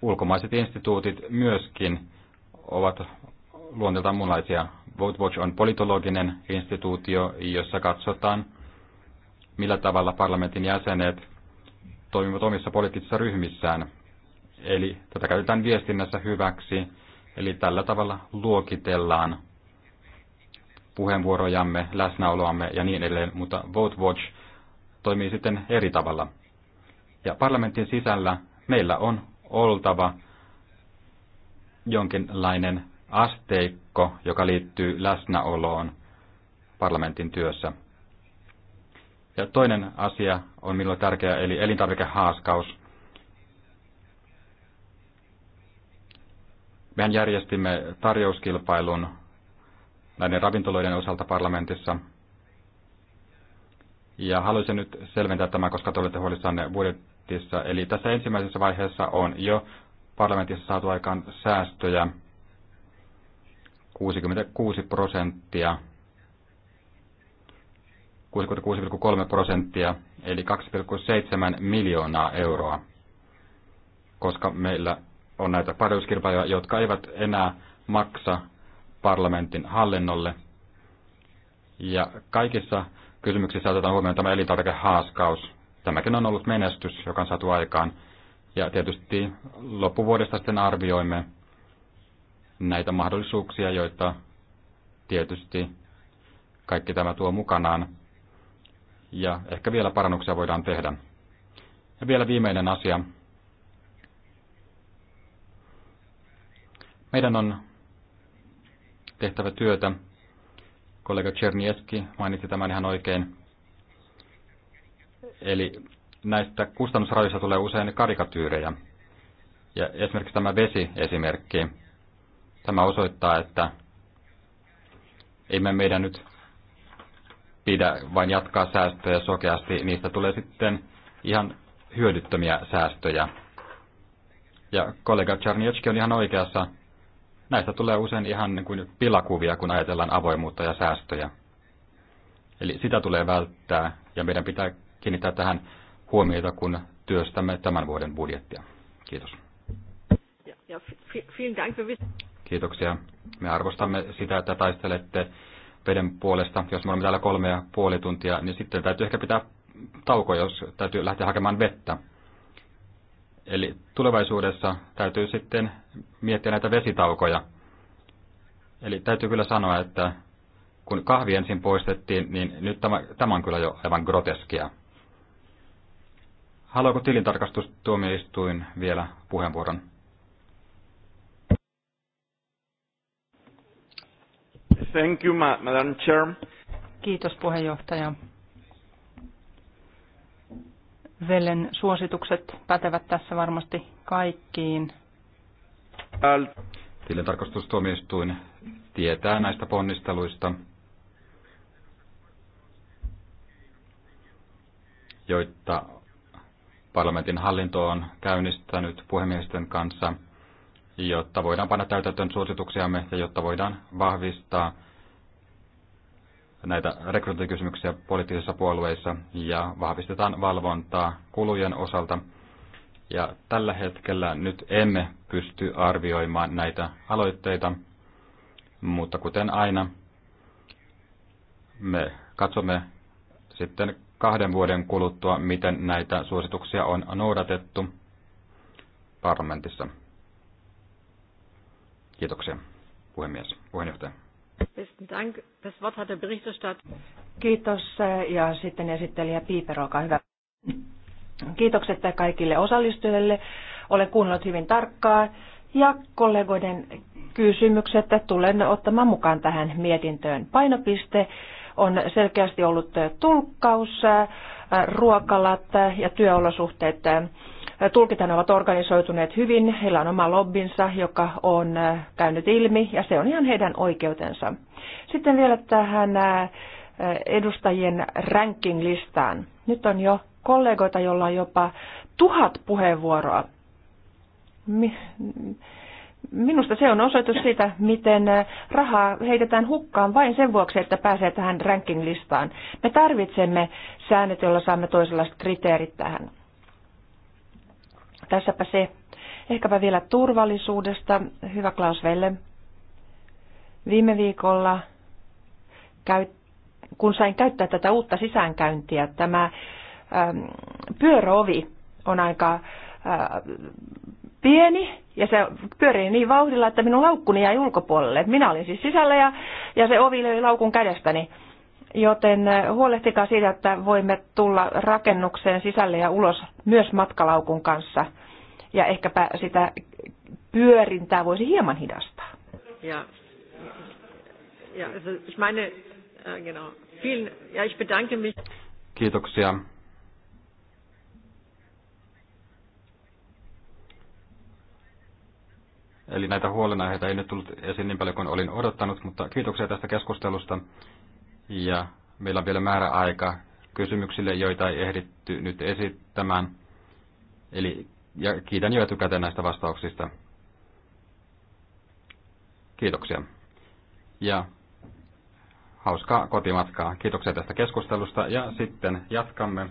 ulkomaiset instituutit myöskin ovat luonteeltaan muunlaisia Vote Watch on politologinen instituutio, jossa katsotaan, millä tavalla parlamentin jäsenet toimivat omissa poliittisissa ryhmissään. Eli tätä käytetään viestinnässä hyväksi, eli tällä tavalla luokitellaan puheenvuorojamme, läsnäoloamme ja niin edelleen, mutta Vote Watch toimii sitten eri tavalla. Ja parlamentin sisällä meillä on oltava jonkinlainen asteikko, aukko, joka liittyy läsnäoloon parlamentin työssä. Ja toinen asia on minulle tärkeä, eli elintarvikehaaskaus. Mehän järjestimme tarjouskilpailun näiden ravintoloiden osalta parlamentissa. Ja haluaisin nyt selventää tämän, koska te olette huolissanne budjetissa. Eli tässä ensimmäisessä vaiheessa on jo parlamentissa saatu aikaan säästöjä 66 prosenttia 66,3 prosenttia, eli 2,7 miljoonaa euroa, koska meillä on näitä tarjouskilpailuja, jotka eivät enää maksa parlamentin hallinnolle. Ja kaikissa kysymyksissä otetaan huomioon tämä elintarvikehaaskaus. Tämäkin on ollut menestys, joka on saatu aikaan. Ja tietysti loppuvuodesta sitten arvioimme, näitä mahdollisuuksia, joita tietysti kaikki tämä tuo mukanaan. Ja ehkä vielä parannuksia voidaan tehdä. Ja vielä viimeinen asia. Meidän on tehtävä työtä. Kollega Chernieski mainitsi tämän ihan oikein. Eli näistä kustannusrajoista tulee usein karikatyyrejä. Ja esimerkiksi tämä vesiesimerkki. Tämä osoittaa, että emme meidän nyt pidä vain jatkaa säästöjä sokeasti, niistä tulee sitten ihan hyödyttömiä säästöjä. Ja kollega Czarniecki on ihan oikeassa. Näistä tulee usein ihan niin kuin pilakuvia, kun ajatellaan avoimuutta ja säästöjä. Eli sitä tulee välttää, ja meidän pitää kiinnittää tähän huomiota, kun työstämme tämän vuoden budjettia. Kiitos. Kiitoksia. Me arvostamme sitä, että taistelette veden puolesta. Jos me olemme täällä kolme ja puoli tuntia, niin sitten täytyy ehkä pitää tauko, jos täytyy lähteä hakemaan vettä. Eli tulevaisuudessa täytyy sitten miettiä näitä vesitaukoja. Eli täytyy kyllä sanoa, että kun kahvi ensin poistettiin, niin nyt tämä, tämä on kyllä jo aivan groteskia. Haluaako tilintarkastustuomioistuin vielä puheenvuoron? Thank you, Madam Chair. Kiitos puheenjohtaja. Velen suositukset pätevät tässä varmasti kaikkiin. Tilintarkastustuomioistuin tietää näistä ponnisteluista, joita parlamentin hallinto on käynnistänyt puhemiesten kanssa, jotta voidaan panna täytäntöön suosituksiamme ja jotta voidaan vahvistaa näitä rekrytointikysymyksiä poliittisissa puolueissa ja vahvistetaan valvontaa kulujen osalta. Ja tällä hetkellä nyt emme pysty arvioimaan näitä aloitteita, mutta kuten aina, me katsomme sitten kahden vuoden kuluttua, miten näitä suosituksia on noudatettu parlamentissa. Kiitoksia, puhemies, puheenjohtaja. Kiitos äh, ja sitten esittelijä Piiper, olkaa hyvä. Kiitokset kaikille osallistujille. Olen kuunnellut hyvin tarkkaa ja kollegoiden kysymykset tulen ottamaan mukaan tähän mietintöön. Painopiste on selkeästi ollut tulkkaus, äh, ruokalat ja työolosuhteet Tulkithan ovat organisoituneet hyvin, heillä on oma lobbinsa, joka on äh, käynyt ilmi ja se on ihan heidän oikeutensa. Sitten vielä tähän äh, edustajien ranking-listaan. Nyt on jo kollegoita, joilla on jopa tuhat puheenvuoroa. Minusta se on osoitus siitä, miten äh, rahaa heitetään hukkaan vain sen vuoksi, että pääsee tähän ranking-listaan. Me tarvitsemme säännöt, joilla saamme toisenlaiset kriteerit tähän. Tässäpä se. Ehkäpä vielä turvallisuudesta. Hyvä Klaus Velle. Viime viikolla, kun sain käyttää tätä uutta sisäänkäyntiä, tämä pyöröovi on aika pieni ja se pyörii niin vauhdilla, että minun laukkuni jäi ulkopuolelle. Minä olin siis sisällä ja, ja se ovi löi laukun kädestäni. Joten eh, huolehtikaa siitä, että voimme tulla rakennukseen sisälle ja ulos myös matkalaukun kanssa. Ja ehkäpä sitä pyörintää voisi hieman hidastaa. Ja, ja ich meine, äh, genau. Vielen, ja ich bedanke mich. Kiitoksia. Eli näitä huolenaiheita ei nyt tullut esiin niin paljon kuin olin odottanut, mutta kiitoksia tästä keskustelusta ja meillä on vielä aika kysymyksille, joita ei ehditty nyt esittämään. Eli ja kiitän jo etukäteen näistä vastauksista. Kiitoksia. Ja hauskaa kotimatkaa. Kiitoksia tästä keskustelusta ja sitten jatkamme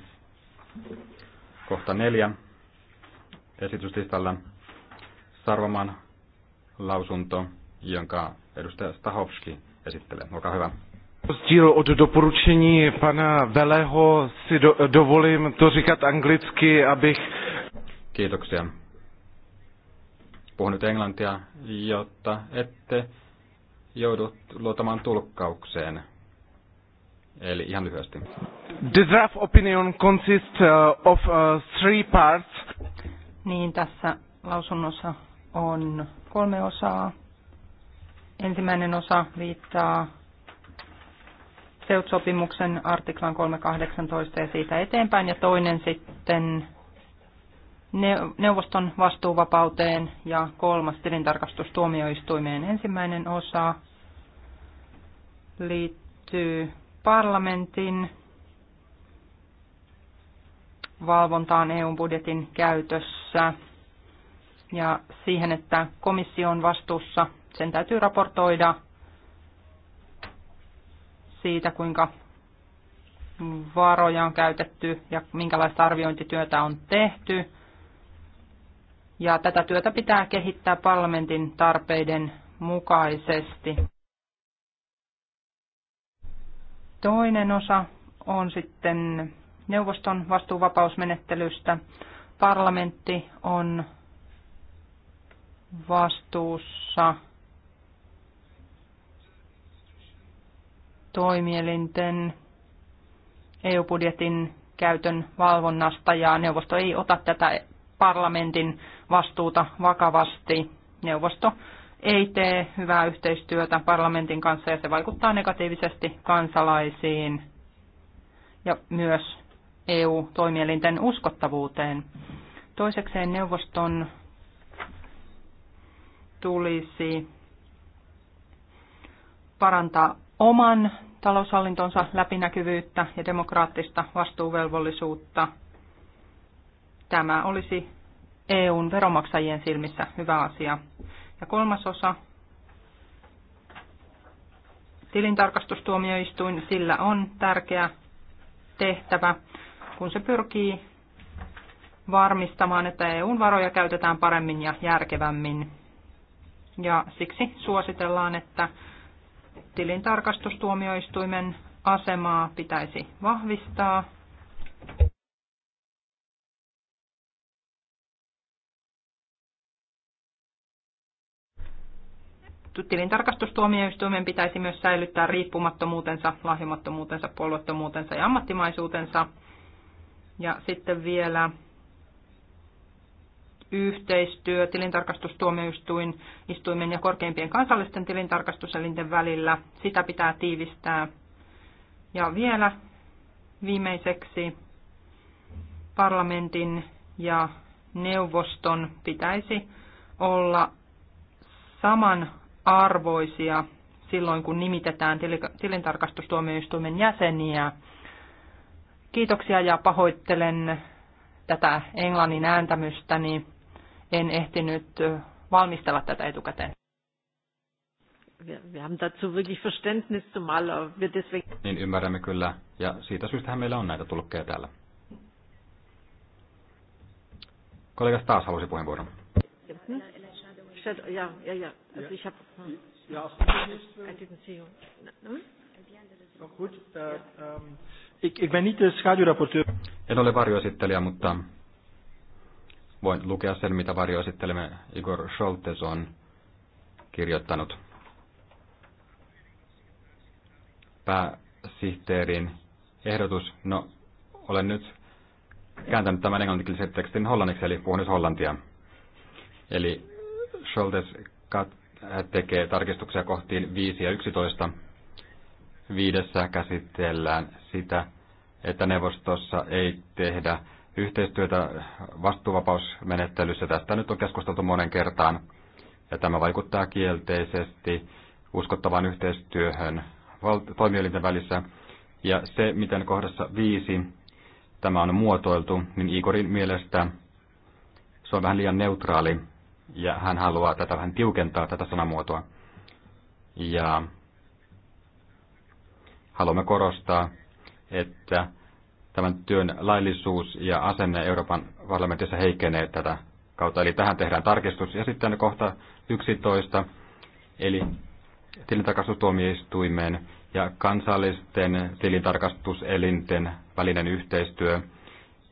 kohta neljä esityslistalla Sarvaman lausunto, jonka edustaja Stahovski esittelee. Olkaa hyvä rozdíl od doporučení pana Veleho si do, dovolím to říkat anglicky, abych... Kiitoksia. Puhun nyt englantia, jotta ette joudu luotamaan tulkkaukseen. Eli ihan lyhyesti. The draft opinion consists uh, of uh, three parts. Niin, tässä lausunnossa on kolme osaa. Ensimmäinen osa viittaa SEUT-sopimuksen artiklan 318 ja siitä eteenpäin, ja toinen sitten neuvoston vastuuvapauteen ja kolmas tilintarkastustuomioistuimeen. Ensimmäinen osa liittyy parlamentin valvontaan EU-budjetin käytössä ja siihen, että komissio on vastuussa. Sen täytyy raportoida siitä, kuinka varoja on käytetty ja minkälaista arviointityötä on tehty. Ja tätä työtä pitää kehittää parlamentin tarpeiden mukaisesti. Toinen osa on sitten neuvoston vastuuvapausmenettelystä. Parlamentti on vastuussa toimielinten EU-budjetin käytön valvonnasta ja neuvosto ei ota tätä parlamentin vastuuta vakavasti. Neuvosto ei tee hyvää yhteistyötä parlamentin kanssa ja se vaikuttaa negatiivisesti kansalaisiin ja myös EU-toimielinten uskottavuuteen. Toisekseen neuvoston tulisi parantaa oman taloushallintonsa läpinäkyvyyttä ja demokraattista vastuuvelvollisuutta. Tämä olisi EUn veromaksajien silmissä hyvä asia. Ja kolmas osa, tilintarkastustuomioistuin, sillä on tärkeä tehtävä, kun se pyrkii varmistamaan, että EUn varoja käytetään paremmin ja järkevämmin. Ja siksi suositellaan, että tilintarkastustuomioistuimen asemaa pitäisi vahvistaa. Tilintarkastustuomioistuimen pitäisi myös säilyttää riippumattomuutensa, lahjomattomuutensa, puolueettomuutensa ja ammattimaisuutensa. Ja sitten vielä yhteistyö istuimen ja korkeimpien kansallisten tilintarkastuselinten välillä. Sitä pitää tiivistää. Ja vielä viimeiseksi parlamentin ja neuvoston pitäisi olla samanarvoisia silloin, kun nimitetään tilintarkastustuomioistuimen jäseniä. Kiitoksia ja pahoittelen tätä englannin ääntämystäni en ehtinyt valmistella tätä etukäteen. Wir haben dazu wirklich Verständnis, zumal wir deswegen... Niin ymmärrämme kyllä, ja siitä syystähän meillä on näitä tulkkeja täällä. Kollega, taas halusi puheenvuoron. Hmm? Ja, ja, ja. Also ich hab, hm. ja. I didn't see you. Hmm? No, gut, äh, ähm, ik, ik ben niet de schaduwrapporteur. En ole varjoesittelijä, mutta Voin lukea sen, mitä varjoesittelemme Igor Scholtes on kirjoittanut pääsihteerin ehdotus. No, olen nyt kääntänyt tämän englanninkielisen tekstin hollanniksi, eli puhun nyt hollantia. Eli Scholtes tekee tarkistuksia kohtiin 5 ja 11. Viidessä käsitellään sitä, että neuvostossa ei tehdä yhteistyötä vastuuvapausmenettelyssä. Tästä nyt on keskusteltu monen kertaan ja tämä vaikuttaa kielteisesti uskottavaan yhteistyöhön toimielinten välissä. Ja se, miten kohdassa viisi tämä on muotoiltu, niin Igorin mielestä se on vähän liian neutraali ja hän haluaa tätä vähän tiukentaa, tätä sanamuotoa. Ja haluamme korostaa, että tämän työn laillisuus ja asenne Euroopan parlamentissa heikenee tätä kautta. Eli tähän tehdään tarkistus. Ja sitten kohta 11, eli tilintarkastustuomioistuimen ja kansallisten tilintarkastuselinten välinen yhteistyö.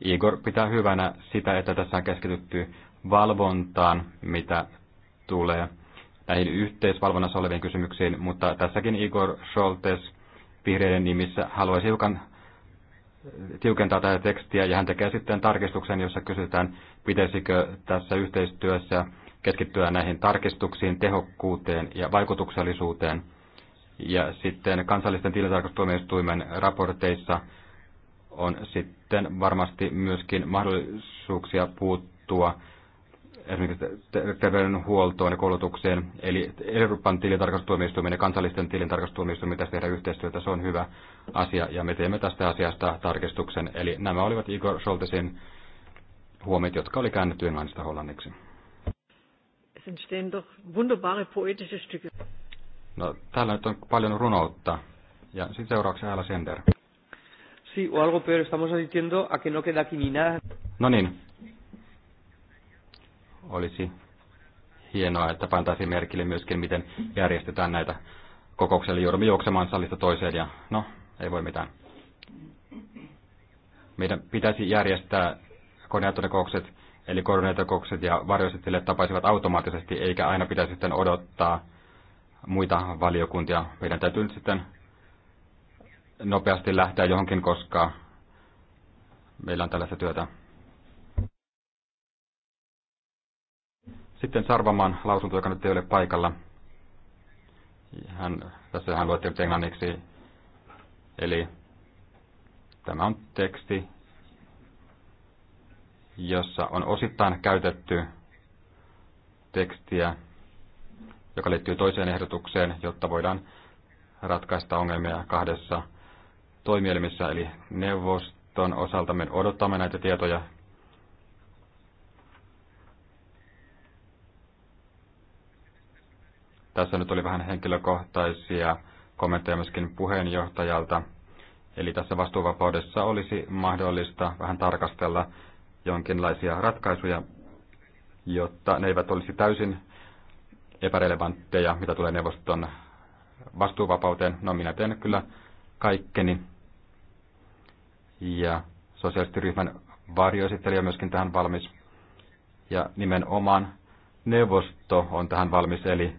Igor pitää hyvänä sitä, että tässä on keskitytty valvontaan, mitä tulee näihin yhteisvalvonnassa oleviin kysymyksiin, mutta tässäkin Igor Scholtes vihreiden nimissä haluaisi hiukan tiukentaa tätä tekstiä ja hän tekee sitten tarkistuksen, jossa kysytään, pitäisikö tässä yhteistyössä keskittyä näihin tarkistuksiin, tehokkuuteen ja vaikutuksellisuuteen. Ja sitten kansallisten tilintarkastustuomioistuimen raporteissa on sitten varmasti myöskin mahdollisuuksia puuttua esimerkiksi terveydenhuoltoon ja koulutukseen. Eli Euroopan tilintarkastustuomioistuimen ja kansallisten tilintarkastustuomioistuimen pitäisi tehdä yhteistyötä, se on hyvä asia, ja me teemme tästä asiasta tarkistuksen. Eli nämä olivat Igor Scholtesin huomiot, jotka oli käännetty englannista hollanniksi. No, täällä nyt on paljon runoutta. Ja sitten seuraavaksi Ala Sender. Sí, o algo peor, estamos asistiendo a que no queda aquí ni nada. No niin, olisi hienoa, että pantaisiin merkille myöskin, miten järjestetään näitä kokouksia. Eli joudumme juoksemaan salista toiseen ja no, ei voi mitään. Meidän pitäisi järjestää koordinaattorikokoukset, eli koordinaattorikokoukset ja varjoesittelijät tapaisivat automaattisesti, eikä aina pitäisi sitten odottaa muita valiokuntia. Meidän täytyy nyt sitten nopeasti lähteä johonkin, koska meillä on tällaista työtä. Sitten Sarvamaan lausunto, joka nyt ei ole paikalla. Hän, tässä hän luetti nyt englanniksi. Eli tämä on teksti, jossa on osittain käytetty tekstiä, joka liittyy toiseen ehdotukseen, jotta voidaan ratkaista ongelmia kahdessa toimielimissä, eli neuvoston osalta me odottamme näitä tietoja Tässä nyt oli vähän henkilökohtaisia kommentteja myöskin puheenjohtajalta. Eli tässä vastuuvapaudessa olisi mahdollista vähän tarkastella jonkinlaisia ratkaisuja, jotta ne eivät olisi täysin epärelevantteja, mitä tulee neuvoston vastuuvapauteen. No minä teen kyllä kaikkeni. Ja sosiaalistiryhmän varjoesittelijä myöskin tähän valmis. Ja nimenomaan neuvosto on tähän valmis, eli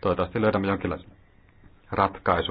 Toivottavasti löydämme jonkinlaisen ratkaisun.